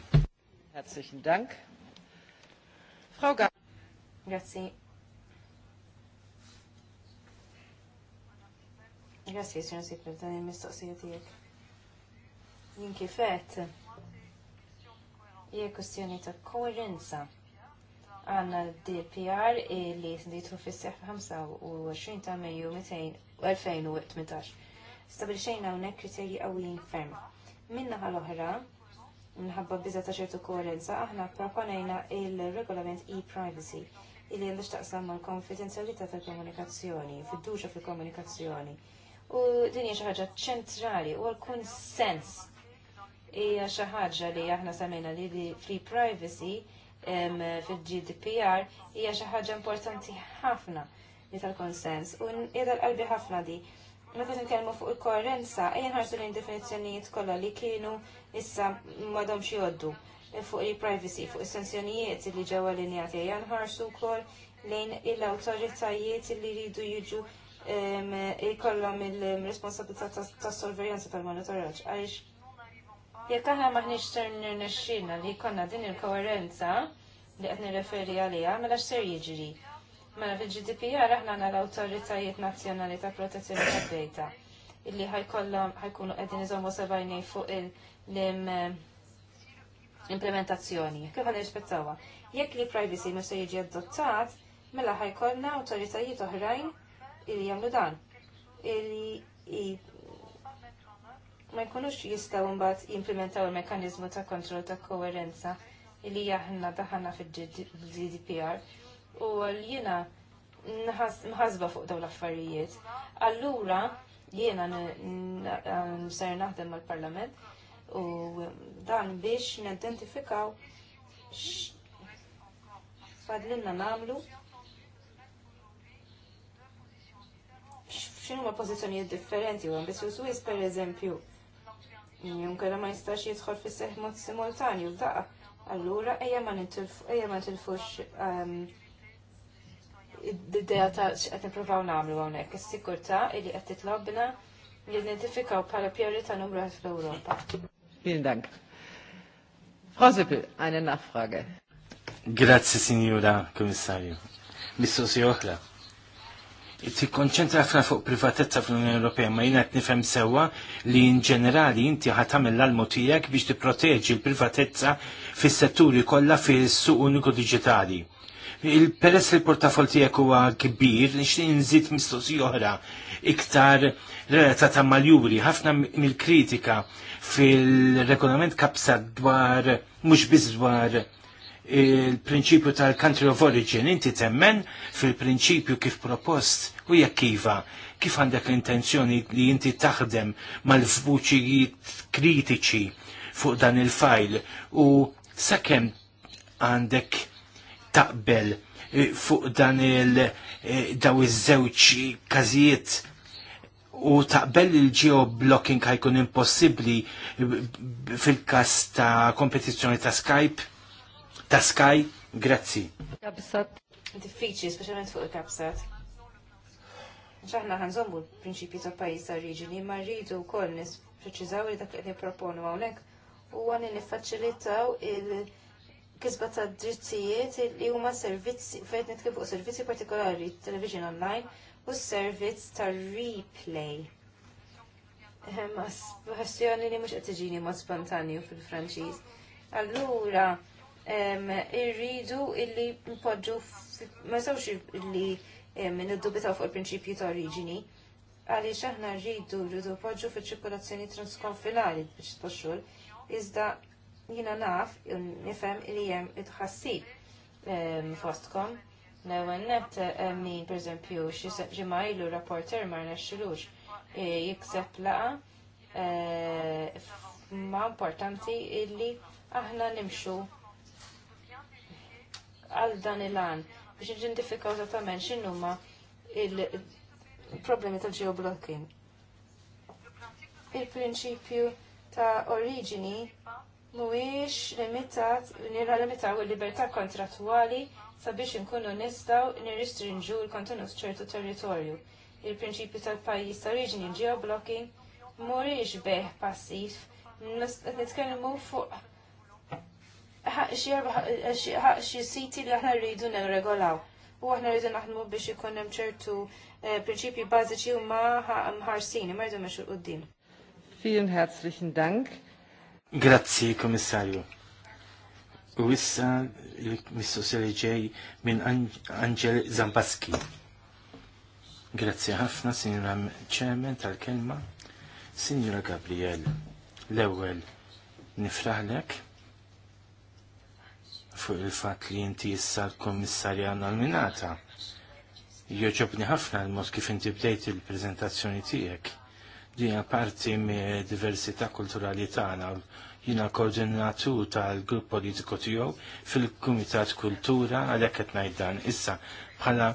Herzlichen Dank. Frau Gar Grazie. Grazie, signor Sikret, dan il-mistoqsija tijek. Jien kifet, hija kwestjoni ta' koerenza għanna DPR li jitlu fis seħ 25 ta' Mejju 200 u 2018. Stabilixejna hawnhekk kriterji qawwijin ferm. Minnaħa l-oħra, minħabba biża ta' ċertu koerenza, aħna proponejna il-regolament e-privacy illi għandax taqsam mal konfidenzjalità tal-komunikazzjoni, fiduċa fil-komunikazzjoni. U din hija xi ħaġa ċentrali u l-konsens hija xi ħaġa li aħna semmejna li free privacy fil-GDPR hija xi ħaġa importanti ħafna tal-konsens. U jidher qalbi ħafna di. Meta nitkellmu fuq il-korrenza, ejja nħarsu lejn definizzjonijiet kollha li kienu issa m'għadhomx jgħoddu fuq il-privacy, fuq is-sanzjonijiet li ġewwa linjati, ejja nħarsu wkoll lejn l-awtoritajiet li jridu jiġu jkollhom il-responsabilità tas-sorveljanza tal-monitoraġġ għaliex jekk aħna maħniex ser nirnexxina li jkollna din il-koerenza li qed nirreferi għaliha mela x'ser jiġri Mela fil-GDPR aħna għandna l-awtoritajiet nazzjonali ta' protezzjoni tad-data illi ħajkollhom ħajkunu qegħdin iżommu sebajnej fuq il-implementazzjoni. Eh, Kif għan irrispettawha? Jekk li privacy ma se jiġi adottat, mela ħajkollna awtoritajiet oħrajn illi jagħmlu dan. Illi ma jkunux jistaw mbagħad jimplementaw il-mekkaniżmu ta' kontroll ta' koerenza li aħna daħna fil-GDPR u jiena nħasba fuq dawn l-affarijiet. Allura jiena ser naħdem mal-Parlament u dan biex nidentifikaw fadlinna namlu xinu ma pozizjonijiet differenti u għambis jużwis per eżempju. Junkera ma jistax jidħol fis seħmot simultanju, daqqa. Allura, eja ma nitilfux ehm, id dea ta' x'qed nippruvaw nagħmlu hawnhekk is-sikurtà li qed titlobna jidentifikaw bħala pjarità numru għal fl-Ewropa. Bien Dank. Frau Sippel, eine Nachfrage. Grazie, signora Kommissario. Mistoqsi oħra. Ti konċentra fra fuq privatezza fl-Unjoni Ewropea, ma jina nifhem sewwa li in ġenerali inti tagħmel l-almu tiegħek biex tipproteġi l-privatezza fis-setturi kollha fis-suq uniku diġitali Il-peress li portafol tiegħek huwa kbir, nixtieq nżid mistoqsija oħra iktar relatata mal-juri. Ħafna mill-kritika fil-regolament kapsa dwar mhux biss dwar il-prinċipju tal-country of origin, inti temmen fil-prinċipju kif propost u jekk iva kif għandek l-intenzjoni li inti taħdem mal-vuċijiet kritiċi fuq dan il-fajl u sakemm għandek taqbel eh, fuq dan il- eh, daw iż-żewġ każijiet u taqbel il-geoblocking ħajkun impossibbli eh, fil-każ ta' kompetizzjoni ta' Skype ta' Sky, grazzi. Kapsat diffiċli, speċjalment fuq il kapsat ċaħna ħanżommu l-prinċipji ta' pajis ta' riġini, ma' rridu kol nis preċizaw li dak li proponu għawnek u għan il faċilitaw il- kisba ta' drittijiet li huma servizzi, fejt nitkellem fuq servizzi partikolari, television online u s-servizz ta' replay. Ħassjoni li mhux qed tiġini mod spontanju fil-Franċiż. Allura ehm, irridu illi npoġġu ma sewx illi ehm, niddubitaw fuq il-prinċipju ta' oriġini għaliex aħna rridu rridu poġġu fiċ ċirkolazzjoni transkonfinali biex tpoxxul iżda jina naf, nifem li jem itħassib fostkom. Newen net min, per esempio, ġimajlu rapporter ma rnexxilux e, jikseb laqa e, ma importanti illi aħna nimxu għal dan il-għan biex nġentifikaw xinnu x'inhuma il-problemi tal-geoblocking. Il-prinċipju ta' oriġini mhuwiex limitat nira limitaw il-libertà kontrattwali sabiex inkunu nistgħu nirristrinġu l-kontenut ċertu territorju. Il-prinċipju tal-pajjiż ta' oriġini geoblocking mhuwiex beħ passiv, nitkellmu fuq xi siti li aħna rridu nirregolaw. U aħna rridu naħdmu biex ikun hemm ċertu eh, prinċipji bażiċi huma mħarsin, imma rridu mexxu quddiem. Vielen herzlichen Dank. Grazzi, komissarju. U issa l-missus li ġej minn Angel Zambaski. Grazzi ħafna, Sinjura Ċemen tal-kelma. Sinjura Gabriel, l-ewel nifraħlek fuq il-fat li inti issa l-kommissarja nominata. Joġobni ħafna l-mod kif inti bdejt il-prezentazzjoni tiegħek. Dina parti me diversità kulturali tagħna jina koordinatur tal-grupp Politiko tiegħu fil-Kumitat Kultura għalhekk qed ngħid dan. Issa bħala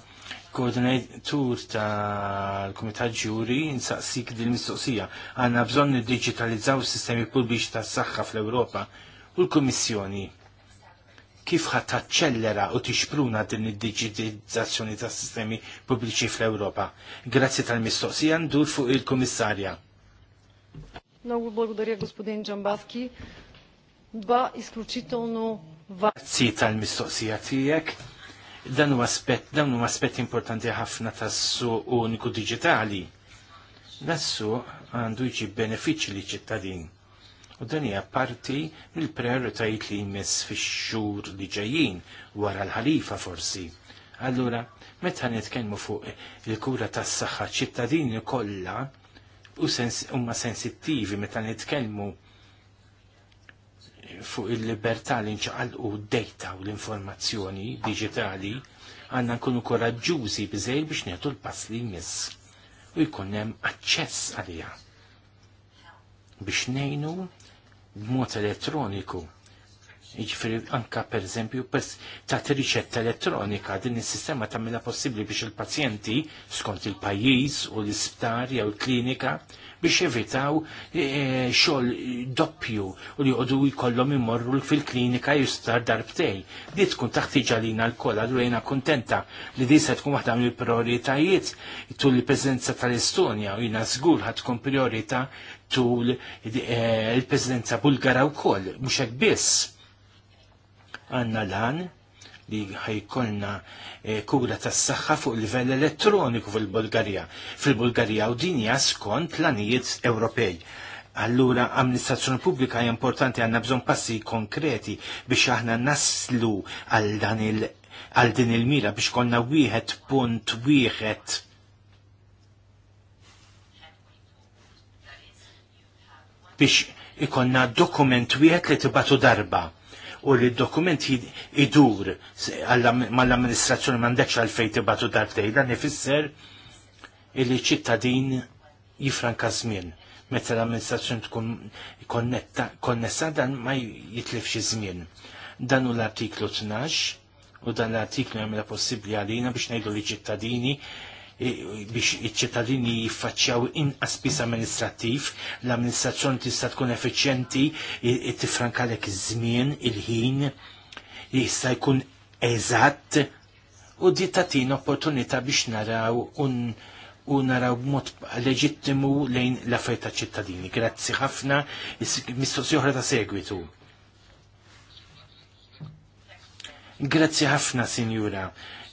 koordinatur tal-Kumitat Ġuri nsaqsik dil mistoqsija għandna bżonn digitalizzaw is-sistemi pubbliċi tas-saħħa fl-Ewropa u l-Kummissjoni kif ħat taċċellera u tixpruna din id digitizzazzjoni tas sistemi pubbliċi fl-Ewropa. Grazzi tal-mistoqsija ndur fuq il-Kummissarja. Grazzi tal-mistoqsija tiegħek. Dan huwa aspett dan huwa aspett importanti ħafna tas-suq uniku diġitali. Nassu għandu jġib benefiċċji li ċittadin U dan hija parti mill-prioritajiet li jmiss fix-xhur li ġejjin wara l-ħalifa forsi. Allura, meta nitkellmu fuq il-kura tas-saħħa ċittadini kollha u sens huma sensittivi meta nitkellmu fuq il-libertà li nċaqalqu d dejta u l-informazzjoni digitali għanna nkunu koraġġużi biżej biex nieħdu l-pass li jmiss u jkun hemm aċċess għaliha biex ngħinu b'mod elettroniku. Iġifiri anka per eżempju pers ta' riċetta elettronika din is-sistema tagħmilha possibbli biex il-pazjenti skont il-pajjiż u l-isptar jew il-klinika biex evitaw e, e, xogħol doppju u li jqogħdu jkollhom imorru fil-klinika jistar darbtej. Di tkun taħtiġa lina l-koll għadu lejna kontenta li di se tkun waħda mill-prioritajiet tul il-preżenza tal-Estonja u jina żgur ħad tkun priorità tul eh, il-Presidenza Bulgara wkoll, mhux hekk biss. Għandna lan li ħajkolna eh, kura tas saħħa fuq livell elettroniku fil-Bulgarija. Fil-Bulgarija u dinja skont l-anijiet Ewropej. Allura, amministrazzjoni pubblika hija importanti għandna bżonn passi konkreti biex aħna naslu għal dan għal din il-mira biex konna wieħed punt wieħed biex ikonna dokument wieħed li tibatu darba u li dokument idur mal-amministrazzjoni m'għandekx fejt tibatu darbtej dan ifisser il-li ċittadin jifranka żmien meta l-amministrazzjoni tkun konnessa dan ma jitlifx żmien. Dan u l-artiklu 12 u dan l-artiklu jagħmilha possibbli għalina biex ngħidu li ċittadini biex iċ-ċittadini jiffaċċjaw inqas pis amministrattiv, l-amministrazzjoni tista' tkun effiċjenti, tifrankalek iż-żmien, il-ħin, jista' jkun eżatt u di tatin opportunità biex naraw un u naraw b'mod leġittimu lejn l-affarijiet taċ-ċittadini. Grazzi ħafna, mistoqsija oħra ta' segwitu. Grazzi ħafna, Sinjura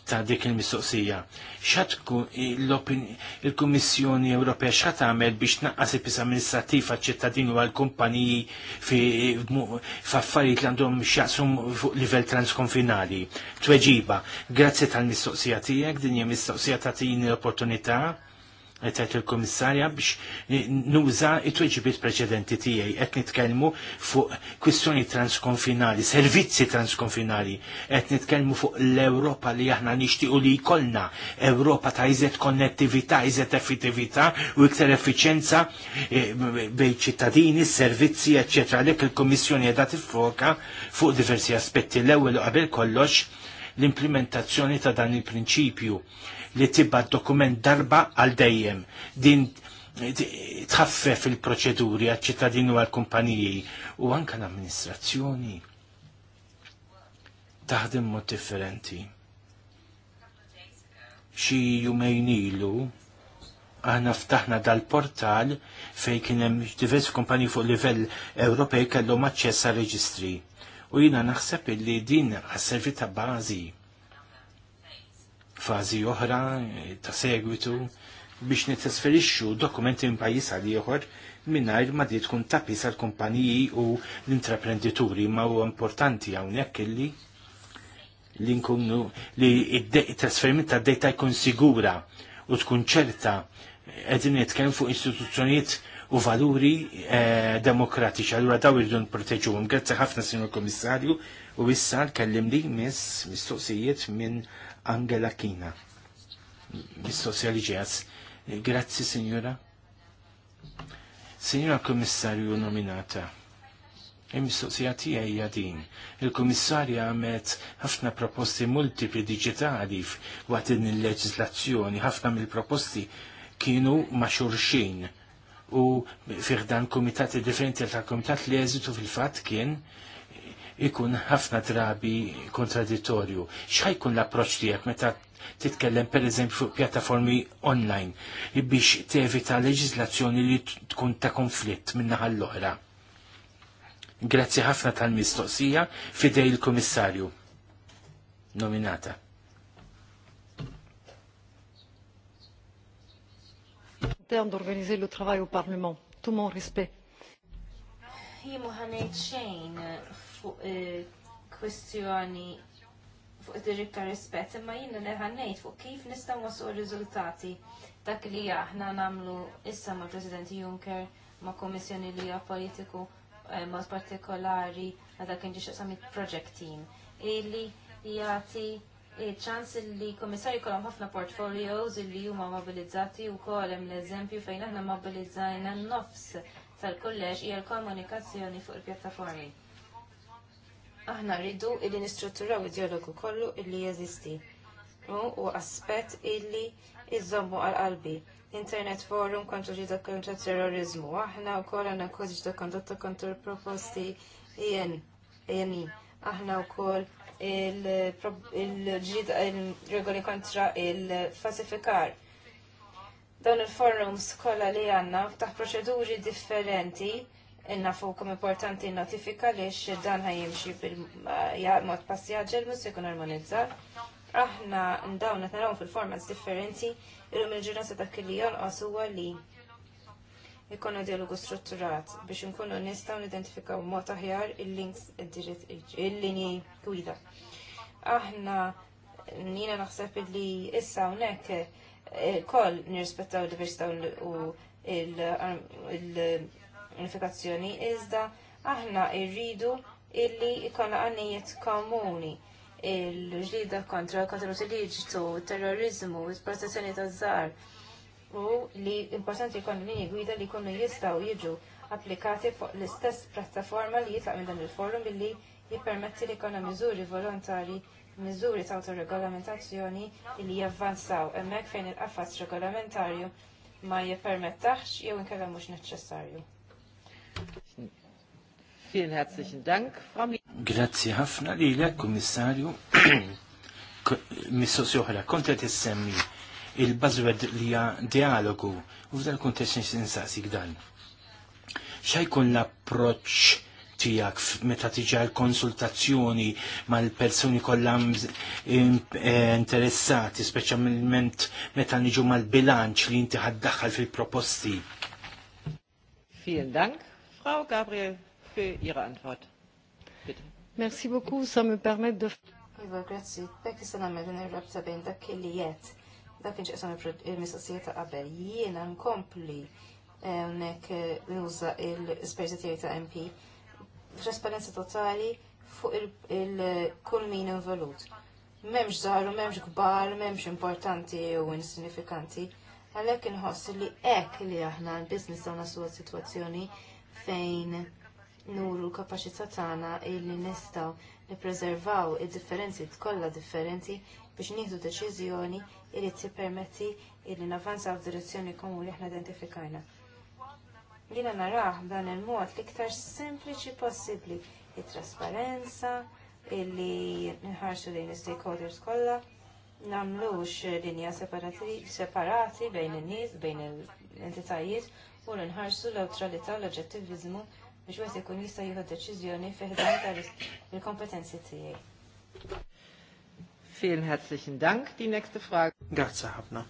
ta' dik il-mistoqsija. Xatku il-Kummissjoni Ewropea xat għamel biex naqqas il-pis amministrativ għal-ċittadini u għal-kumpaniji f'affarijiet li għandhom xjaqsum fuq livell transkonfinali. Tweġiba, grazzi tal-mistoqsija tiegħek, din hija mistoqsija ta' tini l-opportunità għetajt il-komissarja biex nuża it-tweġibiet preċedenti tiegħi qed nitkellmu fuq kwistjoni transkonfinali, servizzi transkonfinali, qed nitkellmu fuq l-Ewropa li aħna nixtiequ li jkollna, Ewropa ta' jizet konnettività, jizet effettività u iktar effiċenza eh, bej ċittadini, servizzi, ecc. Għalhekk il-Kummissjoni qiegħda tiffoka fuq diversi aspetti l-ewwel għabel kollox l-implementazzjoni ta' dan il-prinċipju li tibba dokument darba għal dejjem. Din tħaffef il-proċeduri għal ċittadini u għal kumpaniji u anka l-amministrazzjoni taħdem mod differenti. Xi jumejn ilu aħna ftaħna dal-portal fej kien hemm diversi kumpaniji fuq livell Ewropej kellhom aċċess għal reġistri. U jiena naħseb li din għas servita bażi fazi oħra eh, ta' segwitu biex nitrasferixxu dokumenti minn pajjiż għal ieħor mingħajr ma di tkun tapis għal kumpaniji u l-intraprendituri ma huwa importanti hawnhekk illi li nkunu li t trasferiment ta' dejta jkun sigura u tkun ċerta qegħdin nitkellem fuq istituzzjonijiet u valuri eh, demokratiċi. Allura daw irridu nproteġuhom. Grazzi ħafna Signor Komissarju u issa kellim li miss mistoqsijiet minn Angela Kina. Mistoqsija li ġejas. Grazzi Signora. Sinjora Komissarju nominata. Il-mistoqsija tiegħi hija din. il kummissarju għamet ħafna proposti multipli diġitali waqt din il-leġislazzjoni, ħafna mill-proposti kienu ma' xurxin u fiħdan komitati differenti ta' komitat li eżitu fil-fat kien ikun ħafna drabi kontradittorju. X'ħajkun l-approċċ tiegħek meta titkellem per eżempju fuq pjattaformi online biex tevita leġislazzjoni li tkun ta' konflitt minna l-oħra. Grazzi ħafna tal-mistoqsija fidej il-Komissarju nominata. termes d'organiser le travail au Parlement. Tout mon respect. Jimu xejn fuq eh, kwestjoni fuq dirikta rispett, imma jina li ħanejt fuq kif nistaw r riżultati dak li aħna namlu issa ma' President Juncker ma' Komissjoni li politiku eh, ma' partikolari għadak kien ġiċa summit project team illi jati ċans li komissarju kolom ħafna portfolios li huma mobilizzati u kolem l-eżempju fejn aħna mobilizzajna n nofs tal-kolleġ hija l-komunikazzjoni fuq il-pjattaformi. Aħna rridu illi nistrutturaw id-dialogu kollu illi jeżisti u aspett illi iżommu għal-qalbi. Internet Forum kontra ġida kontra terrorizmu. Aħna u kol għanna kodġi da kondotta kontra proposti INI. E e aħna u kol il-regoli kontra il-falsifikar. Dawn il-forums kolla li għanna taħt proċeduri differenti inna fukum importanti notifika li dan ħajimxi bil-mod passjaġel mus jkun armonizzar. Aħna ndawna qed fil-formats differenti illum il-ġurnata ta' li jonqos li ikonu dialogu strutturat biex nkunu nistaw nidentifikaw mod aħjar il-links il linji gwida. Aħna nina naħseb li issa hawnhekk eh, kol nirrispettaw diversità u l-unifikazzjoni iżda aħna irridu illi ikonna għannijiet komuni il-ġlida kontra kontra il-liġtu, terrorizmu, il-protezzjoni ta' żar u li importanti jkollu nini gwida li jkunu jistgħu jiġu applikati fuq l-istess plattaforma li jitlaq minn dan il-forum billi jippermetti li jkollna miżuri volontari miżuri ta' autoregolamentazzjoni li javvanzaw hemmhekk fejn il qaffas regolamentarju ma jippermettax jew inkella mhux neċessarju. Vielen herzlichen Dank, Frau Grazie ħafna li l-Kummissarju mis-sosjoħra kontet issemmi il-buzzword li hija dialogu u f'dal kontest nistansaqsik dan. X'ajkun l-approċċ tijak meta tiġa konsultazzjoni mal-personi kollha eh, interessati, speċjalment meta niġu mal-bilanċ li inti ħaddaħħal fil-proposti. Vielen Dank, Frau Gabriel, für Ihre Antwort. Bitte. Merci beaucoup, ça me permet de... Iva, grazzi. Bekk jisana medin ir bejn dak li jett dak inċeqsam il-mistoqsija ta' qabel. Jiena nkompli eh, nek eh, nuża il-spejza tiegħi ta' MP f'trasparenza totali fuq il-kull min involut. M'hemmx żaru, m'hemmx kbar, m'hemmx importanti u insignifikanti. Għalhekk inħoss li hekk li aħna l biznis tagħna suwa sitwazzjoni fejn nuru l-kapaċità tagħna illi nistgħu nippreservaw id-differenzi tkollha differenti biex nieħdu deċiżjoni irid tippermetti illi navanza f'direzzjoni komuni aħna identifikajna. Jiena narah dan il-mod l-iktar sempliċi possibbli il trasparenza illi nħarsu lejn stakeholders kollha, namlux linja separati bejn in-nies, bejn l-entitajiet u nħarsu l autralita u l-oġġettivizmu biex wieħed ikun jista' jieħu deċiżjoni fih tal-kompetenzi tiegħi. Vielen herzlichen Dank. Die nächste Frage. Grazie, Habna.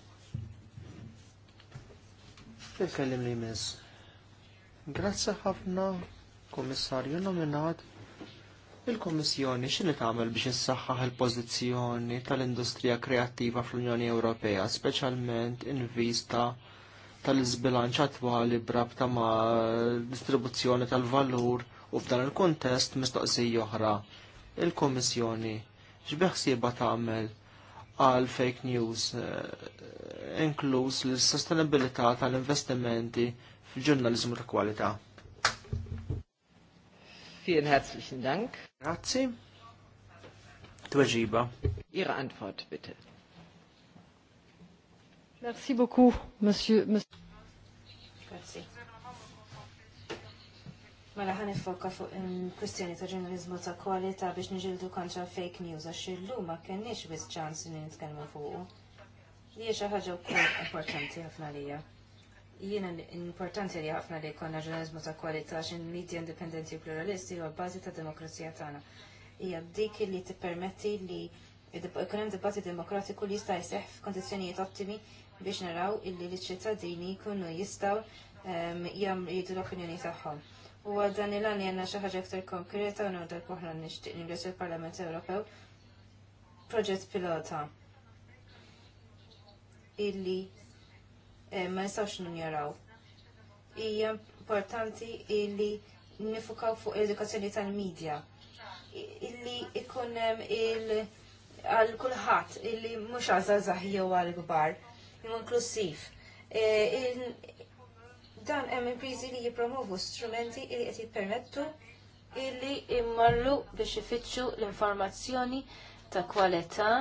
Ikkellim li miss. Grazzi ħafna, komissarju nominat. Il-Komissjoni xini tagħmel biex issaħħaħ il-pożizzjoni tal-industrija kreattiva fl-Unjoni Ewropea, speċjalment in vista tal-iżbilanċ attwali brabta ma' distribuzzjoni tal-valur u f'dan il-kontest mistoqsija oħra. Il-Komissjoni ġbeħsieba tagħmel għal fake news, eh, inkluż l-sostenibilità tal-investimenti fil-ġurnalizmu ta' kwalità. Vielen herzlichen Dank. Grazie. Tweġiba. Ihre Antwort bitte. Merci beaucoup, Monsieur. monsieur. Grazie. Mela ħan nifokka fuq kwestjoni ta' ġurnalizmu ta' kwalità biex niġildu kontra fake news għax illum ma kenniex biss ċans li nitkellmu fuq. Hija xi ħaġa wkoll importanti ħafna lija. Jiena importanti li ħafna li jkollna ġurnalizmu ta' kwalità x'in media indipendenti u pluralisti huwa bażi ta' demokrazija tagħna. Hija dik li tippermetti li jkun hemm dibattit demokratiku li jista' jseħħ f'kondizzjonijiet ottimi biex naraw illi l-ċittadini jkunu jistgħu jagħmlu l-opinjoni tagħhom U għaddan il għani għanna xaħġa ktar konkreta u nordar kuħna nishtiq ningres il-Parlament Ewropew proġett pilota illi eh, ma nun jaraw. Hija importanti illi nifukaw fuq edukazzjoni tal-medja illi ikun il- għal kulħadd illi mhux għażażaħ jew għal kbar, inklusiv. Eh, dan hemm impiżi li jipromovu strumenti li qed jippermettu illi immorru biex ifittxu l-informazzjoni ta' kwalità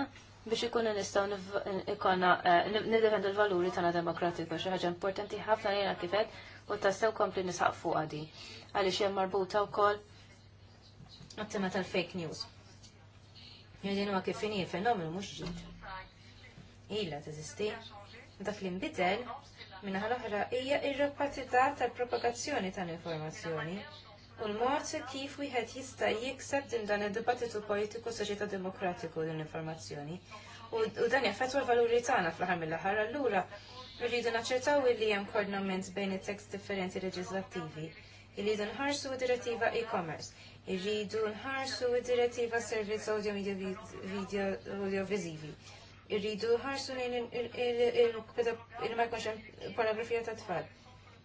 biex ikunu nistgħu ikonna eh, nidefendu l-valuri tagħna demokratiku xi ħaġa importanti ħafna jiena kifet u tassew kompli nisaq fuqha di għaliex hemm marbuta wkoll għat-tema tal-fake news. Jodin huwa kif inhi fenomenu mhux ġid. Ilha teżisti. Dak li nbidel minnaħa l-oħra hija ir-rapacità tal-propagazzjoni tal-informazzjoni u l-mod kif wieħed jista' jikseb din dan id-dibattitu politiku soċjetà demokratiku din l-informazzjoni. U dan jaffettwa l-valuri tagħna fl-aħħar mill-aħħar allura rridu naċċertaw li hemm koordinament bejn it-tekst differenti leġislattivi. Irridu nħarsu direttiva e-commerce, irridu nħarsu direttiva servizz audio media video irridu ħarsu lejn il-ma jkunx pornografija ta' tfal.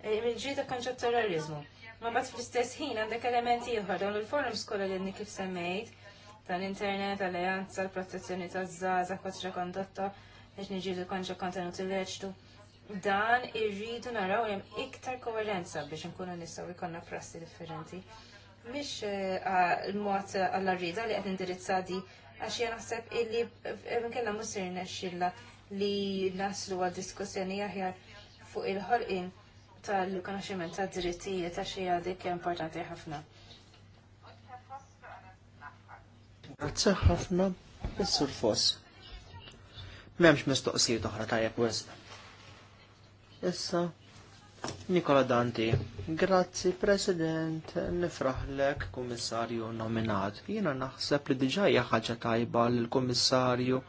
Eh, il ġrid ta' kanċa terrorizmu. Ma bat fl-istess ħin għandek elementi ieħor dawn il-forum skola li nikif semmejt tal-internet, alleanza, protezzjoni taż zaza, kontra kondotta biex niġidu kanċa kontenut illeċtu. Dan irridu naraw hemm iktar koherenza biex nkunu nistaw ikonna prassi differenti. Mish eh, il-mod għall-arrida eh, li qed indirizzadi għax jena naħseb illi minkella musir nexxilla li naslu għal diskussjoni aħjar fuq il-ħolqin tal-konoxximent ta' drittijiet ta' xi dik importanti ħafna. Grazie ħafna, Mr. Foss. M'hemmx mistoqsijiet oħra tajjeb wisq. Issa, Nikola Danti, grazzi President, nifraħlek kummissarju nominat. Jiena naħseb li diġà hija ħaġa tajba l kummissarju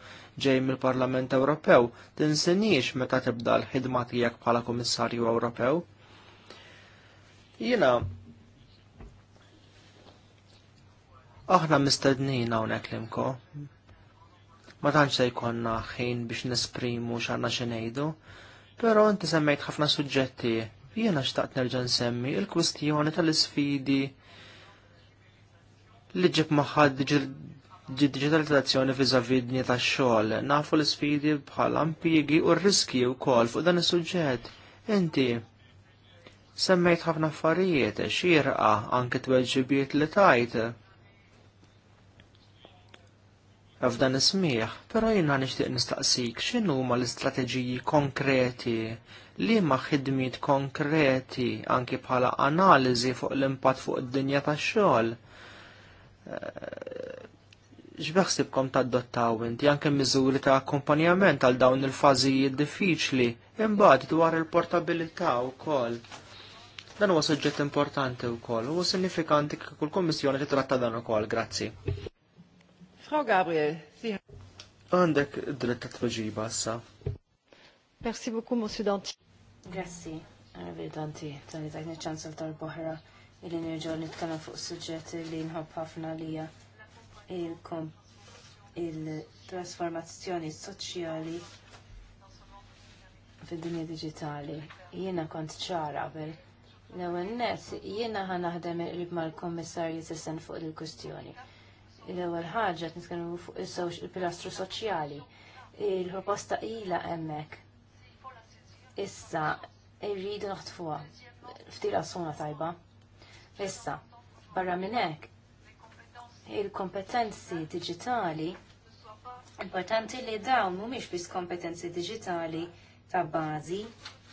ġej mill-Parlament Ewropew Tinsenix meta tibda l-ħidma tiegħek bħala Kummissarju Ewropew. Jiena aħna mistednin hawnhekk limko. Ma tantx se jkollna ħin biex nesprimu x'għandna xi ngħidu Però inti semmejt ħafna suġġetti. Jiena xtaqt nerġa' nsemmi il-kwistjoni tal-isfidi li ġib maħħa digitalizzazzjoni fi zavidni ta' xogħol, nafu l-sfidi bħala impjiegi u r-riski wkoll fuq dan is-suġġett. Inti semmejt ħafna affarijiet xirqa anke tweġibiet li tajt f'dan ismieħ, pero jina nixtieq nistaqsik x'inhu huma l-istrateġiji konkreti li ma ħidmiet konkreti anki bħala analiżi fuq l-impatt fuq id-dinja tax-xogħol. Eh, x'beħsibkom tadottaw inti anke miżuri ta' akkumpanjament għal dawn il-fażijiet diffiċli imbagħad dwar il-portabilità wkoll. Dan huwa suġġett importanti wkoll u sinifikanti kull kommissjoni titratta dan ukoll, grazzi. Frau Gabriel, Sie Għandek dritta t-tweġiba bassa. Merci beaucoup, Monsieur Danti. Grazie, Ravi Danti, tal-li tajni ċansel tal-boħra il nirġaw nitkellem fuq suġġett li nħobb ħafna lija il-kom il-trasformazzjoni soċjali fid-dinja digitali. Jiena kont ċara qabel. L-ewwel nett jiena ħa naħdem irrib mal-kummissarju tissen fuq il-kwistjoni l-ewwel ħaġa qed nitkellmu fuq il-pilastru soċjali. Il-proposta ilha hemmhekk. Issa irridu naħtfuha ftit suna tajba. Issa, barra minn hekk il-kompetenzi diġitali importanti li dawn mhumiex biss kompetenzi diġitali ta' bażi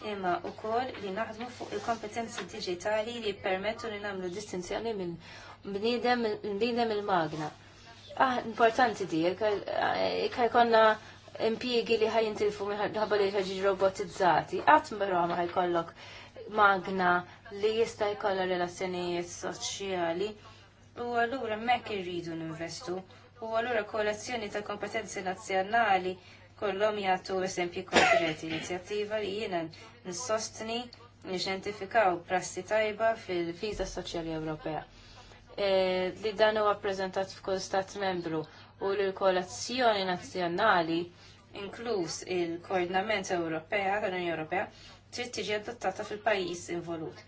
imma wkoll li naħdmu fuq il-kompetenzi diġitali li permettu li nagħmlu distinzjoni minn bniedem il-magna. Ah, importanti di, kaj eh, jkonna impiegi li ħajn tilfu minħabba li ħagġi robotizzati. Għat mbarom ħaj kollok magna li jista jkollha relazzjonijiet soċjali. U għallura mek irridu ninvestu. U għallura kolazzjoni ta' kompetenzi nazzjonali kollom jgħatu esempi konkreti inizjattiva li jiena nissostni ġentifikaw prassi tajba fil fiza soċjali Ewropea. Eh, li dan huwa ppreżentat f'kull stat membru u li l-kolazzjoni nazzjonali inkluż il-Koordinament Ewropea tal-Unjoni Ewropea trid tiġi adottata fil-pajjiż involut.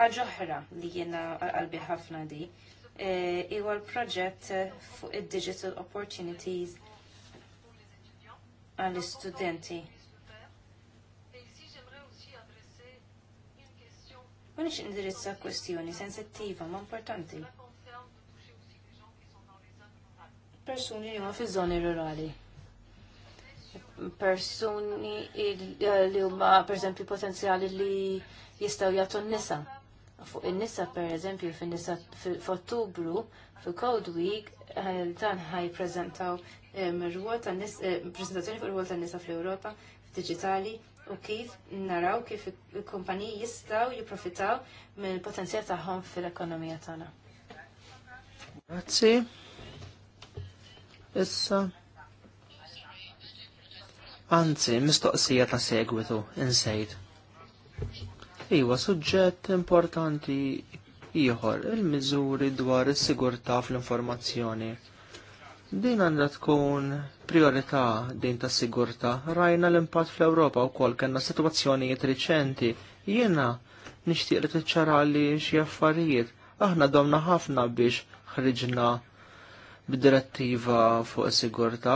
Ħaġa oħra li jiena qalbi ħafna di eh, huwa l-proġett fuq id-Digital Opportunities għall-istudenti. nix indirizza kwestjoni sensittiva ma importanti. persuni li huma fi zoni rurali. Persuni li huma pereżempju potenzjali li jistgħu jagħtu n-nisa. Fuq in-nisa pereżempju fin-nisa f'Ottubru fil-Code Week eh, dan ħajpreżentaw eh, tan eh, preżentazzjoni fuq ir-rwol tan-nisa fl-Ewropa digitali u kif naraw kif il-kumpaniji jistaw jiprofitaw mill potenzjal tagħhom fil-ekonomija tagħna. Grazzi. Issa. Anzi, mistoqsija ta' segwitu, insejt. Iwa, suġġett importanti ieħor il-miżuri dwar is-sigurtà fl-informazzjoni. Din għandha tkun priorità din ta' sigurtà. Rajna l-impatt fl-Ewropa wkoll kena sitwazzjonijiet riċenti. Jiena nixtieq li tiċċarali xi affarijiet. Aħna domna ħafna biex ħriġna bid-direttiva fuq is-sigurtà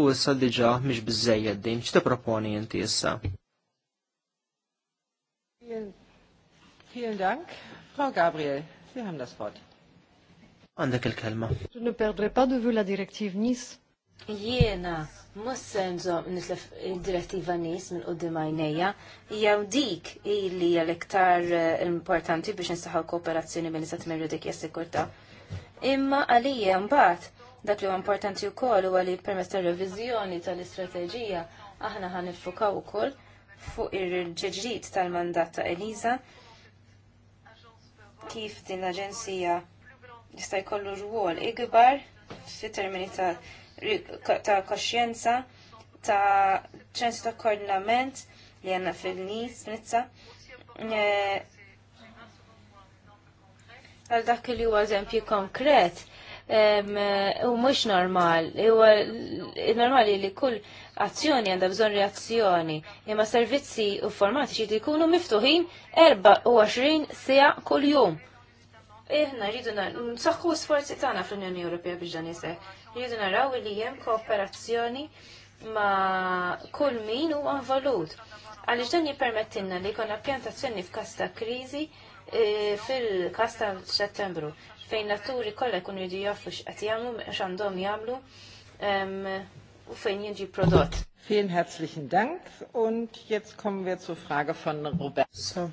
u issa diġà mhix biżejjed din x'ti proponi inti issa. Vielen Dank. Frau Gabriel, Sie haben das Wort. Għandek il-kelma. Je ne perdrai pas de vue la directive Nice. Jiena, mussen zom nitlef il-direttiva nis minn u dimajnija, jew dik illi l-iktar eh, importanti biex nistaħaw kooperazzjoni minn istat merri dik jassikurta imma għalija mbagħad dak li huwa importanti wkoll huwa li permezz tar-reviżjoni tal-istrateġija aħna ħan niffukaw ukoll fuq ir-ġeġrid tal-mandat ta' Eliza kif din l-aġenzija jista' jkollu rwol ikbar fi termini ta' ta' koxjenza ta' ċensu ta' koordinament li għanna fil-nis, nizza, eh, għal dak li huwa eżempju konkret u mhux normal. Huwa normali li kull azzjoni għandha bżonn reazzjoni. Imma servizzi u formatiċi xi jkunu miftuħin 24 sija jum. Iħna rridu nsaħħu sforzi tagħna fl-Unjoni Ewropea biex dan iseħħ. Rridu naraw li hemm kooperazzjoni ma' kull min huwa involut. Għaliex dan jippermettilna li jkollna pjantazzjoni f'każ ta' kriżi E, fil-kas ta' settembru fejn l-atturi kollha jkunu jidu jaffu x'qed jamlu, xandom jamlu u fejn jinġi prodott. Vielen herzlichen Dank und jetzt kommen wir zur Frage von Robert. So,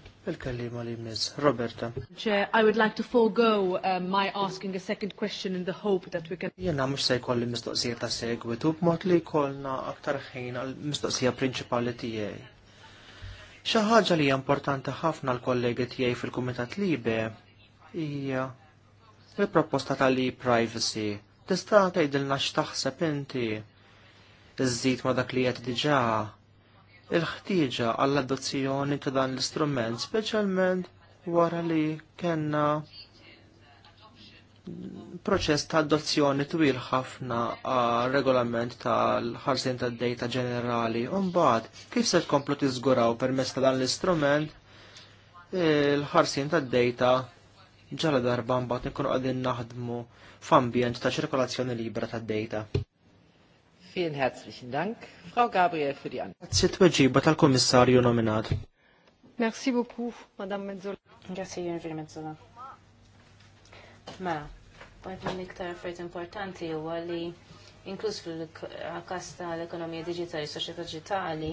Roberta. Chair, I would like to forego uh, my asking a second question in the hope that we can... Jena mux se jkolli mistoqsija ta' segwitu b'mod li jkollna aktar ħin għal mistoqsija principali tiegħi. Xi ħaġa li hija importanti ħafna l-kollegi tiegħi fil-Kumitat Libe hija il-proposta tal-li privacy. Tista' tgħidilna x'taħseb inti iżżid ma dak li qed diġà il-ħtieġa għall adozzjoni ta' dan l-istrument speċjalment wara li kellna proċess ta' adozzjoni twil ħafna regolament tal-ħarsin tad data ġenerali. Umbagħad, kif se tkomplu tiżguraw permezz ta' dan l-istrument l ħarsin tad data ġala darba mbagħad nkunu qegħdin naħdmu f'ambjent ta' ċirkolazzjoni libera tad data. Vielen herzlichen Dank, Frau Gabriel, für die Antwort. Grazie tweġiba tal-Kommissarju nominat. Merci beaucoup, Madame Mezzola. Grazie, Jennifer Mezzola. Mela, Bajt minn iktar affert importanti huwa li inkluż fil-kas tal-ekonomija digitali, soċjetà digitali,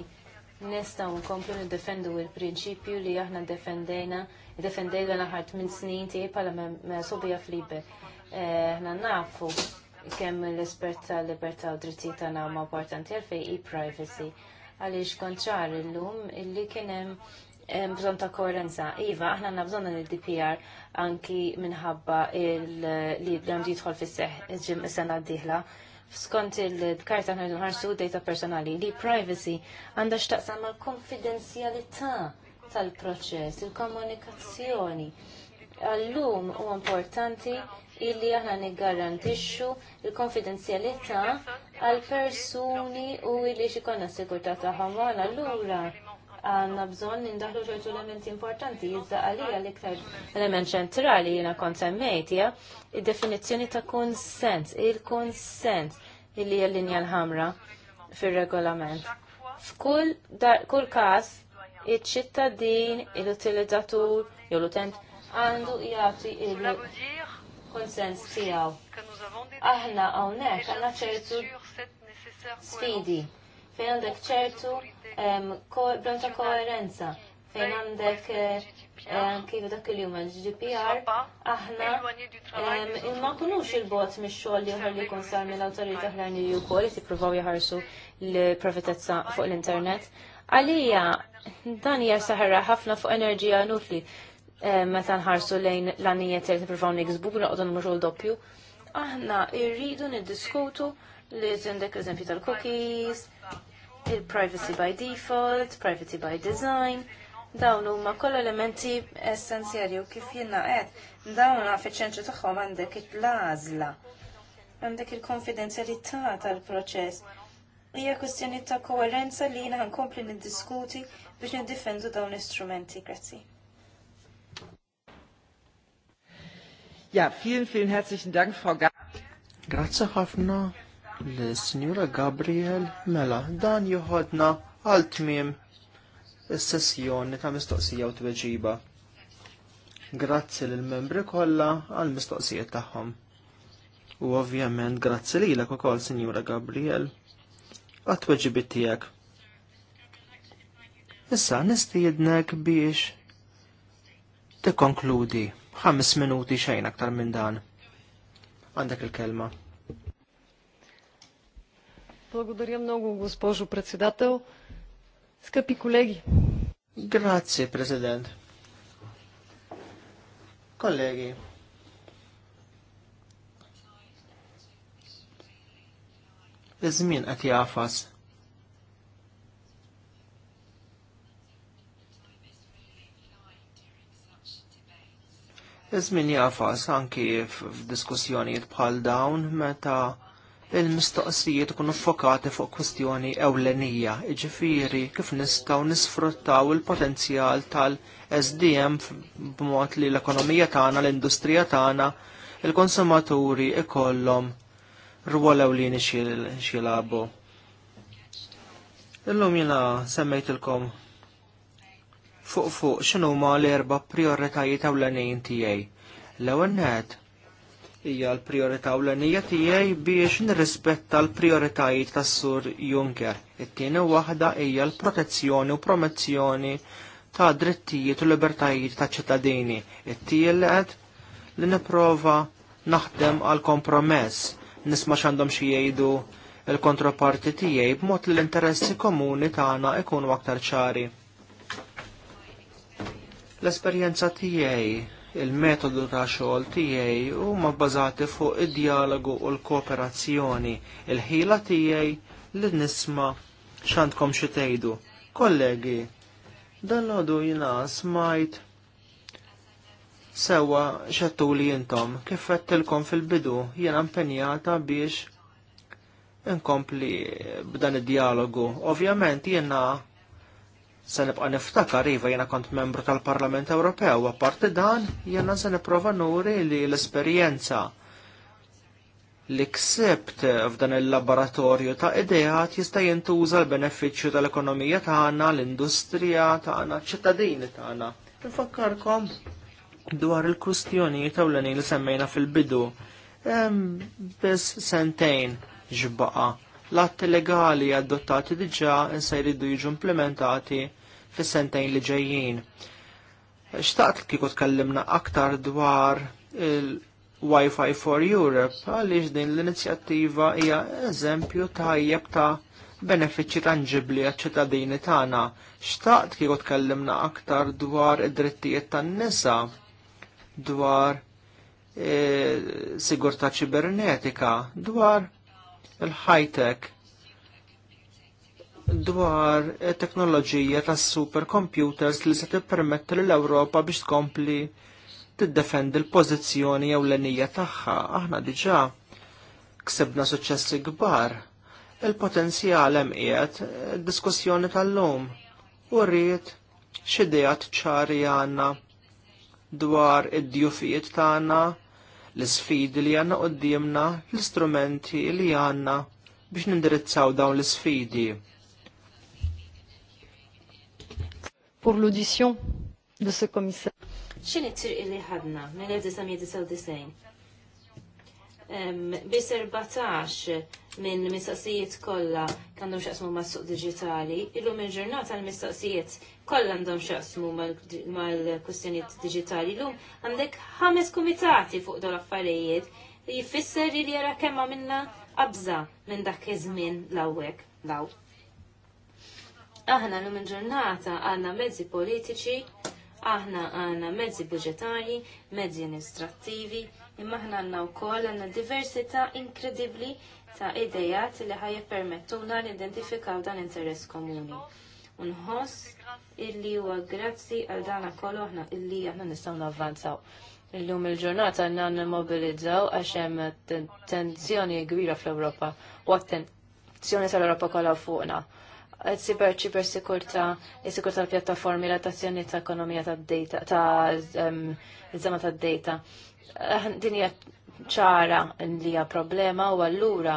nistgħu nkomplu niddefendu il-prinċipju li aħna defendejna, defendejna naħart minn snin tiegħi bħala sobija flibe. Eh, aħna nafu kemm l-espert tal-libertà u drittijiet tagħna huma importanti għalfejn e-privacy għaliex konċar illum illi kien hemm bżon ta' koerenza. Iva, aħna għanna bżon il-DPR anki minħabba li għandu jidħol fis-seħ ġim is-sena d-dihla. Skont il-karta għanna nħarsu data personali li privacy għandha xtaqsam mal konfidenzjalità tal-proċess, il-komunikazzjoni. Allum u importanti illi aħna niggarantixxu il-konfidenzjalità għal persuni u illi xikonna sigurtà tagħhom għal allura għanna bżon nindaħlu ġoġu elementi importanti, jizda għalija l-iktar element ċentrali jina konsemmejtja, il-definizjoni ta' konsens, il-konsens illi l-linja l-ħamra fil-regolament. F'kull kull kas, il-ċittadin, il-utilizzatur, jew l-utent, għandu jgħati il-konsens tijaw. Aħna għawnek, għanna ċertu sfidi fejn għandek ċertu bronta koerenza fejn għandek eh, kifu dak il-jum għal gdpr aħna ma kunux il-bot mis-xogħol li joħor li jkun sar mill autorit ħlajn li wkoll li tippruvaw jaħarsu l-profitezza fuq l-internet. Għalija, dan hija saħra ħafna fuq enerġija nutli eh, meta nħarsu lejn l-għanijiet li tippruvaw niksbu naqgħdu mħuġol doppju. Aħna irridu niddiskutu li għandek eżempju tal-cookies, il-privacy by default, privacy by design, dawn huma kol elementi essenzjali u kif jiena qed dawn fiċ-ċentru tagħhom għandek il għażla għandek il-konfidenzjalità tal-proċess. Hija kwestjoni ta' koerenza li jiena ħankompli niddiskuti biex niddifendu dawn istrumenti Grazzi. Ja, vielen, vielen herzlichen Dank, Frau Gar. Grazie ħafna l-Sinjura Gabriel mela dan juħodna għal tmiem is-sessjoni ta' mistoqsija u tweġiba. Grazzi lill membri kollha għall mistoqsijiet tagħhom. U ovvjament grazzi lilek ukoll Sinjura Gabriel għat-tweġibiet tiegħek. Issa nistiednek biex tikkonkludi ħames minuti xejn aktar minn dan. Għandek il-kelma. Благодаря много, госпожо председател. Скъпи колеги! Grazie, President. Colleghi, iż-żmien qed jafas. Iż-żmien jafas anki f'diskussjonijiet bħal dawn meta il-mistoqsijiet kunu fokati fuq kwestjoni ewlenija, iġifiri kif nistaw nisfruttaw il-potenzjal tal-SDM b'mod li l-ekonomija tagħna, l-industrija tagħna, il-konsumaturi ikollhom rwol ewlieni xilabu. Illum jiena semmejtilkom fuq fuq x'inhuma l-erba' prioritajiet ewlenin tiegħi. L-ewwel hija l-priorità u l-għanija tiegħi biex nirrispetta l-prioritajiet tas-Sur Juncker. It-tieni waħda hija l-protezzjoni u promozzjoni ta' drittijiet u libertajiet ta' ċittadini. It-tielet li nipprova naħdem għal kompromess nisma' x'għandhom xi jgħidu il-kontraparti tiegħi b'mod li l-interessi komuni tagħna ikunu aktar ċari. L-esperjenza tiegħi il-metodu ta' xogħol tiegħi huma bbażati fuq id-dialogu u l-kooperazzjoni. Il-ħila tiegħi li nisma x'għandkom xi tgħidu. Kollegi, dan l-għodu jina smajt sewa xattu li jintom kif għettilkom fil-bidu jena impenjata biex inkompli b'dan id-dialogu. Ovvjament jena Se nibqa' niftakar iva jiena kont membru tal-Parlament Ewropew, apparti dan jiena se nipprova nuri li l-esperjenza li ksibt f'dan il-laboratorju ta' ideat jista' jintuża l-benefiċċju tal-ekonomija tagħna, l-industrija tagħna, ċittadini tagħna. Nfakkarkom dwar il-kustjonijiet ewlenin li semmejna fil-bidu. Biss sentejn ġbaqa' l att legali adottati diġà insa jridu jiġu implementati fis-sentejn li ġejjin. Xtaqt kieku tkellimna aktar dwar il- Wi-Fi for Europe għaliex din l-inizjattiva hija eżempju tajjeb ta' benefiċċji tangibli għaċ-ċittadini tagħna. Xtaqt kieku tkellimna aktar dwar id-drittijiet tan-nisa dwar e, sigurtà ċibernetika, dwar il-high-tech dwar teknoloġija tas supercomputers li se tippermetti l ewropa biex tkompli tiddefendi l-pożizzjoni jew l-enija tagħha. Aħna diġà ksebna suċċessi kbar. Il-potenzjal hemm qiegħed id-diskussjoni tal-lum u rrid x'idejat ċari għandna dwar id-djufijiet tagħna l-sfidi li għanna qoddimna, l-istrumenti li għanna biex nindirizzaw dawn l-sfidi. Pour l'audition de ce commissaire. ċini tir li ħadna 1999 Bis 14 minn mistaqsijiet kollha għandhom xaqsmu ma' suq digitali, illum il-ġurnata l-mistaqsijiet kollha għandhom xaqsmu mal kustjoniet digitali, illum għandek ħames kumitati fuq dawn affarijiet jifisser li jara kemma minna qabża minn dak iż-żmien lawek daw. Aħna l-lum il-ġurnata għandna mezzi politiċi, aħna għandna mezzi budġetarji, mezzi amministrattivi, imma ħna għandna wkoll għanna diversità inkredibbli ta' idejat li ħaj permettuna l-identifikaw dan interess komuni. Unħos illi huwa grazzi għal dan kollu aħna illi aħna nistgħu navvanzaw. Illum il-ġurnata għanna nimmobilizzaw għax hemm tensjoni kbira fl-Ewropa u attenzjoni tal-Ewropa kollha fuqna. Cyber ċiber sikurta, sikurta l-pjattaformi, l-attazzjoni ta' ekonomija ta' data, ta' zama ehm, ta' data dinja ċara li hija problema u allura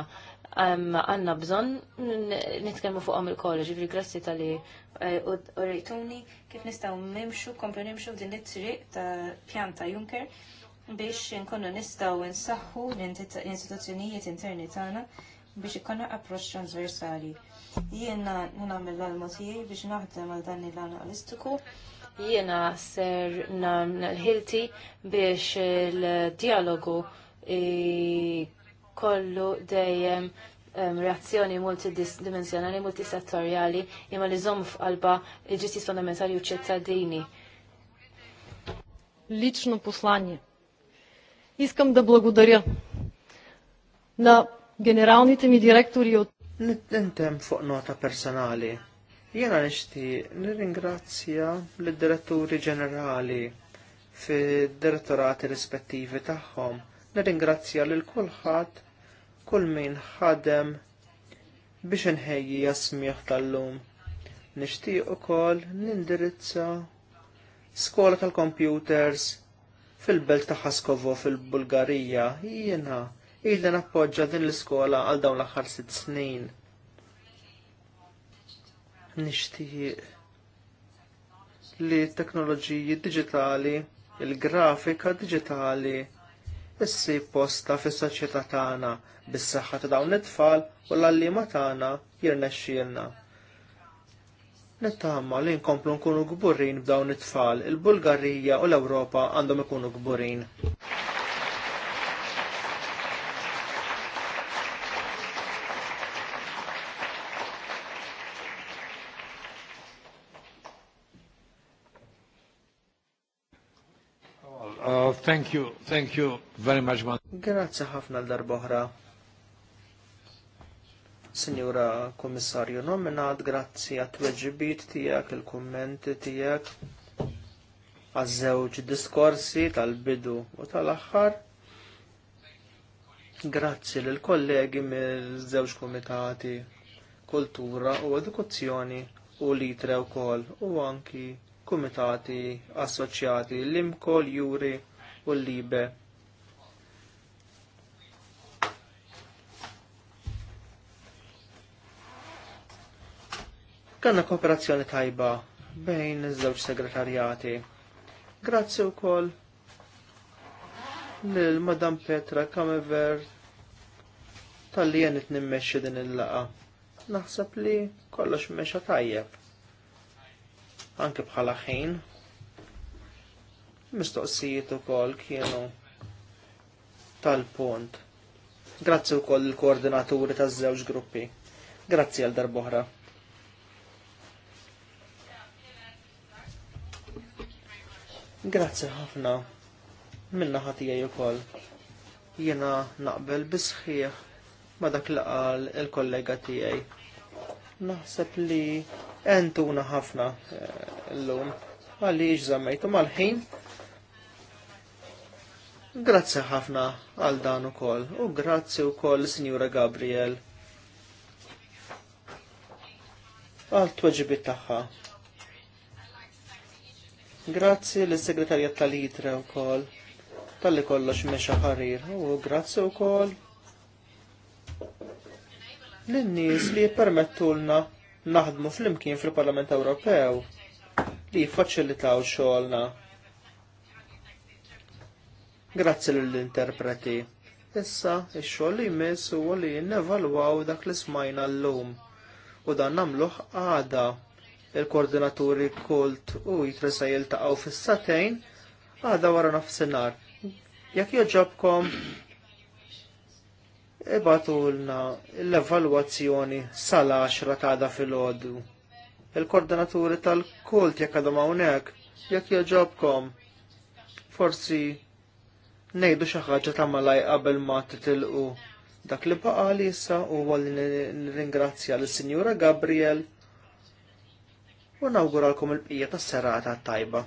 għanna bżon nitkellmu fuqhom il-kolleġ, ġifri grassi tal-li eh, u rejtuni kif nistaw nimxu, komplu nimxu din it-triq ta' pjanta Juncker biex nkunu nistaw nsaħħu l-istituzzjonijiet interni tagħna biex ikonna approċċ transversali. Jiena nagħmel l-alma tiegħi biex naħdem għal dan il-analistiku jiena ser namna l-ħilti biex il-dialogu kollu dejjem reazzjoni multidimensionali, multisettorjali, imma li zom f'alba il-ġistis fondamentali u ċittadini. Лично послание. Iskam da blagudarja na генералните ми директори от... fuq nota personali. Jena nishti nirringrazzja l-diretturi ġenerali fi direttorati rispettivi tagħhom. Nirringrazzja lil kulħadd kull min ħadem biex nħejji jasmiħ tal-lum. Nixtieq ukoll nindirizza skola tal-computers fil-belt ta' Ħaskovo fil-Bulgarija. Jiena ilna nappoġġa din l-iskola għal dawn l-aħħar sitt snin nixtieq li t-teknoloġiji digitali, il-grafika digitali, issi posta fis soċjetà tagħna bis-saħħa ta' dawn it-tfal u l-allima tagħna jirnexxielna. Nittama li nkomplu nkunu gburin b'dawn it-tfal, il-Bulgarija u l-Ewropa għandhom ikunu gburin. thank you, thank you very much. Grazie ħafna l-darboħra. Signora Kommissarju nominat, grazzi għat weġibit tijak, il-kommenti tijak, għazzewġ diskorsi tal-bidu u tal-axħar. Grazzi l-kollegi mill-żewġ komitati, kultura u edukazzjoni u litre u kol u anki komitati assoċjati l-imkol juri u l-libe. Kanna kooperazzjoni tajba bejn iż-żewġ segretarjati. Grazzi wkoll lil Madam Petra Kamever tal-li jenit nimmexxi din il-laqa. Naħseb li kollox mexa tajjeb. Anke bħala ħin mistoqsijiet ukoll kienu tal-punt. Grazzi wkoll il-koordinaturi taż-żewġ gruppi. Grazzi għal darbohra. Grazzi ħafna. Minna ħatijaj ukoll. Jena naqbel bisħiħ ma dak li qal il-kollega tiegħi. Naħseb li entuna ħafna eh, l-lum għalli iġżammejtu mal-ħin Grazzi ħafna għal dan ukoll u grazzi wkoll Sinjura Gabriel għal tweġibit tagħha. Grazzi l segretarjat tal itre wkoll tal-li kollox mexa ħarir u grazzi wkoll lin-nies li jippermettulna naħdmu fl-imkien fil-Parlament Ewropew li jiffaċilitaw xogħolna Grazzi lill-interpreti. Issa, ix-xogħol li jmiss huwa li nevalwaw dak li smajna llum u dan nagħmluh għada il-koordinaturi kult u jitresa jiltaqgħu fis-satejn għada wara nafsinhar. Jekk joġobkom ibatulna l-evalwazzjoni sal-10 ta' fil-ħodu. Il-koordinaturi tal-kult jekk għadhom hawnhekk, jekk joġobkom, forsi nejdu xaħġa ta' malaj qabel ma titilqu. Dak li baqa li jissa u għalli nirringrazzja l sinjura Gabriel u nawguralkom il-bqija tas serata tajba.